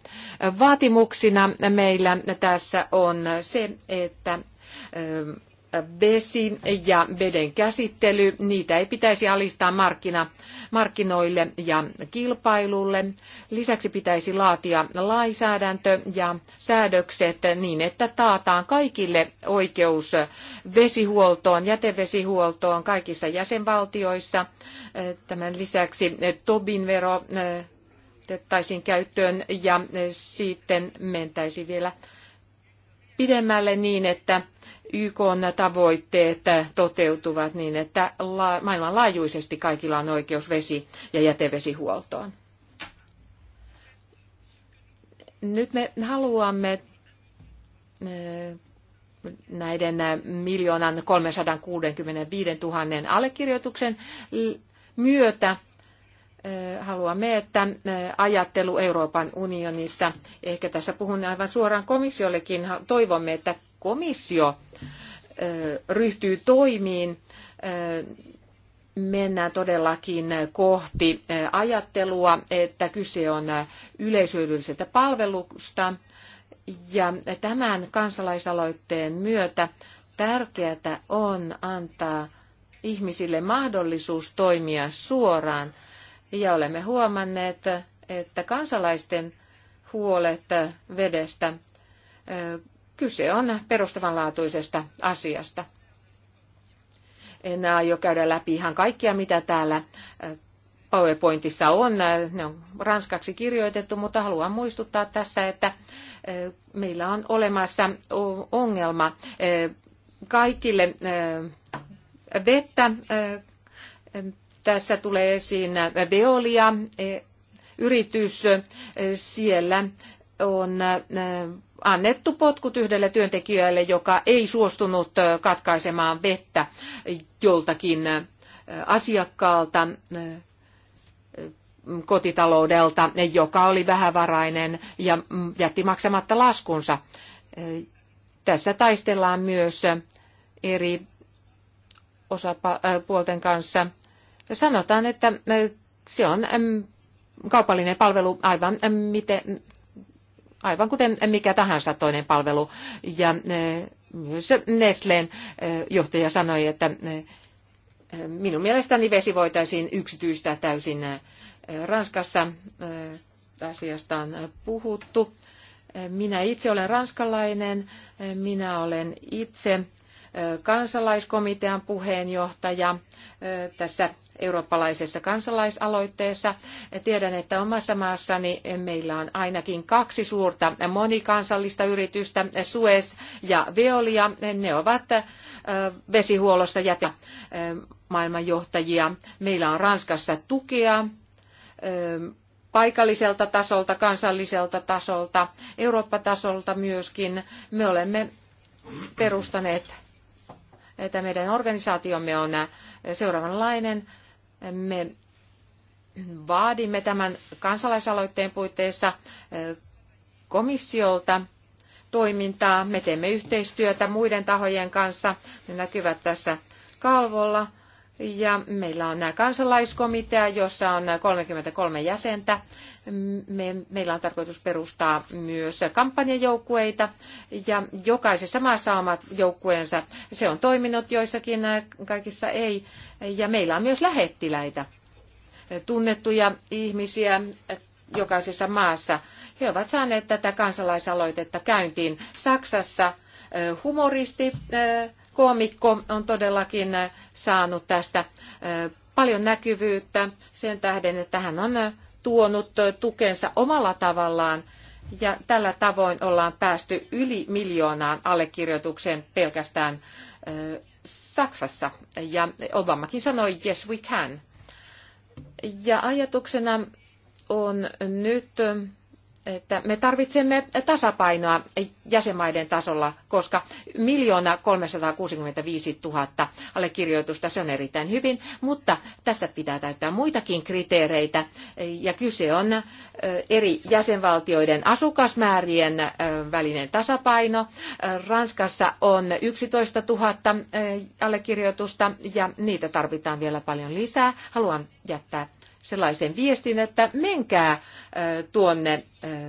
Vaatimuksina meillä tässä on se, että vesi ja veden käsittely, niitä ei pitäisi alistaa markkina, markkinoille ja kilpailulle. Lisäksi pitäisi laatia lainsäädäntö ja säädökset niin, että taataan kaikille oikeus vesihuoltoon, jätevesihuoltoon kaikissa jäsenvaltioissa. Tämän lisäksi Tobin vero otettaisiin käyttöön ja sitten mentäisiin vielä pidemmälle niin, että YK tavoitteet toteutuvat niin, että maailmanlaajuisesti kaikilla on oikeus vesi- ja jätevesihuoltoon. Nyt me haluamme eh, näiden miljoonan 365 000 allekirjoituksen myötä eh, haluamme, että eh, ajattelu Euroopan unionissa, ehkä tässä puhun aivan suoraan komissiollekin, toivomme, että komissio ryhtyy toimiin, mennään todellakin kohti ajattelua, että kyse on yleishyödyllisestä palvelusta. Ja tämän kansalaisaloitteen myötä tärkeää on antaa ihmisille mahdollisuus toimia suoraan. Ja olemme huomanneet, että kansalaisten huolet vedestä Kyse on perustavanlaatuisesta asiasta. En aio käydä läpi ihan kaikkia, mitä täällä PowerPointissa on. Ne on ranskaksi kirjoitettu, mutta haluan muistuttaa tässä, että meillä on olemassa ongelma kaikille vettä. Tässä tulee esiin Veolia, e, yritys. Siellä on annettu potkut yhdelle työntekijälle, joka ei suostunut katkaisemaan vettä joltakin asiakkaalta kotitaloudelta, joka oli vähävarainen ja jätti maksamatta laskunsa. Tässä taistellaan myös eri osapuolten kanssa. Sanotaan, että se on kaupallinen palvelu aivan miten aivan kuten mikä tahansa toinen palvelu. Ja e, myös Nestleen e, johtaja sanoi, että e, minun mielestäni vesi voitaisiin yksityistä täysin Ranskassa. Asiasta on puhuttu. Minä itse olen ranskalainen, minä olen itse kansalaiskomitean puheenjohtaja tässä eurooppalaisessa kansalaisaloitteessa. Tiedän, että omassa maassani meillä on ainakin kaksi suurta monikansallista yritystä, Suez ja Veolia. Ne ovat vesihuollossa ja maailmanjohtajia. Meillä on Ranskassa tukea paikalliselta tasolta, kansalliselta tasolta, Eurooppa-tasolta myöskin. Me olemme perustaneet että meidän organisaatiomme on seuraavanlainen. Me vaadimme tämän kansalaisaloitteen puitteissa eh, komissiolta toimintaa. Me teemme yhteistyötä muiden tahojen kanssa. Ne näkyvät tässä kalvolla. Ja meillä on kansalaiskomitea, jossa on 33 jäsentä me, meillä on tarkoitus perustaa myös kampanjajoukkueita ja jokaisessa maassa omat joukkueensa. Se on toiminut joissakin, kaikissa ei. Ja meillä on myös lähettiläitä, tunnettuja ihmisiä jokaisessa maassa. He ovat saaneet tätä kansalaisaloitetta käyntiin. Saksassa humoristi, koomikko on todellakin saanut tästä paljon näkyvyyttä sen tähden, että hän on tuonut tukensa omalla tavallaan ja tällä tavoin ollaan päästy yli miljoonaan allekirjoitukseen pelkästään Saksassa. Ja Obamakin sanoi, yes we can. Ja ajatuksena on nyt että me tarvitsemme tasapainoa jäsenmaiden tasolla, koska miljoona 365 000 allekirjoitusta, se on erittäin hyvin, mutta tässä pitää täyttää muitakin kriteereitä, ja kyse on eri jäsenvaltioiden asukasmäärien välinen tasapaino. Ranskassa on 11 000 allekirjoitusta, ja niitä tarvitaan vielä paljon lisää. Haluan jättää sellaisen viestin, että menkää tuonne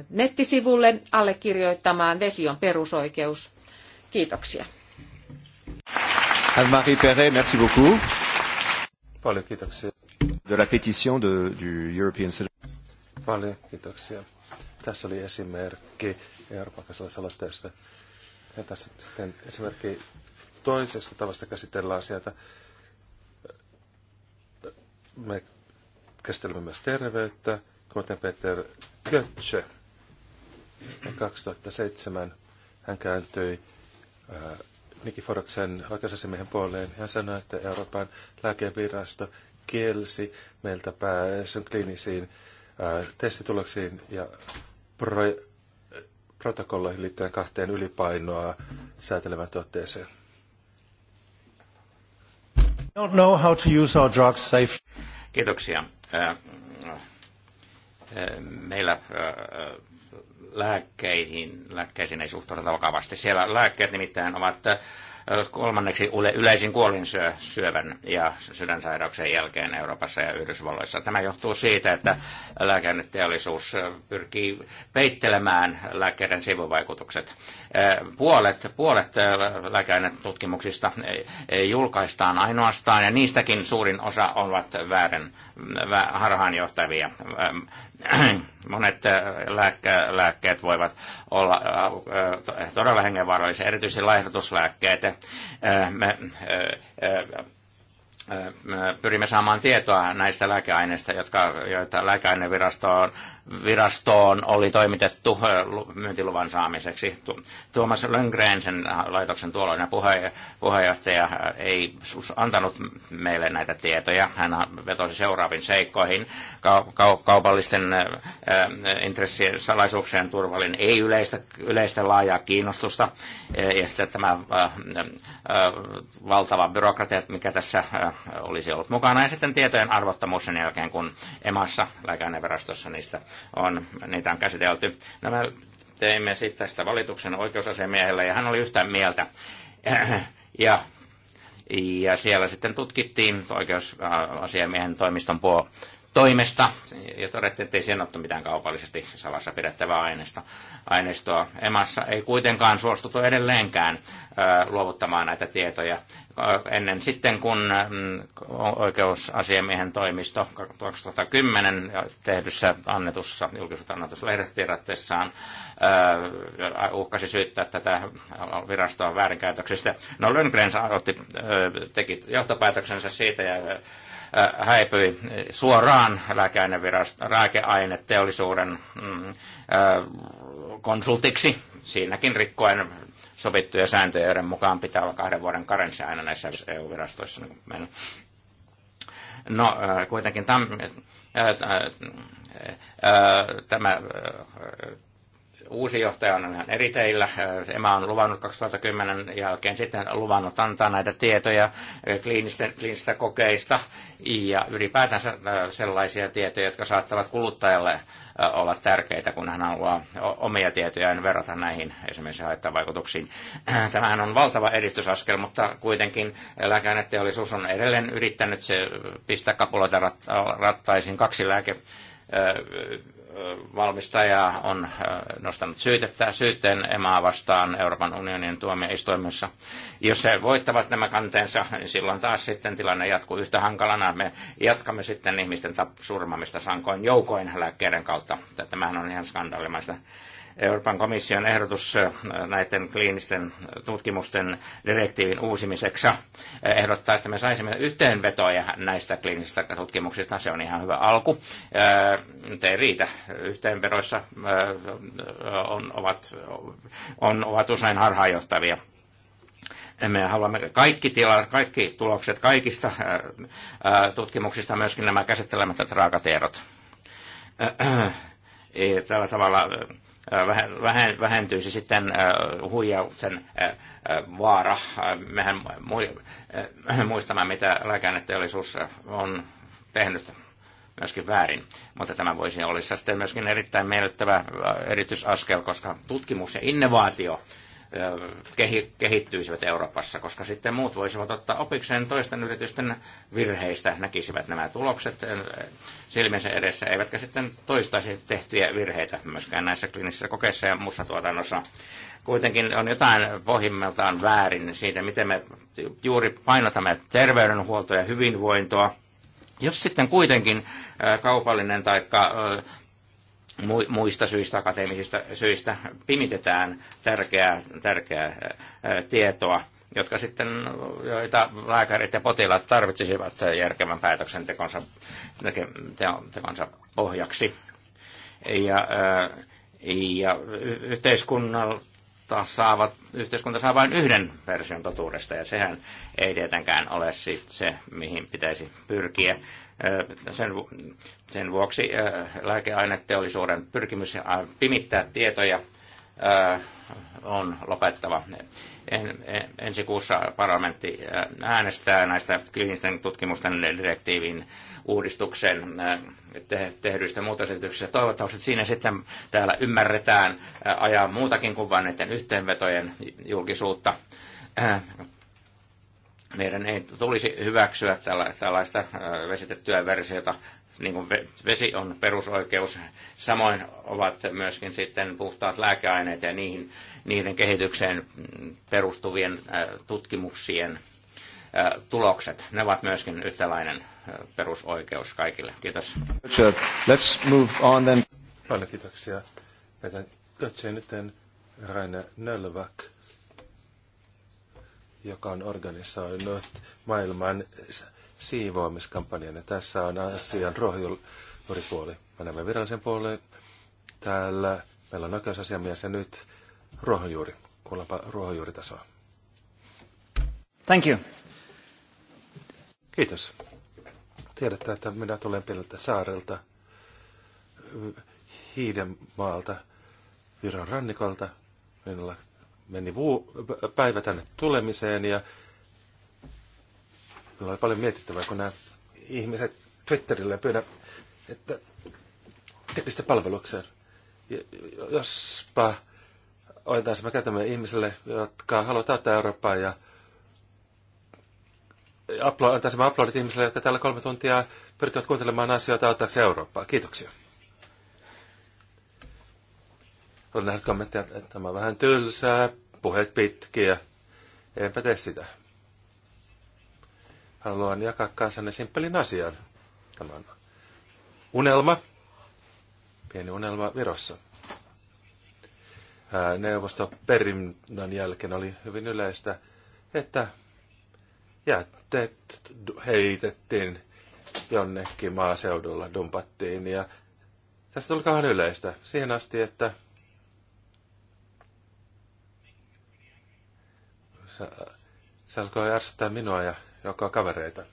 nettisivulle allekirjoittamaan Vesi on perusoikeus. Kiitoksia. Anne-Marie Perret, merci beaucoup. Paljon kiitoksia. De la pétition de, du European Paljon kiitoksia. Tässä oli esimerkki Euroopan kansalaisaloitteesta. Ja tässä sitten esimerkki toisesta tavasta käsitellä asioita. Me Käsittelemme myös terveyttä, kuten Peter Götze. 2007 hän kääntyi äh, Nikiforoksen oikeusasiamiehen puoleen. Hän sanoi, että Euroopan lääkevirasto kielsi meiltä pääsyn kliinisiin äh, testituloksiin ja pro, protokolloihin liittyen kahteen ylipainoa säätelevän tuotteeseen. Don't know how to use our drugs safely. Kiitoksia meillä lääkkeihin, lääkkeisiin ei suhtauduta vakavasti. Siellä lääkkeet nimittäin ovat kolmanneksi yleisin kuolin syö, syövän ja sydänsairauksen jälkeen Euroopassa ja Yhdysvalloissa. Tämä johtuu siitä, että lääkäneteollisuus pyrkii peittelemään lääkkeiden sivuvaikutukset. Puolet, puolet tutkimuksista julkaistaan ainoastaan ja niistäkin suurin osa ovat väärän, harhaanjohtavia. *clears throat* monet äh, lääkke- lääkkeet voivat olla äh, äh, todella hengenvaarallisia, erityisesti laihdutuslääkkeet. Me pyrimme saamaan tietoa näistä lääkeaineista, jotka, joita lääkeainevirastoon virastoon oli toimitettu myyntiluvan saamiseksi. Tuomas Löngren, sen laitoksen tuolloinen puheenjohtaja, ei antanut meille näitä tietoja. Hän vetosi seuraaviin seikkoihin. Kaupallisten intressien salaisuuksien turvallinen ei yleistä, yleistä laajaa kiinnostusta. Ja sitten tämä valtava byrokratia, mikä tässä olisi ollut mukana. Ja sitten tietojen arvottomuus sen jälkeen, kun emassa lääkäinevirastossa niistä on, niitä on käsitelty. No me teimme sitten tästä valituksen oikeusasiamiehelle ja hän oli yhtä mieltä. *clears throat* Ja, ja siellä sitten tutkittiin oikeusasiamiehen toimiston toimesta ja todettiin, että ei siihen ottu mitään kaupallisesti salassa pidettävää aineista, aineistoa. Emassa ei kuitenkaan suostutu edelleenkään luovuttamaan näitä tietoja ennen sitten, kun mm, oikeusasiamiehen toimisto 2010 tehdyssä annetussa, julkisuutta annetussa lehdistirjoitteessaan uhkasi syyttää tätä virastoa väärinkäytöksistä. No Lundgren otti, teki johtopäätöksensä siitä ja häipyi suoraan lääkeaineteollisuuden mm, konsultiksi, siinäkin rikkoen sovittuja sääntöjä, joiden mukaan pitää olla kahden vuoden karenssi aina näissä EU-virastoissa. Niin no kuitenkin tam, tämä uusi johtaja on ihan eri teillä. Emä on luvannut 2010 jälkeen sitten luvannut antaa näitä tietoja kliinistä, kokeista ja ylipäätänsä sellaisia tietoja, jotka saattavat kuluttajalle olla tärkeitä, kun hän haluaa omia tietojaan verrata näihin esimerkiksi haittavaikutuksiin. *clears throat* Tämähän on valtava edistysaskel, mutta kuitenkin lääkeaineteollisuus on edelleen yrittänyt se pistää kapuloita rattaisiin. Kaksi lääke valmistaja on äh, nostanut syytettä syytteen emaa vastaan Euroopan unionin tuomioistuimessa. Jos he voittavat nämä kanteensa, niin silloin taas sitten tilanne jatkuu yhtä hankalana. Me jatkamme sitten ihmisten surmamista sankoin joukoin lääkkeiden kautta. Tämähän on ihan skandaalimaista. Euroopan komission ehdotus äh, näiden kliinisten äh, tutkimusten direktiivin uusimiseksi äh, ehdottaa, että me saisimme yhteenvetoja näistä kliinisistä tutkimuksista. Se on ihan hyvä alku. Nyt ei riitä. Yhteenvedoissa on, ovat, on, ovat usein harhaanjohtavia me haluamme kaikki, tila, kaikki tulokset kaikista tutkimuksista, myöskin nämä käsittelemättä raakatiedot. Ää, tällä tavalla vähentyisi sitten huijauksen vaara. Mehän muistamme, mitä lääkäneteollisuus on tehnyt myöskin väärin. Mutta tämä voisi olla sitten myöskin erittäin miellyttävä erityisaskel, koska tutkimus ja innovaatio kehittyisivät Euroopassa, koska sitten muut voisivat ottaa opikseen toisten yritysten virheistä, näkisivät nämä tulokset silmänsä edessä, eivätkä sitten toistaisi tehtyjä virheitä myöskään näissä kliinisissä kokeissa ja muussa tuotannossa. Kuitenkin on jotain pohjimmiltaan väärin siitä, miten me juuri painotamme terveydenhuoltoa ja hyvinvointoa, jos sitten kuitenkin kaupallinen tai muista syistä, akateemisista syistä pimitetään tärkeää, tärkeää tietoa, jotka sitten, joita lääkärit ja potilaat tarvitsisivat järkevän päätöksentekonsa tekonsa pohjaksi. Ja, ja yhteiskunnalta saavat, yhteiskunta saa vain yhden version totuudesta, ja sehän ei tietenkään ole sit se, mihin pitäisi pyrkiä. Sen, sen vuoksi lääkeaineteollisuuden pyrkimys pimittää tietoja on lopettava. En, en, ensi kuussa parlamentti äänestää näistä kliinisten tutkimusten direktiivin uudistuksen te, tehdyistä muutosesityksistä. Toivottavasti siinä sitten täällä ymmärretään ajaa muutakin kuin vain näiden yhteenvetojen julkisuutta meidän ei tulisi hyväksyä tällaista äh, vesitettyä versiota, niin kuin vesi on perusoikeus. Samoin ovat myöskin sitten puhtaat lääkeaineet ja niihin, niiden kehitykseen perustuvien äh, tutkimuksien äh, tulokset. Ne ovat myöskin yhtäläinen perusoikeus kaikille. Kiitos. Let's move on then. Paljon kiitoksia. Vetän nyt Rainer Nölvak joka on organisoinut maailman siivoamiskampanjan. Ja tässä on asian ruohonjuuripuoli. Menemme virallisen puoleen. Täällä meillä on oikeusasiamies ja nyt ruohonjuuri. Kuullaanpa ruohonjuuritasoa. Thank you. Kiitos. Tiedätte, että minä tulen pieneltä saarelta, Hiidenmaalta, Viron rannikolta. Minulla meni vu- päivä tänne tulemiseen ja minulla oli paljon mietittävää, kun nämä ihmiset Twitterille pyydä, että tekisitte palvelukseen. Jospa me käytämme ihmisille, jotka haluavat auttaa Eurooppaa ja antaisimme uploadit ihmisille, jotka täällä kolme tuntia pyrkivät kuuntelemaan asioita auttaaksi Eurooppaa. Kiitoksia. Olen nähnyt kommentteja, että tämä on vähän tylsää, puheet pitkiä. Enpä tee sitä. Haluan jakaa kanssanne simppelin asian. Tämä on unelma. Pieni unelma Virossa. Neuvosto perinnön jälkeen oli hyvin yleistä, että jätteet heitettiin jonnekin maaseudulla, dumpattiin ja tästä tuli kauhean yleistä siihen asti, että se, se alkoi ärsyttää minua ja joka kavereita.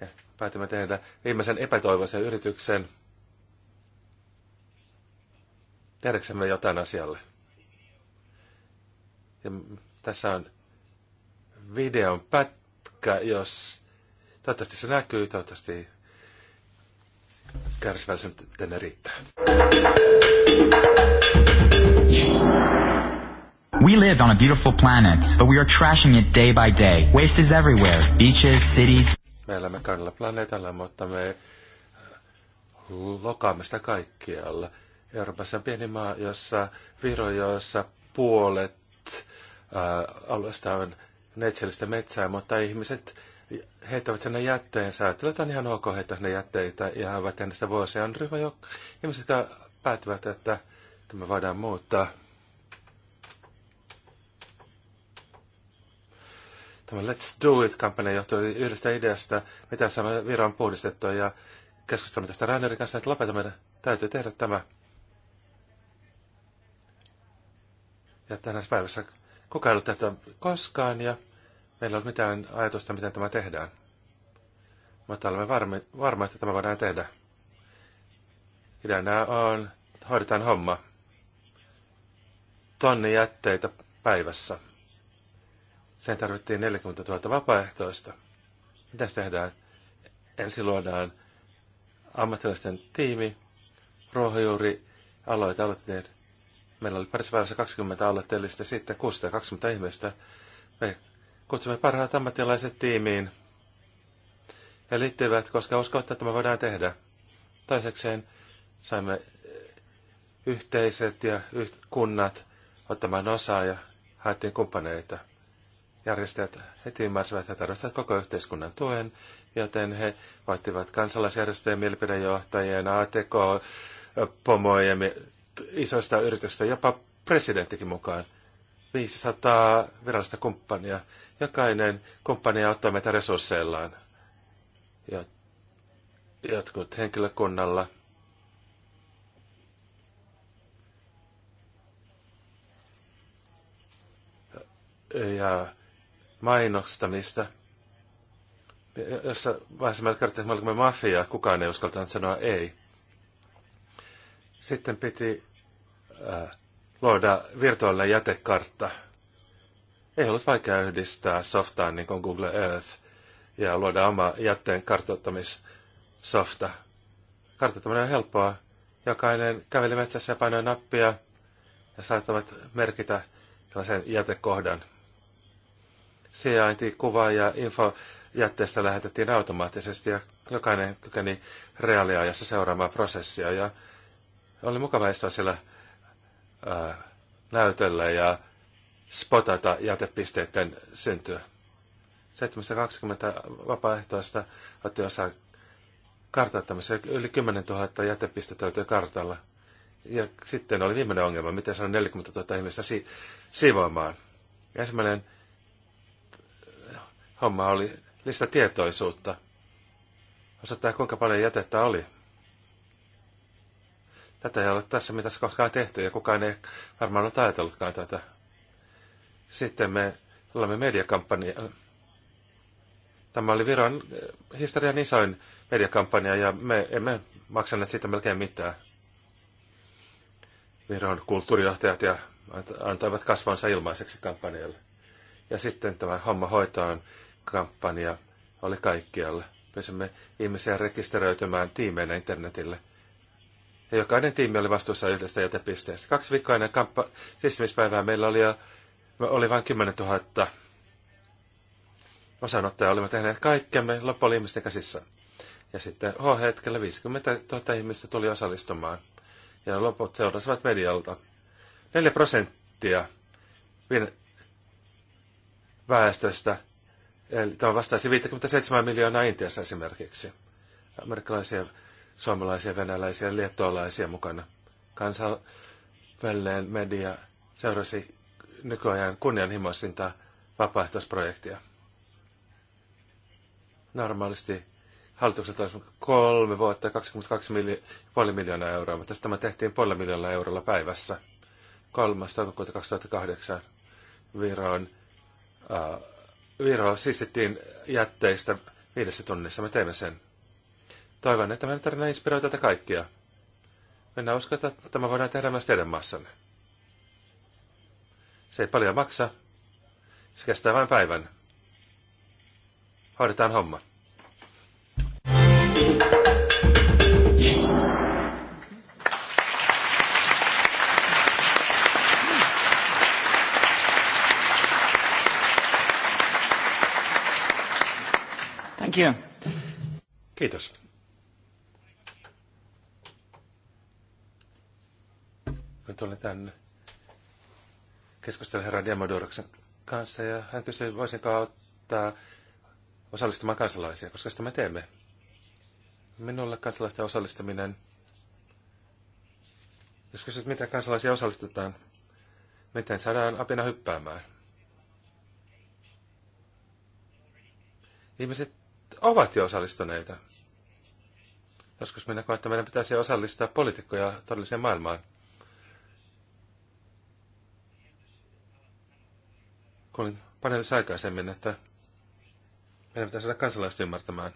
Ja päätimme tehdä viimeisen epätoivoisen yrityksen tehdäksemme jotain asialle. Ja tässä on videon pätkä, jos toivottavasti se näkyy, toivottavasti tänne riittää. We live on a beautiful planet, but we are trashing it day by day. Waste is everywhere. Beaches, cities. Me elämme kannalla planeetalla, mutta me äh, lokaamme sitä kaikkialla. Euroopassa on pieni maa, jossa Virojoessa puolet äh, alueesta on neitsellistä metsää, mutta ihmiset heittävät sinne jätteensä. Ajattelevat, että on ihan ok heittää ne jätteitä ja ovat tehneet sitä vuosia. On ryhmä, jo ihmiset, jotka päättävät, että tämä voidaan muuttaa. Tämä Let's Do It-kampanja johtui yhdestä ideasta, mitä saamme viran puhdistettua ja keskustelemme tästä Rainerin kanssa, että meidän täytyy tehdä tämä. Ja tänä päivässä kukaan ei ollut tätä koskaan ja meillä ei ole mitään ajatusta, miten tämä tehdään. Mutta olemme varmi, varma, että tämä voidaan tehdä. Ideana on, hoidetaan homma. Tonni jätteitä päivässä. Sen tarvittiin 40 000 vapaaehtoista. Mitä tehdään? Ensin luodaan ammattilaisten tiimi, ruohonjuuri, aloite, aloitteet. Meillä oli parissa päivässä 20 aloitteellista, sitten 620 ihmistä. Me kutsumme parhaat ammattilaiset tiimiin. He liittyivät, koska uskovat, että me voidaan tehdä. Toisekseen saimme eh, yhteiset ja kunnat ottamaan osaa ja haettiin kumppaneita järjestäjät heti ymmärsivät, että he tarvitsevat koko yhteiskunnan tuen, joten he vaativat kansalaisjärjestöjen, mielipidejohtajien, ATK, pomojen, isoista yrityksistä, jopa presidenttikin mukaan. 500 virallista kumppania. Jokainen kumppani auttoi meitä resursseillaan. Ja jotkut henkilökunnalla. Ja mainostamista, jossa vaiheessa me kertin, että me olimme mafiaa, kukaan ei uskaltanut sanoa ei. Sitten piti äh, luoda virtuaalinen jätekartta. Ei ollut vaikea yhdistää softaan, niin kuin Google Earth ja luoda oma jätteen kartoittamissofta. Kartoittaminen on helppoa. Jokainen käveli metsässä ja painoi nappia ja saattavat merkitä tällaisen jätekohdan sijainti, kuva ja info jätteestä lähetettiin automaattisesti ja jokainen kykeni reaaliajassa seuraamaan prosessia. Ja oli mukava istua siellä ää, näytöllä ja spotata jätepisteiden syntyä. 720 vapaaehtoista otti osaa kartoittamassa. Yli 10 000 jätepistettä löytyi kartalla. Ja sitten oli viimeinen ongelma, miten saada 40 000 ihmistä si- siivoamaan. Ensimmäinen homma oli lisätietoisuutta. Osoittaa, kuinka paljon jätettä oli. Tätä ei ole tässä mitassa koskaan tehty, ja kukaan ei varmaan ole ajatellutkaan tätä. Sitten me olemme mediakampanja. Tämä oli Viron eh, historian isoin mediakampanja, ja me emme maksaneet siitä melkein mitään. Viron kulttuurijohtajat ja antoivat kasvonsa ilmaiseksi kampanjalle. Ja sitten tämä homma hoitaan kampanja oli kaikkialla. Pesimme ihmisiä rekisteröitymään tiimeinä internetille. Ja jokainen tiimi oli vastuussa yhdestä jätepisteestä. Kaksi viikkoa ennen kamppa- meillä oli jo oli vain 10 000 osanottajaa. Olimme tehneet kaikkemme loppujen ihmisten käsissä. Ja sitten H-hetkellä 50 000 ihmistä tuli osallistumaan. Ja loput seurasivat medialta. 4 prosenttia väestöstä Eli tämä vastaisi 57 miljoonaa Intiassa esimerkiksi. Amerikkalaisia, suomalaisia, venäläisiä, liettualaisia mukana. Kansainvälinen media seurasi nykyajan kunnianhimoisinta vapaaehtoisprojektia. Normaalisti hallitukset olisi kolme vuotta 22 miljo- miljoonaa euroa, mutta tämä tehtiin puoli miljoonaa eurolla päivässä. 3. toukokuuta 2008 Viron Viro siistittiin jätteistä viidessä tunnissa. Me teimme sen. Toivon, että meidän tarina inspiroi tätä kaikkia. Mennään uskoa, että tämä voidaan tehdä myös teidän maassanne. Se ei paljon maksa. Se kestää vain päivän. Hoidetaan homma. Thank you. Kiitos. Kun tulin tänne, keskustelin herra Demodoroksen kanssa ja hän kysyi, voisinko auttaa osallistumaan kansalaisia, koska sitä me teemme. Minulle kansalaisten osallistaminen, jos kysyt, miten kansalaisia osallistetaan, miten saadaan apina hyppäämään. Ihmiset ovat jo osallistuneita. Joskus minä koen, että meidän pitäisi osallistaa poliitikkoja todelliseen maailmaan. Kuulin paneelissa aikaisemmin, että meidän pitäisi saada kansalaiset ymmärtämään.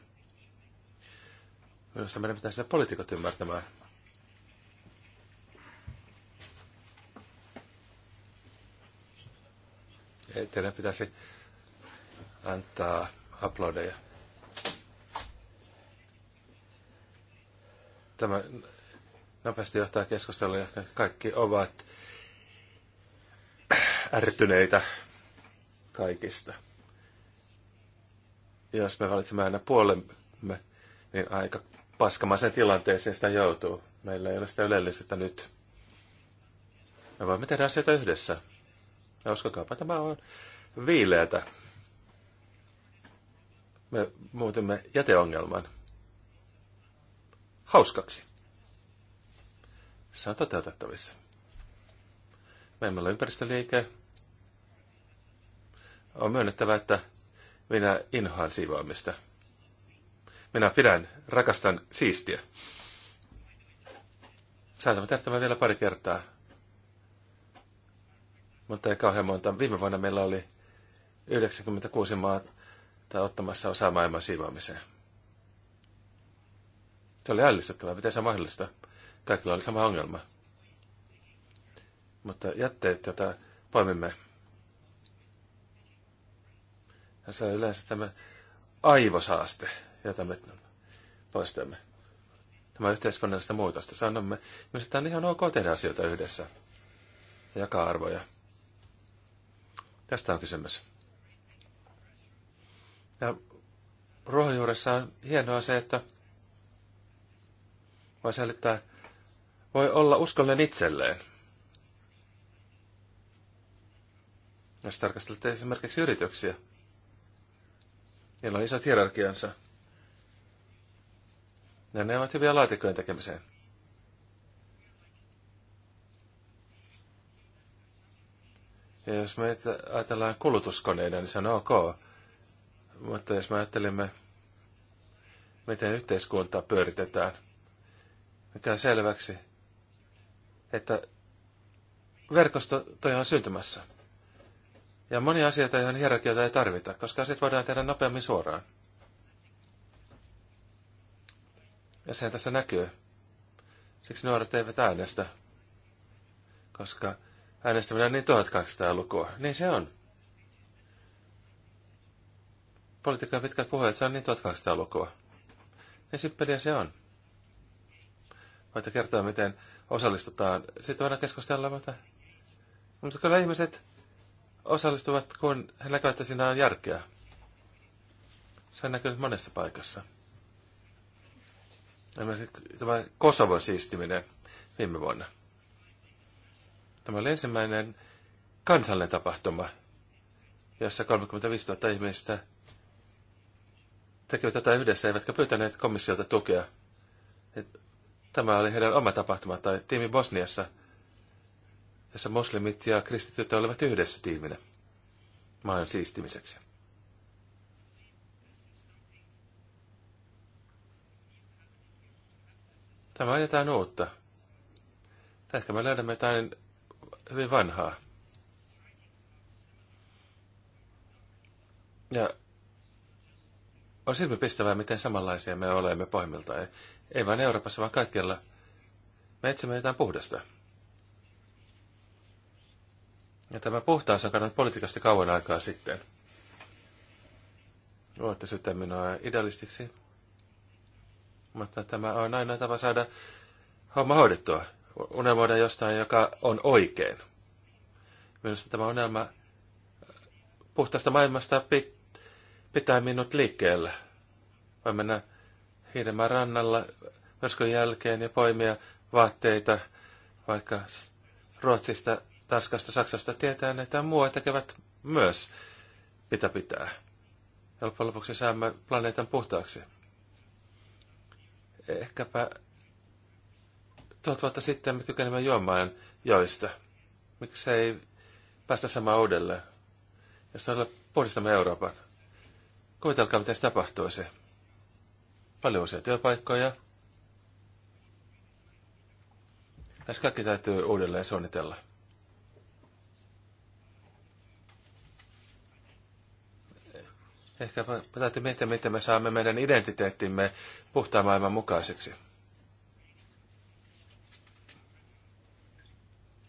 Minusta meidän pitäisi saada poliitikot ymmärtämään. Teidän pitäisi antaa aplodeja. Tämä nopeasti johtaa keskustelua, että kaikki ovat ärtyneitä kaikista. Jos me valitsemme aina puolemme, niin aika paskamaisen tilanteeseen sitä joutuu. Meillä ei ole sitä ylellisyyttä nyt. Me voimme tehdä asioita yhdessä. Ja uskokaapa, tämä on viileätä. Me muutimme jäteongelman hauskaksi. Se on toteutettavissa. Me ympäristöliike. On myönnettävä, että minä inhoan siivoamista. Minä pidän, rakastan siistiä. Saatamme tehdä tämän vielä pari kertaa. Mutta ei kauhean monta. Viime vuonna meillä oli 96 maata ottamassa osaa maailman siivoamiseen. Se oli ällistyttävää, miten se mahdollista. Kaikilla oli sama ongelma. Mutta jätteet, joita poimimme, se on yleensä tämä aivosaaste, jota me poistamme. Tämä yhteiskunnallista muutosta. Sanomme, että on ihan ok tehdä asioita yhdessä ja jakaa arvoja. Tästä on kysymys. Ja ruohonjuuressa on hienoa se, että voi säilyttää, voi olla uskollinen itselleen. Jos tarkastelette esimerkiksi yrityksiä, niillä on isot hierarkiansa. Ja ne ovat hyviä laatikkojen tekemiseen. Ja jos me ajatellaan kulutuskoneita, niin se on ok. Mutta jos me ajattelemme, miten yhteiskuntaa pyöritetään – käy selväksi, että verkosto toi on syntymässä. Ja moni asioita, joihin hierarkioita ei tarvita, koska asiat voidaan tehdä nopeammin suoraan. Ja sehän tässä näkyy. Siksi nuoret eivät äänestä, koska äänestäminen on niin 1200 lukua. Niin se on. Politiikan pitkät puheet, se on niin 1200 lukua. Niin sippeliä se on. Voitte kertoa, miten osallistutaan. Sitten voidaan keskustella, mutta, mutta kyllä ihmiset osallistuvat, kun he näkevät, että siinä on järkeä. Se on näkynyt monessa paikassa. Tämä Kosovon siistiminen viime vuonna. Tämä oli ensimmäinen kansallinen tapahtuma, jossa 35 000 ihmistä tekivät tätä yhdessä, eivätkä pyytäneet komissiolta tukea. Tämä oli heidän oma tapahtuma tai tiimi Bosniassa, jossa muslimit ja kristityt olivat yhdessä tiiminä maan siistimiseksi. Tämä on jotain uutta. ehkä me löydämme jotain hyvin vanhaa. Ja on silmipistävää, miten samanlaisia me olemme pohjimmiltaan. Ei vain Euroopassa, vaan kaikkialla. Me etsimme jotain puhdasta. Ja tämä puhtaus on kadonnut politiikasta kauan aikaa sitten. Voitte syyttää minua idealistiksi, mutta tämä on aina tapa saada homma hoidettua. Unelmoida jostain, joka on oikein. Minusta tämä unelma puhtaasta maailmasta pitää minut liikkeellä. Voi mennä hiidemaan rannalla myrskyn jälkeen ja poimia vaatteita vaikka Ruotsista, Tanskasta, Saksasta tietää, että muuat tekevät myös mitä pitää. Ja loppujen lopuksi saamme planeetan puhtaaksi. Ehkäpä tuhat vuotta sitten me kykenimme juomaan joista. Miksei päästä samaan uudelleen, jos todella puhdistamme Euroopan. Kuvitelkaa, mitä se tapahtuisi paljon uusia työpaikkoja. Näissä kaikki täytyy uudelleen suunnitella. Ehkä me täytyy miettiä, miten me saamme meidän identiteettimme puhtaan maailman mukaiseksi.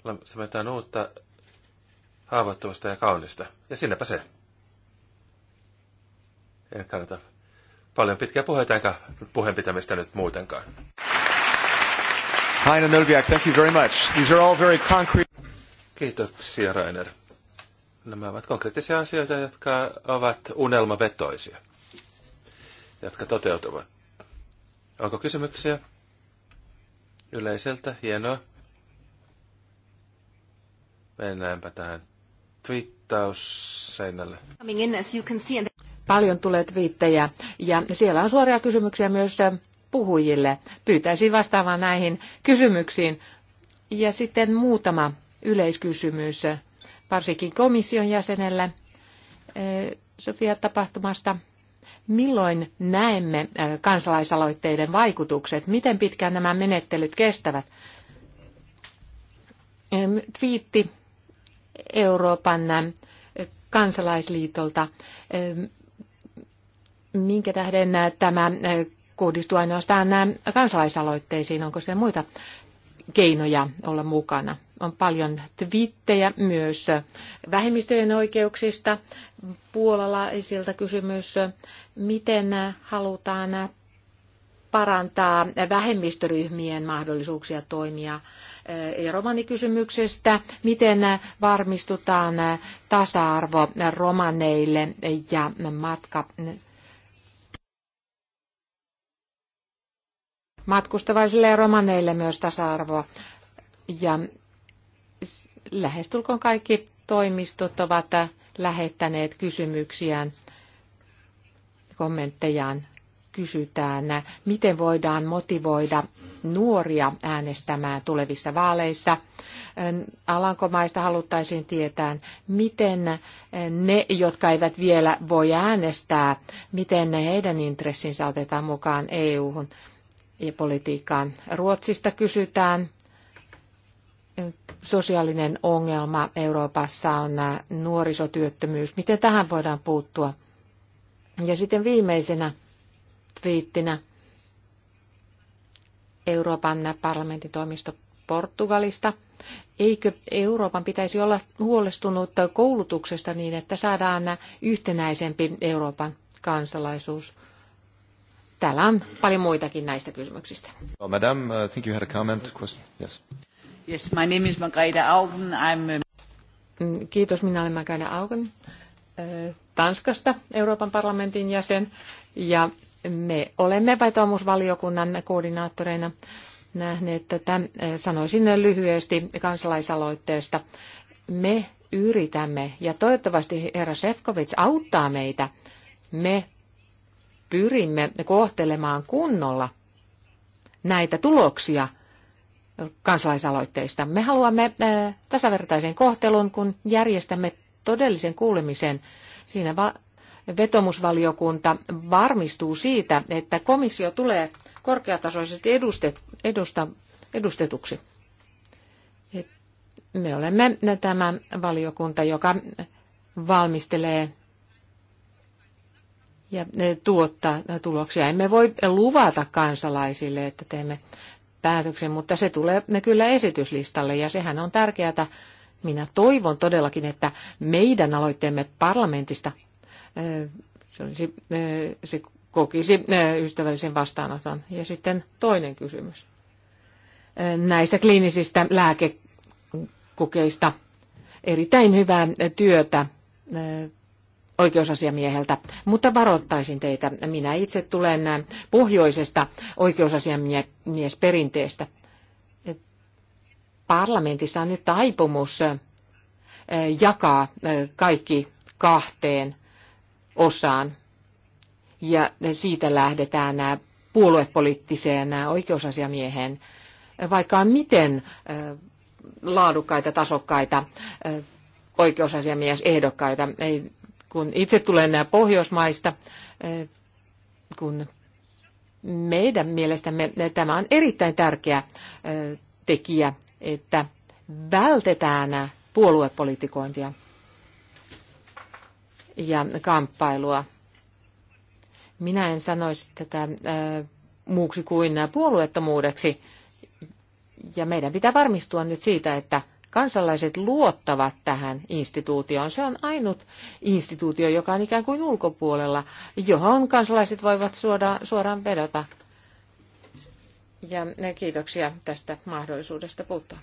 Saamme jotain uutta, haavoittuvasta ja kaunista. Ja sinnepä se. Ei kannata paljon pitkää puheita eikä puheenpitämistä nyt muutenkaan. Heine Nölviak, thank you very much. These are all very concrete... Kiitoksia, Rainer. Nämä ovat konkreettisia asioita, jotka ovat unelmavetoisia, jotka toteutuvat. Onko kysymyksiä? Yleiseltä, hienoa. Mennäänpä tähän twiittausseinälle paljon tulee viittejä ja siellä on suoria kysymyksiä myös äh, puhujille. Pyytäisin vastaamaan näihin kysymyksiin. Ja sitten muutama yleiskysymys äh, varsinkin komission jäsenelle äh, Sofia-tapahtumasta. Milloin näemme kansalaisaloitteiden vaikutukset? Miten pitkään nämä menettelyt kestävät? Ähm, twiitti Euroopan kansalaisliitolta. Ähm, minkä tähden äh, tämä äh, kohdistuu ainoastaan äh, kansalaisaloitteisiin? Onko se muita keinoja olla mukana? On paljon twittejä myös vähemmistöjen oikeuksista. Puolalaisilta kysymys, miten halutaan parantaa vähemmistöryhmien mahdollisuuksia toimia ja romanikysymyksestä, miten varmistutaan tasa-arvo romaneille ja matka matkustavaisille ja romaneille myös tasa arvoa Ja lähestulkoon kaikki toimistot ovat lähettäneet kysymyksiään, kommenttejaan. Kysytään, miten voidaan motivoida nuoria äänestämään tulevissa vaaleissa. Alankomaista haluttaisiin tietää, miten ne, jotka eivät vielä voi äänestää, miten heidän intressinsä otetaan mukaan EU-hun ja politiikkaan. Ruotsista kysytään. Sosiaalinen ongelma Euroopassa on äh, nuorisotyöttömyys. Miten tähän voidaan puuttua? Ja sitten viimeisenä twiittinä Euroopan parlamentin toimisto Portugalista. Eikö Euroopan pitäisi olla huolestunut koulutuksesta niin, että saadaan yhtenäisempi Euroopan kansalaisuus? täällä on paljon muitakin näistä kysymyksistä. Well, madam, uh, I think you had a comment. Question. Yes. Yes, my name is Margrethe Augen. I'm a... Um, mm, kiitos, minä olen Margrethe Augen uh, Tanskasta, Euroopan parlamentin jäsen. Ja me olemme vetoomusvaliokunnan koordinaattoreina nähneet tätä. Uh, sanoisin lyhyesti kansalaisaloitteesta. Me yritämme, ja toivottavasti herra Sefkovic auttaa meitä. Me pyrimme kohtelemaan kunnolla näitä tuloksia kansalaisaloitteista. Me haluamme tasavertaisen kohtelun, kun järjestämme todellisen kuulemisen. Siinä vetomusvaliokunta varmistuu siitä, että komissio tulee korkeatasoisesti edustet, edusta, edustetuksi. Me olemme tämä valiokunta, joka valmistelee ja e, tuottaa tuloksia. Emme voi luvata kansalaisille, että teemme päätöksen, mutta se tulee kyllä esityslistalle ja sehän on tärkeää. Minä toivon todellakin, että meidän aloitteemme parlamentista e, se, olisi, e, se kokisi ystävällisen vastaanoton. Ja sitten toinen kysymys näistä kliinisistä lääkekokeista. Erittäin hyvää työtä oikeusasiamieheltä, mutta varoittaisin teitä. Minä itse tulen pohjoisesta oikeusasiamiesperinteestä. Parlamentissa on nyt taipumus eh, jakaa eh, kaikki kahteen osaan. Ja siitä lähdetään eh, puoluepoliittiseen oikeusasiamiehen, vaikka on miten laadukkaita, tasokkaita oikeusasiamiesehdokkaita. Ei kun itse tulen Pohjoismaista, eh, kun meidän mielestämme tämä on erittäin tärkeä eh, tekijä, että vältetään puoluepolitikointia ja kamppailua. Minä en sanoisi tätä eh, muuksi kuin puolueettomuudeksi. Ja meidän pitää varmistua nyt siitä, että kansalaiset luottavat tähän instituutioon. Se on ainut instituutio, joka on ikään kuin ulkopuolella, johon kansalaiset voivat suoraan, suoraan vedota. Ja eh, kiitoksia tästä mahdollisuudesta puuttua.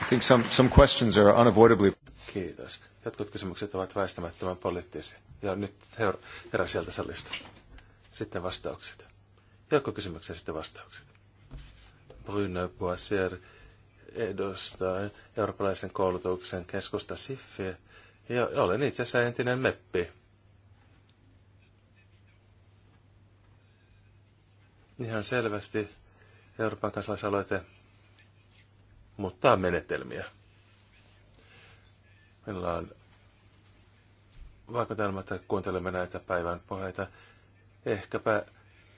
I think some, some questions are unavoidably... Kiitos. Jotkut kysymykset ovat väistämättömän poliittisia. Ja nyt herra, sieltä salista. Sitten vastaukset. Joukko kysymyksiä sitten vastaukset. Bruno Boissier edustaa eurooppalaisen koulutuksen keskusta SIFFIä ja olen itse asiassa entinen meppi. Ihan selvästi Euroopan kansalaisaloite muuttaa menetelmiä. Meillä on vaikutelma, että kuuntelemme näitä päivän puheita. Ehkäpä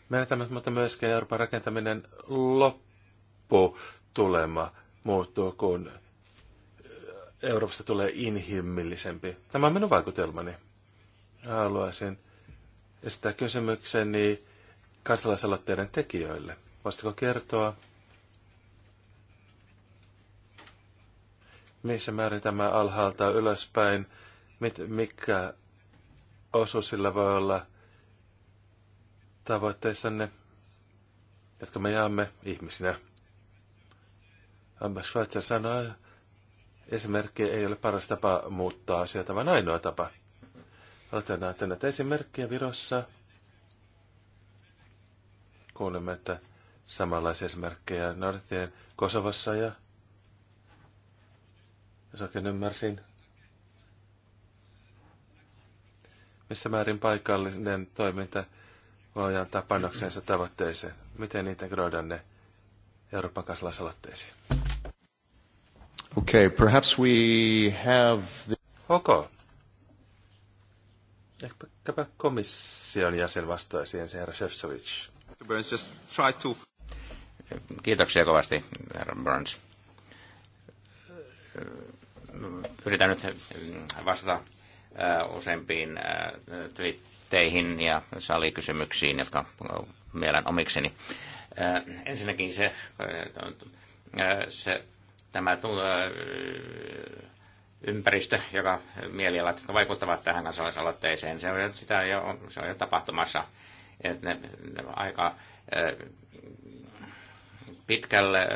menetämme, mutta myöskin Euroopan rakentaminen loppu tulemaan muuttuu, kun Euroopasta tulee inhimillisempi. Tämä on minun vaikutelmani. Haluaisin esittää kysymykseni kansalaisaloitteiden tekijöille. Voisitko kertoa, missä määrin tämä alhaalta ylöspäin, mit, mikä osuus sillä voi olla tavoitteissanne, jotka me jaamme ihmisinä? Amma Schweitzer sanoi, esimerkki ei ole paras tapa muuttaa asioita, vaan ainoa tapa. Olette näitä esimerkkejä Virossa. Kuulemme, että samanlaisia esimerkkejä noudattien Kosovassa ja jos oikein ymmärsin, missä määrin paikallinen toiminta voi antaa panoksensa tavoitteeseen. Miten integroidaan ne Euroopan kansalaisaloitteisiin? Okay, perhaps we have the... Okay. Ehkäpä komission jäsen vastaisi ensin, herra Shevchovic. Just try to... Kiitoksia kovasti, herra Burns. Yritän nyt mm, vastata äh, useimpiin äh, twitteihin ja salikysymyksiin, jotka mielen omikseni. Äh, ensinnäkin se, se tämä ympäristö, joka mielialat, jotka vaikuttavat tähän kansalaisaloitteeseen, se on sitä jo, se on jo tapahtumassa. Että ne, ne aika pitkälle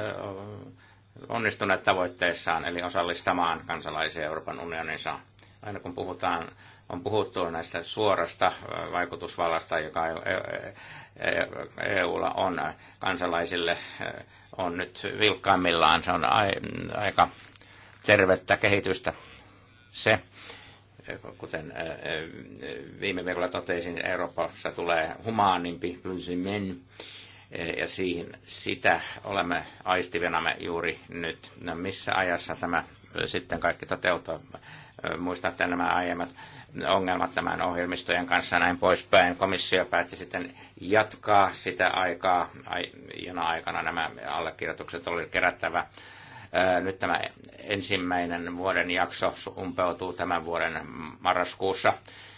onnistuneet tavoitteissaan, eli osallistamaan kansalaisia Euroopan unionissa, Aina kun puhutaan on puhuttu näistä suorasta äh, vaikutusvallasta, joka EUlla e- e- e- on kansalaisille, äh, on nyt vilkkaimmillaan. Se on aika tervettä kehitystä se. Kuten äh, viime viikolla totesin, Euroopassa tulee humaanimpi plusimen, ja siihen, sitä olemme aistivenamme juuri nyt. No missä ajassa tämä sitten kaikki toteutuu? Muistatte nämä aiemmat ongelmat tämän ohjelmistojen kanssa näin poispäin. Komissio päätti sitten jatkaa sitä aikaa, jona aikana nämä allekirjoitukset oli kerättävä. Nyt tämä ensimmäinen vuoden jakso umpeutuu tämän vuoden marraskuussa.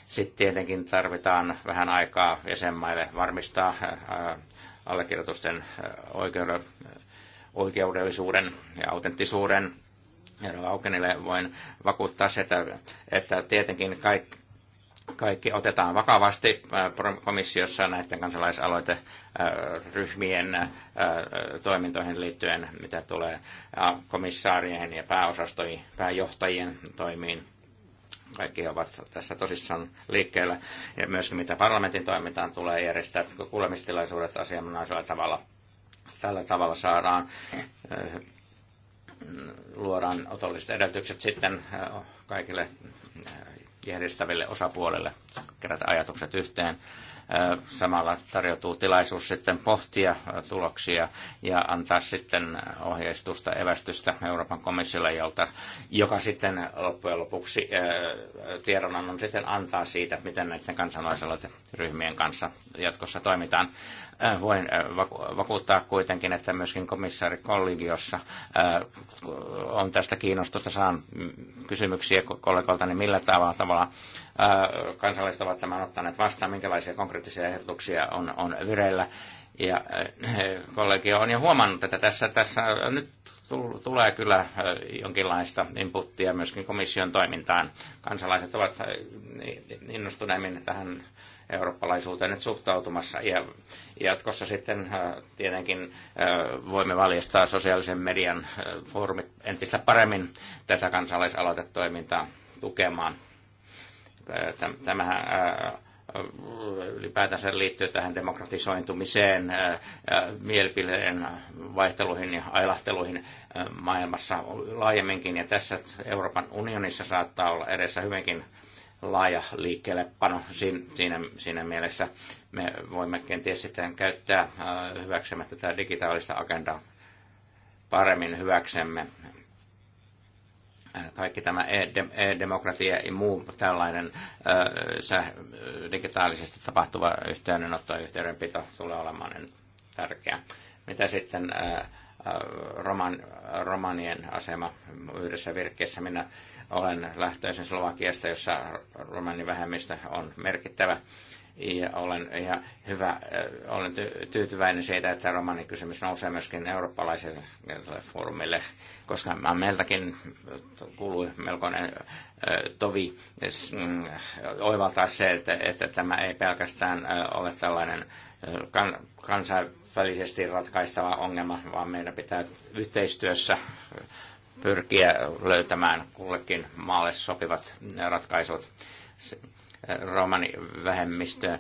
Sitten tietenkin tarvitaan vähän aikaa jäsenmaille varmistaa allekirjoitusten oikeudellisuuden ja autenttisuuden Herra Aukenille voin vakuuttaa se, että, että tietenkin kaikki, kaikki otetaan vakavasti äh, komissiossa näiden kansalaisaloiteryhmien äh, äh, toimintoihin liittyen, mitä tulee komissaarien ja pääosastojen, pääjohtajien toimiin. Kaikki ovat tässä tosissaan liikkeellä. Ja myöskin mitä parlamentin toimintaan tulee järjestää kuulemistilaisuudet asianomaisella tavalla. Tällä tavalla saadaan luodaan otolliset edellytykset sitten äh, kaikille järjestäville äh, osapuolelle kerätä ajatukset yhteen. Samalla tarjoutuu tilaisuus sitten pohtia tuloksia ja antaa sitten ohjeistusta, evästystä Euroopan komissiolle, jolta, joka sitten loppujen lopuksi tiedonannon sitten antaa siitä, miten näiden ryhmien kanssa jatkossa toimitaan. Voin vakuuttaa kuitenkin, että myöskin kollegiossa on tästä kiinnostusta. Saan kysymyksiä kollegoilta, niin millä tavalla, tavalla kansalaiset ovat tämän ottaneet vastaan, minkälaisia konkreettisia ehdotuksia on, on vireillä. Ja eh, kollegio on jo huomannut, että tässä, tässä nyt tulee kyllä eh, jonkinlaista inputtia myöskin komission toimintaan. Kansalaiset ovat eh, innostuneemmin tähän eurooppalaisuuteen nyt suhtautumassa. Ja jatkossa sitten tietenkin voimme valjastaa sosiaalisen median foorumit entistä paremmin tätä kansalaisaloitetoimintaa tukemaan. Äh, tämähän äh, ylipäätänsä liittyy tähän demokratisointumiseen, äh, mielipiteen vaihteluihin ja ailahteluihin maailmassa laajemminkin. Ja tässä Euroopan unionissa saattaa olla edessä hyvinkin laaja liikkeellepano siinä, siinä mielessä. Me voimme kenties sitten käyttää hyväksemme tätä digitaalista agendaa paremmin hyväksemme kaikki tämä e-demokratia ja muu tällainen digitaalisesti tapahtuva yhteydenotto ja yhteydenpito tulee olemaan tärkeä. Mitä sitten roman, romanien asema yhdessä virkkeessä? Minä olen lähtöisin Slovakiasta, jossa romanivähemmistö on merkittävä ja olen ihan hyvä, olen tyytyväinen siitä, että romanikysymys nousee myöskin eurooppalaiselle foorumille, koska meiltäkin kuului melkoinen tovi mm, oivaltaa se, että, että tämä ei pelkästään ole tällainen kan, kansainvälisesti ratkaistava ongelma, vaan meidän pitää yhteistyössä pyrkiä löytämään kullekin maalle sopivat ratkaisut romanivähemmistön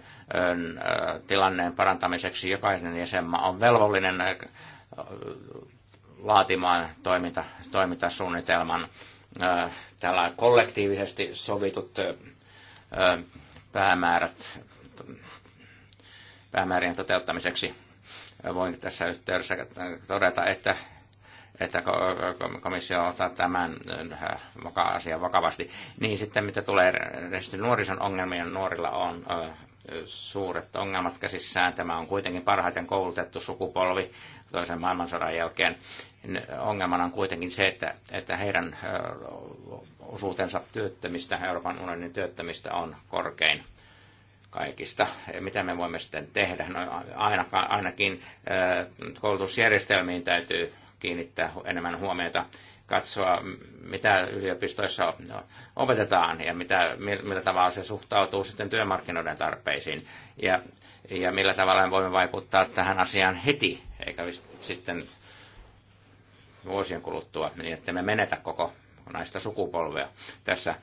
tilanneen parantamiseksi jokainen jäsenmaa on velvollinen laatimaan toiminta, toimintasuunnitelman tällä kollektiivisesti sovitut päämäärät päämäärien toteuttamiseksi. Voin tässä yhteydessä todeta, että että komissio ottaa tämän äh, asian vakavasti. Niin sitten mitä tulee nuorison ongelmien, nuorilla on äh, suuret ongelmat käsissään. Tämä on kuitenkin parhaiten koulutettu sukupolvi toisen maailmansodan jälkeen. Ongelmana on kuitenkin se, että, että heidän äh, osuutensa työttömistä, Euroopan unionin työttömistä on korkein kaikista. Mitä me voimme sitten tehdä? No, ainakaan, ainakin koulutusjärjestelmiin täytyy kiinnittää enemmän huomiota, katsoa mitä yliopistoissa opetetaan ja mitä, millä tavalla se suhtautuu sitten työmarkkinoiden tarpeisiin ja, ja millä tavalla me voimme vaikuttaa tähän asiaan heti, eikä sitten vuosien kuluttua, niin että me menetä koko naista sukupolvea tässä äh,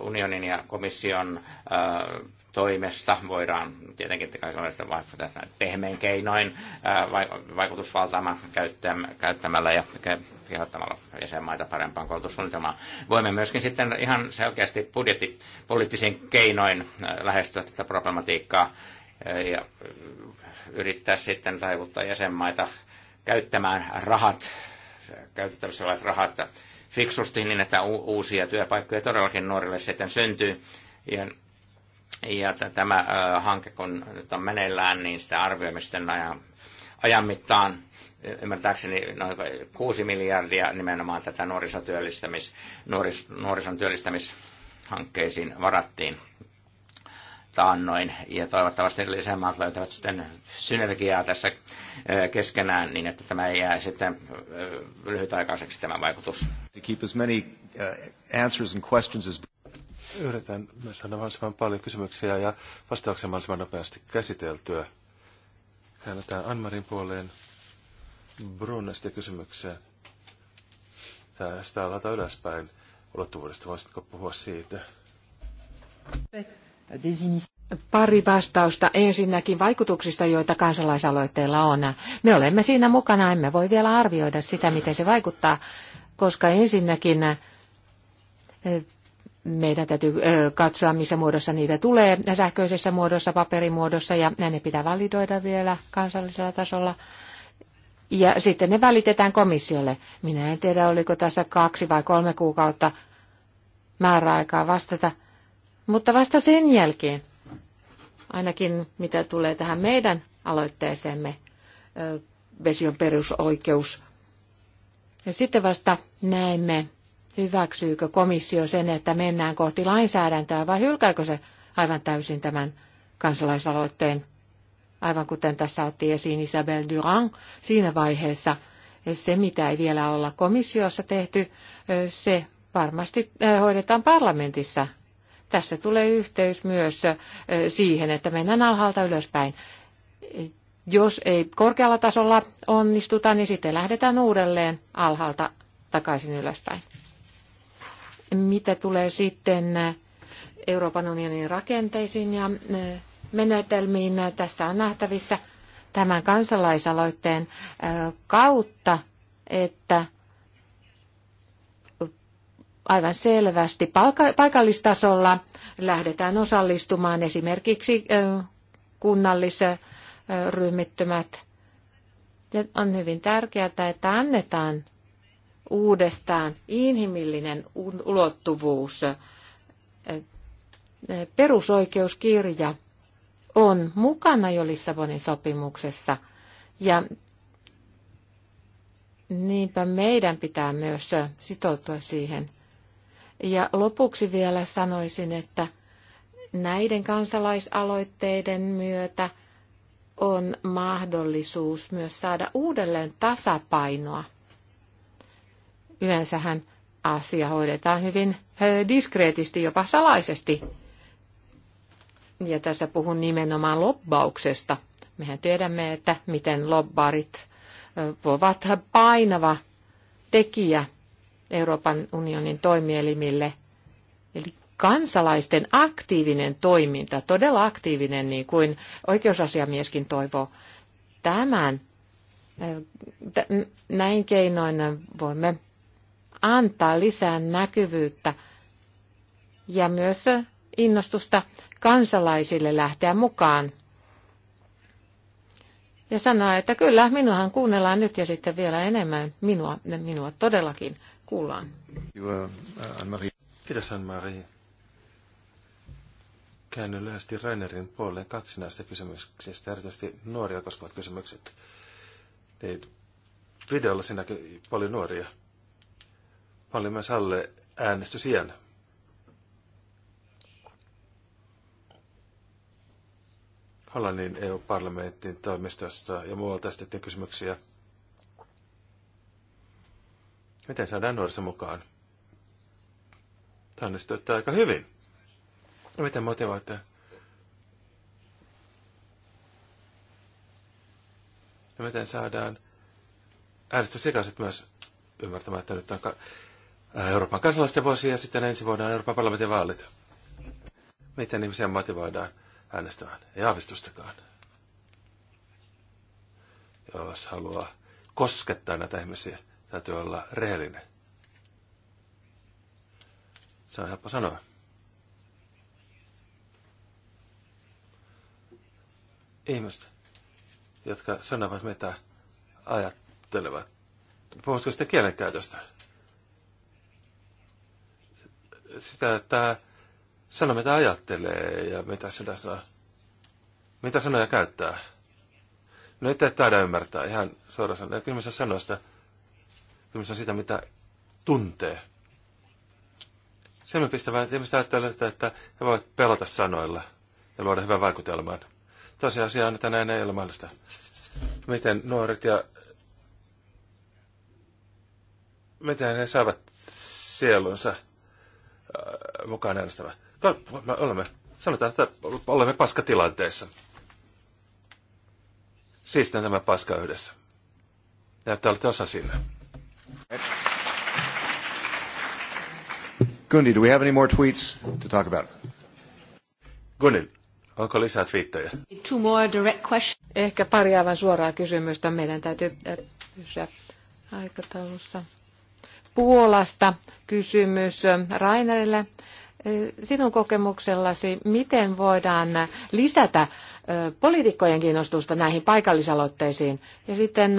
unionin ja komission äh, toimesta voidaan tietenkin kaikenlaista vaikuttaa pehmeän keinoin äh, vaikutusvaltaa käyttämällä ja kehottamalla jäsenmaita parempaan koulutussuunnitelmaan. Voimme myöskin sitten ihan selkeästi budjettipoliittisiin keinoin lähestyä tätä problematiikkaa ja yrittää sitten saavuttaa jäsenmaita käyttämään rahat, käytettävissä olevat rahat fiksusti niin, että uusia työpaikkoja todellakin nuorille sitten syntyy. Ja, ja tämä hanke, kun nyt on meneillään, niin sitä arvioimme sitten ajan, ajan mittaan ymmärtääkseni noin 6 miljardia nimenomaan tätä nuorisotyöllistämis, nuoris, nuorison työllistämishankkeisiin varattiin taannoin. Ja toivottavasti lisämaat löytävät sitten synergiaa tässä keskenään niin, että tämä ei jää sitten lyhytaikaiseksi tämä vaikutus. Yritän saada mahdollisimman paljon kysymyksiä ja vastauksia mahdollisimman nopeasti käsiteltyä. Käännetään Anmarin puoleen Brunesta kysymykseen. Tästä alata ylöspäin ulottuvuudesta. Voisitko puhua siitä? Pekka. Pari vastausta ensinnäkin vaikutuksista, joita kansalaisaloitteella on. Me olemme siinä mukana, emme voi vielä arvioida sitä, miten se vaikuttaa, koska ensinnäkin eh, meidän täytyy eh, katsoa, missä muodossa niitä tulee, sähköisessä muodossa, paperimuodossa, ja ne pitää validoida vielä kansallisella tasolla. Ja sitten ne välitetään komissiolle. Minä en tiedä, oliko tässä kaksi vai kolme kuukautta määräaikaa vastata mutta vasta sen jälkeen, ainakin mitä tulee tähän meidän aloitteeseemme, vesi on perusoikeus. Ja sitten vasta näemme, hyväksyykö komissio sen, että mennään kohti lainsäädäntöä vai hylkääkö se aivan täysin tämän kansalaisaloitteen. Aivan kuten tässä otti esiin Isabel Durand siinä vaiheessa, se mitä ei vielä olla komissiossa tehty, se varmasti hoidetaan parlamentissa tässä tulee yhteys myös siihen, että mennään alhaalta ylöspäin. Jos ei korkealla tasolla onnistuta, niin sitten lähdetään uudelleen alhaalta takaisin ylöspäin. Mitä tulee sitten Euroopan unionin rakenteisiin ja menetelmiin, tässä on nähtävissä tämän kansalaisaloitteen kautta, että aivan selvästi paikallistasolla lähdetään osallistumaan esimerkiksi kunnallisryhmittymät. Ja on hyvin tärkeää, että annetaan uudestaan inhimillinen ulottuvuus. Perusoikeuskirja on mukana jo Lissabonin sopimuksessa ja niinpä meidän pitää myös sitoutua siihen – ja lopuksi vielä sanoisin, että näiden kansalaisaloitteiden myötä on mahdollisuus myös saada uudelleen tasapainoa. Yleensähän asia hoidetaan hyvin diskreetisti, jopa salaisesti. Ja tässä puhun nimenomaan lobbauksesta. Mehän tiedämme, että miten lobbarit ovat painava tekijä Euroopan unionin toimielimille. Eli kansalaisten aktiivinen toiminta, todella aktiivinen, niin kuin oikeusasiamieskin toivoo, tämän näin keinoin voimme antaa lisää näkyvyyttä ja myös innostusta kansalaisille lähteä mukaan. Ja sanoa, että kyllä, minuahan kuunnellaan nyt ja sitten vielä enemmän minua, minua todellakin kuullaan. Uh, uh, Kiitos Anne-Marie. Käännyn lyhyesti Rainerin puoleen kaksi näistä kysymyksistä, erityisesti nuoria koskevat kysymykset. Niin, videolla se näkyy paljon nuoria. Paljon myös alle äänestysiän. Hollannin EU-parlamentin toimistossa ja muualta esitettiin kysymyksiä – Miten saadaan nuorissa mukaan? Onnistuitte aika hyvin. Miten motivoitte? Ja miten saadaan äänestysikaiset myös ymmärtämään, että nyt on ka- Euroopan kansalaisten vuosi ja sitten ensi vuonna Euroopan parlamentin vaalit. Miten ihmisiä motivoidaan äänestämään? Ei aavistustakaan. Jos haluaa koskettaa näitä ihmisiä. Täytyy olla rehellinen. Se on helppo sanoa. Ihmiset, jotka sanovat mitä ajattelevat. Puhutko sitä kielenkäytöstä? Sitä, että sano mitä ajattelee ja mitä sitä sanoo. Mitä sanoja käyttää? No ei taida ymmärtää ihan suoraan sanoa. Kyllä mä sanoista Kysymys on sitä, mitä tuntee. Sen me pistämään, että ihmiset ajattelee, että he voivat pelata sanoilla ja luoda hyvän vaikutelman. Tosiasia on, että näin ei ole mahdollista. Miten nuoret ja... Miten he saavat sielunsa äh, mukaan äänestämään? Me olemme, sanotaan, että olemme paskatilanteessa. Siis tämä paska yhdessä. Ja te olette osa sinne. Gundi, do we have any more tweets to talk about? Gundi, onko lisää twiittejä? Two more direct questions. Ehkä pari aivan suoraa kysymystä. Meidän täytyy äh, pysyä aikataulussa. Puolasta kysymys äh, Rainerille. Äh, sinun kokemuksellasi, miten voidaan lisätä poliitikkojen kiinnostusta näihin paikallisaloitteisiin? Ja sitten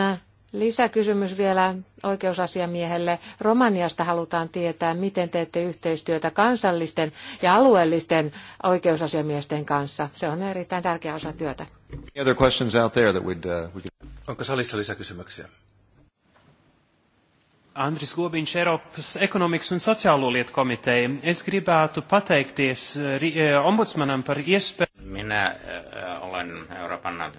Lisäkysymys vielä oikeusasiamiehelle. Romaniasta halutaan tietää, miten teette yhteistyötä kansallisten ja alueellisten oikeusasiamiesten kanssa. Se on erittäin tärkeä osa työtä. Uh, Onko salissa lisäkysymyksiä? Andris Gobiņš, Eiropas ekonomikas un sociālo lietu komiteja. Es gribētu pateikties eh, eh, ombudsmanam par iespēju. Minä eh, olen Euroopan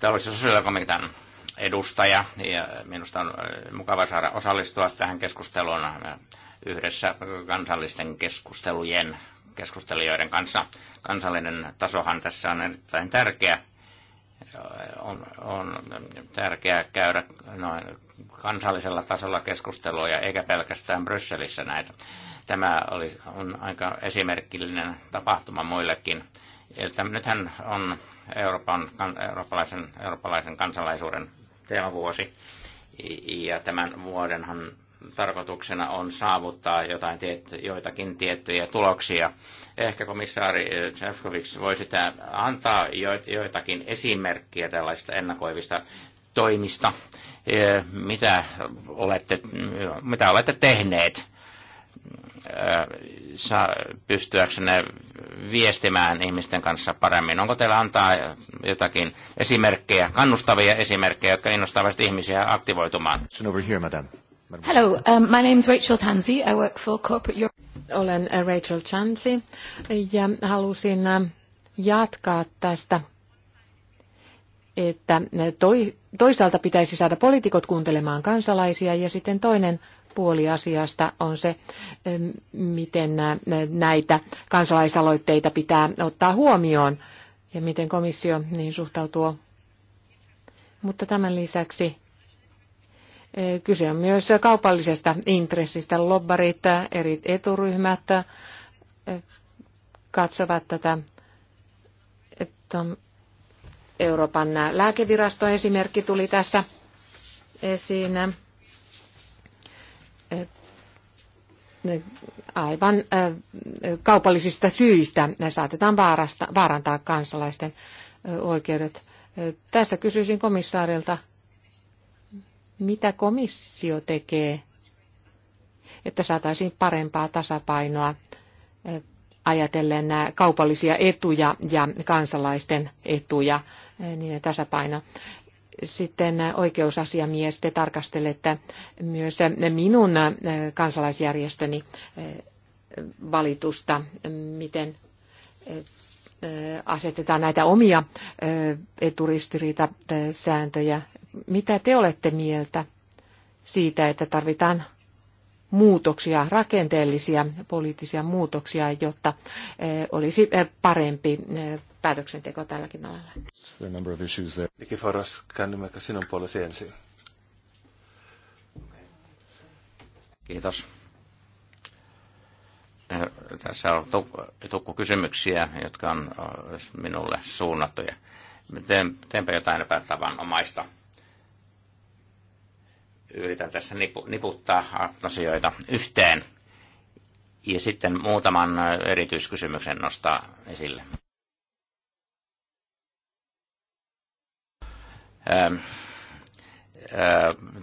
talous- ja sosiaalikomitean edustaja. Ja minusta on äh, mukava saada osallistua tähän keskusteluun äh, yhdessä kansallisten keskustelujen keskustelijoiden kanssa. Kansallinen tasohan tässä on erittäin tärkeä. Äh, on, on tärkeää käydä noin kansallisella tasolla keskustelua eikä pelkästään Brysselissä näitä. Tämä oli, on aika esimerkillinen tapahtuma muillekin. nythän on Euroopan, eurooppalaisen, eurooppalaisen kansalaisuuden teemavuosi. Ja tämän vuodenhan tarkoituksena on saavuttaa jotain tietty, joitakin tiettyjä tuloksia. Ehkä komissaari Tsefkovic voi sitä antaa joitakin esimerkkiä tällaista ennakoivista toimista, mitä olette, mitä olette tehneet saa pystyäksenne viestimään ihmisten kanssa paremmin? Onko teillä antaa jotakin esimerkkejä, kannustavia esimerkkejä, jotka innostavat ihmisiä aktivoitumaan? Over here, madam. Hello, um, my name is Rachel Tansy. I work for Corporate Europe. Olen uh, Rachel Tansy ja halusin uh, jatkaa tästä että uh, toisaalta pitäisi saada poliitikot kuuntelemaan kansalaisia ja sitten toinen puoli asiasta on se, miten näitä kansalaisaloitteita pitää ottaa huomioon ja miten komissio niin suhtautuu. Mutta tämän lisäksi e, kyse on myös kaupallisesta intressistä. Lobbarit, e, eri eturyhmät e, katsovat tätä että Euroopan lääkevirasto esimerkki tuli tässä esiin aivan kaupallisista syistä ne saatetaan vaarasta, vaarantaa kansalaisten oikeudet. Tässä kysyisin komissaarilta, mitä komissio tekee, että saataisiin parempaa tasapainoa ajatellen kaupallisia etuja ja kansalaisten etuja, niiden tasapaino. Sitten oikeusasiamies, te tarkastelette myös minun kansalaisjärjestöni valitusta, miten asetetaan näitä omia eturistiriitasääntöjä. Mitä te olette mieltä siitä, että tarvitaan muutoksia, rakenteellisia poliittisia muutoksia, jotta eh, olisi eh, parempi eh, päätöksenteko tälläkin alalla. Digi käännymmekö sinun puolesi ensin? Kiitos. Tässä on tukku kysymyksiä, jotka on minulle suunnattuja. Teen, teenpä jotain epätavanomaista. omaista yritän tässä niputtaa asioita yhteen ja sitten muutaman erityiskysymyksen nostaa esille. Ähm, äh,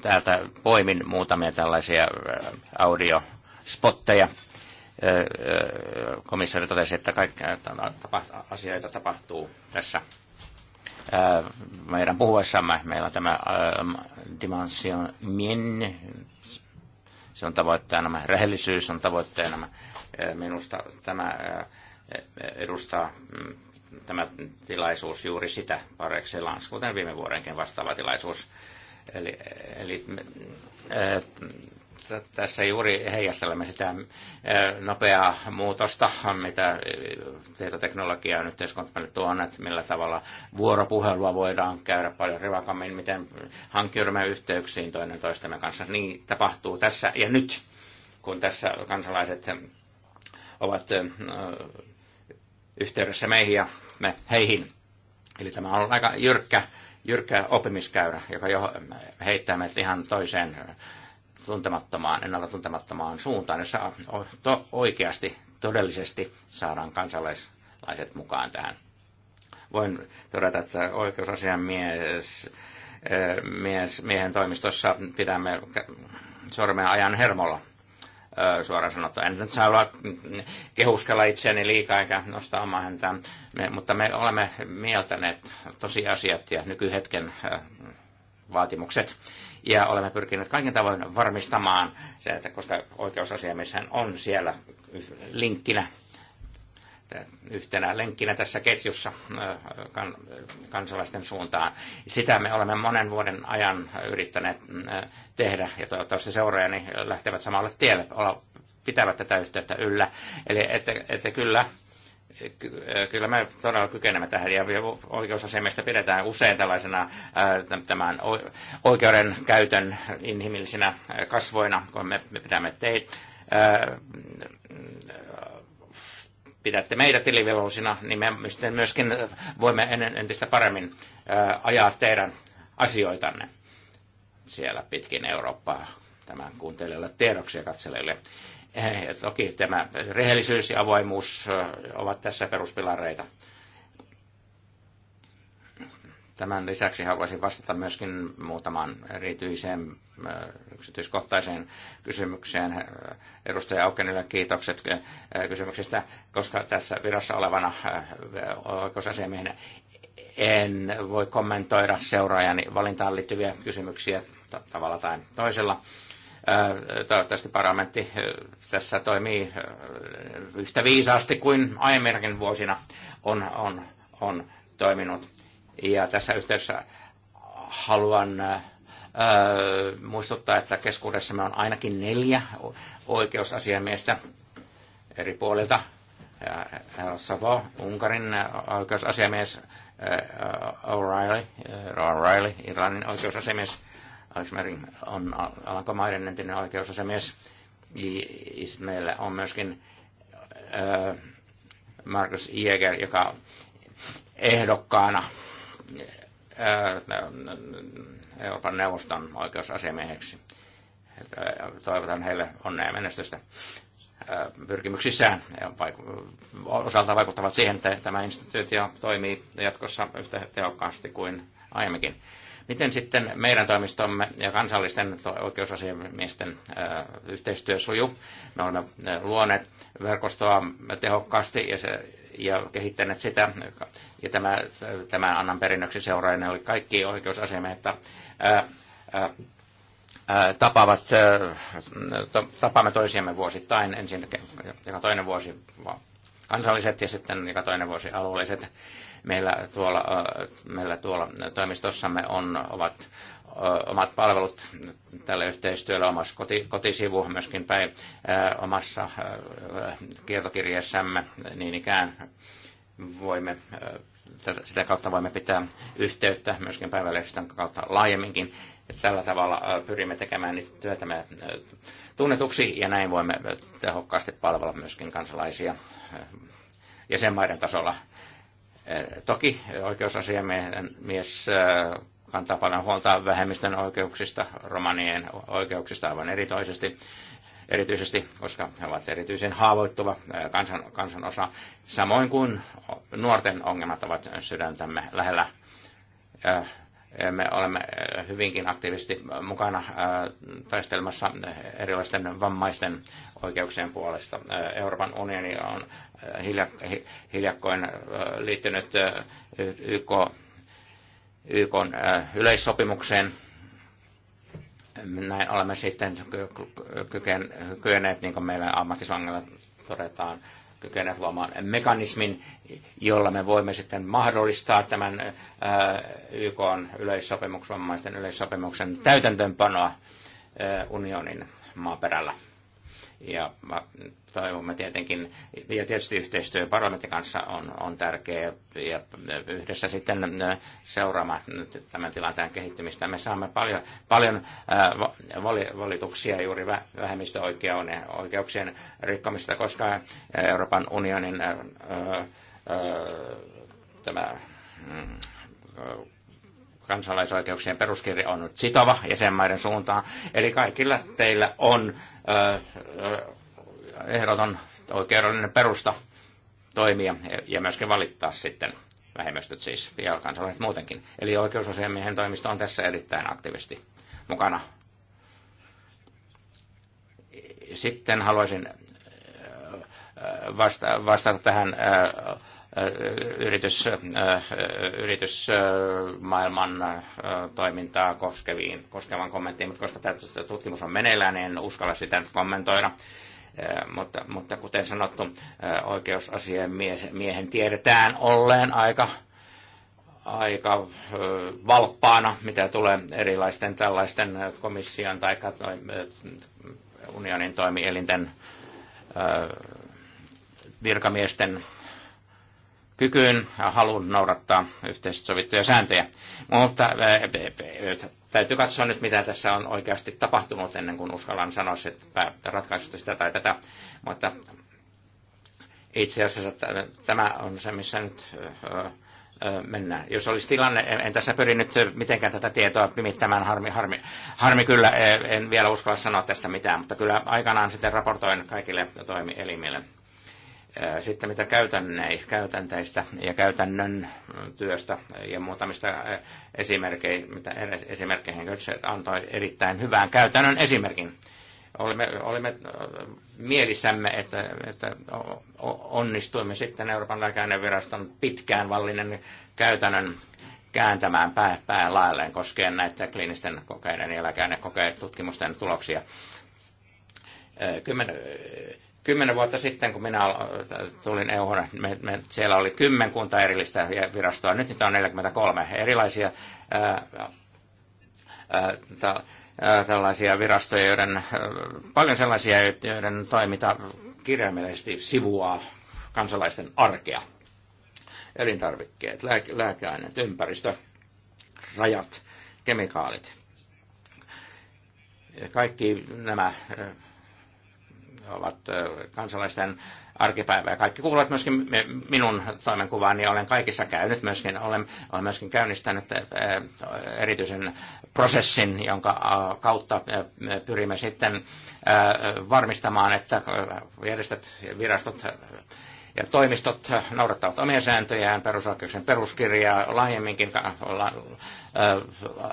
täältä poimin muutamia tällaisia audiospotteja. Komissaari totesi, että kaikkia asioita tapahtuu tässä meidän puhuessamme. Meillä on tämä dimension min, se on tavoitteena, rehellisyys on tavoitteena. Minusta tämä edustaa mm, tämä tilaisuus juuri sitä pareksi lans, kuten viime vuodenkin vastaava tilaisuus. Eli, eli tässä juuri heijastelemme sitä äh, nopeaa muutosta, mitä äh, tietoteknologia on yhteiskuntamme tuoneet, millä tavalla vuoropuhelua voidaan käydä paljon rivakammin, miten hankkiudumme yhteyksiin toinen toistemme kanssa. Niin tapahtuu tässä ja nyt, kun tässä kansalaiset äh, ovat yhteydessä meihin ja me heihin. Eli tämä on aika jyrkkä jyrkkä oppimiskäyrä, joka jo heittää meidät ihan toiseen tuntemattomaan, ennalta tuntemattomaan suuntaan, jossa to, oikeasti, todellisesti saadaan kansalaiset mukaan tähän. Voin todeta, että oikeusasiamies mies, miehen toimistossa pidämme sormea ajan hermolla suoraan sanottuna. En nyt saa olla mm, kehuskella itseäni liikaa eikä nostaa omaa häntä, me, mutta me olemme mieltäneet tosiasiat ja nykyhetken vaatimukset ja olemme pyrkineet kaiken tavoin varmistamaan se, että koska oikeusasiamieshän on siellä linkkinä yhtenä lenkkinä tässä ketjussa äh, kansalaisten suuntaan. Sitä me olemme monen vuoden ajan yrittäneet äh, tehdä ja toivottavasti seuraajani lähtevät samalle tielle, pitävät tätä yhteyttä yllä. Eli että, että kyllä Äh, kyllä me todella kykenemme tähän ja oikeusasemista pidetään usein tällaisena äh, tämän oikeuden käytön inhimillisinä äh, kasvoina, kun me pidämme teitä pidätte meitä tilivelvollisina, niin me myöskin voimme entistä paremmin ajaa teidän asioitanne siellä pitkin Eurooppaa tämän kuuntelijoille tiedoksi ja katselijoille. Eh, toki tämä rehellisyys ja avoimuus eh, ovat tässä peruspilareita. Tämän lisäksi haluaisin vastata myöskin muutamaan erityiseen eh, yksityiskohtaiseen kysymykseen. Edustaja Aukenille kiitokset kysymyksestä, koska tässä virassa olevana oikeusasiamiehenä en voi kommentoida seuraajani valintaan liittyviä kysymyksiä tavalla tai toisella. Toivottavasti parlamentti tässä toimii yhtä viisaasti kuin aiemminkin vuosina on, on, on toiminut. Ja tässä yhteydessä haluan muistuttaa, että keskuudessamme on ainakin neljä oikeusasiamiestä eri puolilta. Herra Savo, Unkarin oikeusasiamies, O'Reilly, O'Reilly, Irlannin oikeusasiamies Alsmerin on Alankomaiden entinen oikeusasemies. Meillä on myöskin Markus Jäger, joka ehdokkaana Euroopan neuvoston oikeusasemieheksi. Toivotan heille onnea menestystä pyrkimyksissään ja osalta vaikuttavat siihen, että tämä instituutio toimii jatkossa yhtä tehokkaasti kuin aiemminkin. Miten sitten meidän toimistomme ja kansallisten oikeusasiamiesten äh, yhteistyö sujuu? Me olemme äh, luoneet verkostoa tehokkaasti ja, se, ja kehittäneet sitä. Ja tämä, tämä annan perinnöksi seuraajana oli kaikki oikeusasiamiehet äh, tapaavat, tapaamme toisiamme vuosittain, ensin joka toinen vuosi kansalliset ja sitten joka toinen vuosi alueelliset Meillä tuolla, meillä tuolla toimistossamme on, ovat omat palvelut tälle yhteistyölle, omassa koti, kotisivu myöskin päin omassa kiertokirjeessämme, niin ikään voimme sitä kautta voimme pitää yhteyttä myöskin päivälehdistön kautta laajemminkin. Tällä tavalla pyrimme tekemään niitä työtämme tunnetuksi ja näin voimme tehokkaasti palvella myöskin kansalaisia jäsenmaiden tasolla Toki mies äh, kantaa paljon huolta vähemmistön oikeuksista, romanien oikeuksista aivan erityisesti, erityisesti koska he ovat erityisen haavoittuva äh, kansan, kansanosa, samoin kuin nuorten ongelmat ovat sydäntämme lähellä äh, me olemme äh, hyvinkin aktiivisesti mukana äh, taistelmassa äh, erilaisten vammaisten oikeuksien puolesta. Euroopan unioni on hiljakkoin liittynyt YK, YK yleissopimukseen. Näin olemme sitten kyenneet, niin kuin meillä ammattisvangilla todetaan, kykenevät luomaan mekanismin, jolla me voimme sitten mahdollistaa tämän YK yleissopimuksen, vammaisten yleissopimuksen täytäntöönpanoa unionin maaperällä. Ja toivomme tietenkin, ja tietysti yhteistyö parlamentin kanssa on, on tärkeää, ja yhdessä sitten äh, seuraamaan tämän tilanteen kehittymistä. Me saamme paljon, paljon äh, valituksia juuri vähemmistöoikeuksien rikkomista, koska äh, Euroopan unionin ää, ää, tämä mm, kansalaisoikeuksien peruskirja on nyt sitova jäsenmaiden suuntaan. Eli kaikilla teillä on äh, ehdoton oikeudellinen perusta toimia ja myöskin valittaa sitten vähemmistöt siis ja kansalaiset muutenkin. Eli oikeusasiamiehen toimisto on tässä erittäin aktiivisesti mukana. Sitten haluaisin vasta, vastata tähän Äh, yritys, äh, yritysmaailman äh, toimintaa koskeviin, koskevan kommenttiin, mutta koska tämä tutkimus on meneillään, niin en uskalla sitä nyt kommentoida. Mutta, mutta kuten sanottu, oikeusasian miehen tiedetään olleen aika, aika valppaana, mitä tulee erilaisten tällaisten komission tai unionin toimielinten virkamiesten kykyyn ja halun noudattaa yhteisesti sovittuja sääntöjä. Mutta täytyy katsoa nyt, mitä tässä on oikeasti tapahtunut ennen kuin uskallan sanoa, että ratkaisusta sitä tai tätä. Mutta itse asiassa tämä on se, missä nyt mennään. Jos olisi tilanne, en tässä pyri nyt mitenkään tätä tietoa pimittämään, harmi, harmi, harmi kyllä, en vielä uskalla sanoa tästä mitään, mutta kyllä aikanaan sitten raportoin kaikille toimielimille sitten mitä käytänteistä ja käytännön työstä ja muutamista esimerkkejä, mitä esimerkkejä antoi erittäin hyvän käytännön esimerkin. Olimme, olimme mielissämme, että, että onnistuimme sitten Euroopan lääkäinen pitkään vallinen käytännön kääntämään pää, pää koskien näitä kliinisten kokeiden ja lääkäinekokeen tutkimusten tuloksia. Kymmen, Kymmenen vuotta sitten, kun minä tulin eu me, me, siellä oli kymmenkunta erillistä virastoa. Nyt niitä on 43 erilaisia ää, ää, ää, tällaisia virastoja, joiden, ää, paljon sellaisia, joiden toiminta kirjaimellisesti sivuaa kansalaisten arkea. Elintarvikkeet, lääke, lääkeaineet, ympäristö, rajat, kemikaalit. Kaikki nämä ovat kansalaisten arkipäivää. Kaikki kuuluvat myöskin minun toimenkuvaani. Olen kaikissa käynyt myöskin, olen, olen myöskin käynnistänyt erityisen prosessin, jonka kautta pyrimme sitten varmistamaan, että järjestöt, virastot ja toimistot noudattavat omia sääntöjään, perusoikeuksien peruskirjaa, laajemminkin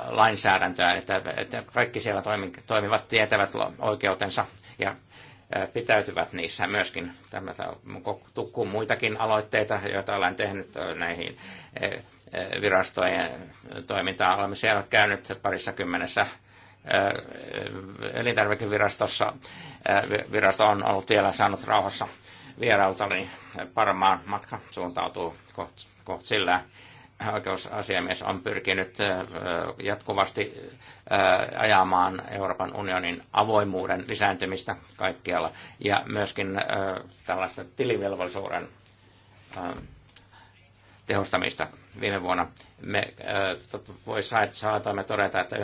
lainsäädäntöä, että, että kaikki siellä toimivat tietävät oikeutensa ja pitäytyvät niissä myöskin. Tämmöistä tukkuu muitakin aloitteita, joita olen tehnyt näihin virastojen toimintaan. Olemme siellä käynyt parissa kymmenessä elintarvikevirastossa. Virasto on ollut vielä saanut rauhassa vierailta, niin Parmaan matka suuntautuu kohti koht sillä oikeusasiamies on pyrkinyt äh, äh, jatkuvasti äh, ajamaan Euroopan unionin avoimuuden lisääntymistä kaikkialla ja myöskin tällaista tilivelvollisuuden tehostamista viime vuonna. Me voi saatamme todeta, että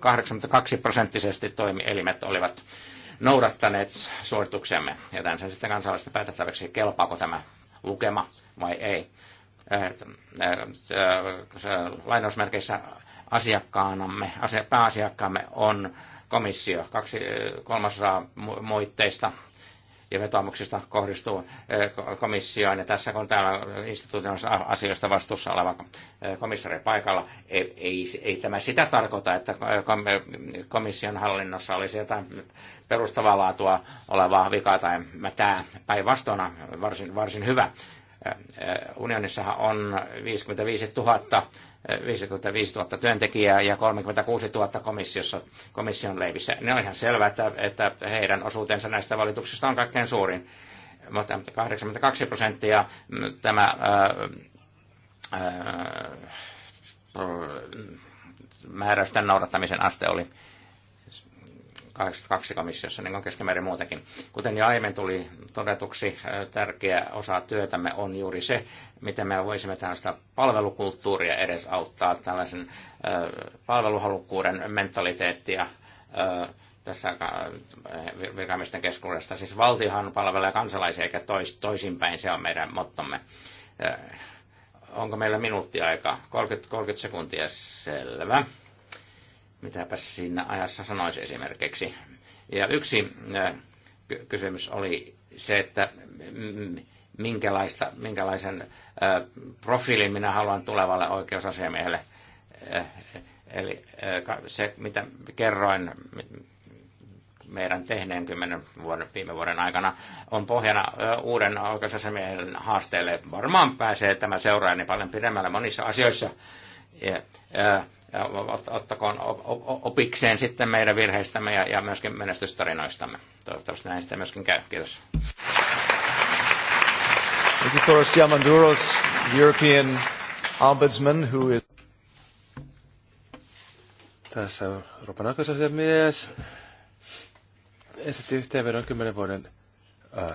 82 prosenttisesti toimielimet olivat noudattaneet suorituksemme. Jätän sen sitten kansalaisten päätettäväksi, kelpaako tämä lukema vai ei. Äh, äh, äh, lainausmerkeissä asiakkaanamme, pääasiakkaamme on komissio. Kaksi kolmasosaa moitteista ja vetoomuksista kohdistuu komissioon. Ja tässä kun täällä instituution asioista vastuussa oleva komissari paikalla, ei, ei, ei tämä sitä tarkoita, että komission hallinnossa olisi jotain perustavaa laatua olevaa vikaa tai mätää. Päinvastoin varsin, varsin hyvä unionissahan on 55 000, 55 000 työntekijää ja 36 000 komissiossa, komission leivissä. Ne on ihan selvää, että, että heidän osuutensa näistä valituksista on kaikkein suurin. Mutta 82 prosenttia tämä ää, ää, määräysten noudattamisen aste oli 82 komissiossa, niin kuin keskimäärin muutenkin. Kuten jo aiemmin tuli todetuksi, tärkeä osa työtämme on juuri se, miten me voisimme tällaista palvelukulttuuria edes auttaa, tällaisen palveluhalukkuuden mentaliteettia tässä virkamiesten keskuudesta. Siis valtiohan palvelee kansalaisia eikä tois, toisinpäin, se on meidän mottomme. Onko meillä minuuttiaika 30, 30 sekuntia, selvä mitäpä siinä ajassa sanoisi esimerkiksi. Ja yksi kysymys oli se, että minkälaista, minkälaisen profiilin minä haluan tulevalle oikeusasiamiehelle. Eli se, mitä kerroin meidän tehneen kymmenen vuoden, viime vuoden aikana, on pohjana uuden oikeusasiamiehen haasteelle. Varmaan pääsee tämä seuraajani niin paljon pidemmälle monissa asioissa. Ja, ää, ja ottakoon opikseen sitten meidän virheistämme ja, myöskin menestystarinoistamme. Toivottavasti näin sitten myöskin käy. Kiitos. Nikitoros Diamandouros, European Ombudsman, who is... Tässä on Euroopan mies. Esitti yhteenvedon kymmenen vuoden äh,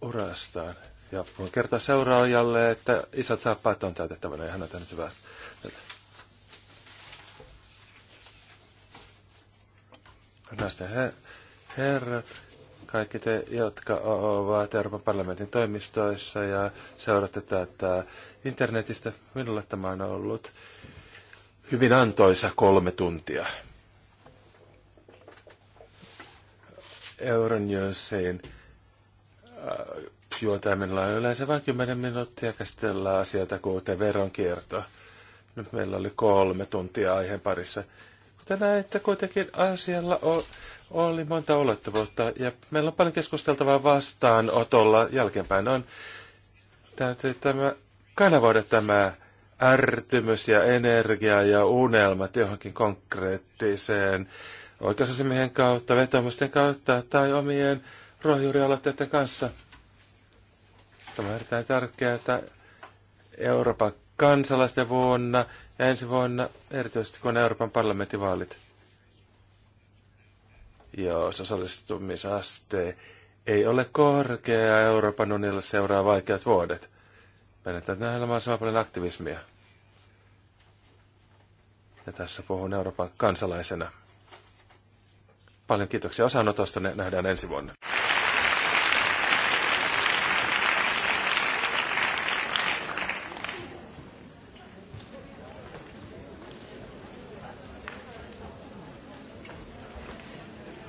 urastaan. Ja voin kertoa seuraajalle, että isot saappaat on täytettävänä ja hän on tehnyt hyvää Näistä he, herrat, kaikki te, jotka ovat Euroopan parlamentin toimistoissa ja seuraatte tätä internetistä, minulle tämä on ollut hyvin antoisa kolme tuntia. Euronjöseen äh, juontaimilla on yleensä vain 10 minuuttia käsitellä asioita, kuten veronkierto. Nyt meillä oli kolme tuntia aiheen parissa. Tavoitteena, että kuitenkin asialla on, oli monta olettavuutta ja meillä on paljon keskusteltavaa vastaanotolla jälkeenpäin. On, täytyy tämä kanavoida tämä ärtymys ja energia ja unelmat johonkin konkreettiseen oikeusasemien kautta, vetomusten kautta tai omien rohjurialoitteiden kanssa. Tämä on erittäin tärkeää, että Euroopan kansalaisten vuonna ja ensi vuonna erityisesti kun Euroopan parlamenttivaalit, jos osallistumisaste ei ole korkea Euroopan unionilla seuraa vaikeat vuodet. Menetetään olemaan saman paljon aktivismia. Ja tässä puhun Euroopan kansalaisena. Paljon kiitoksia osanotosta. Ne nähdään ensi vuonna.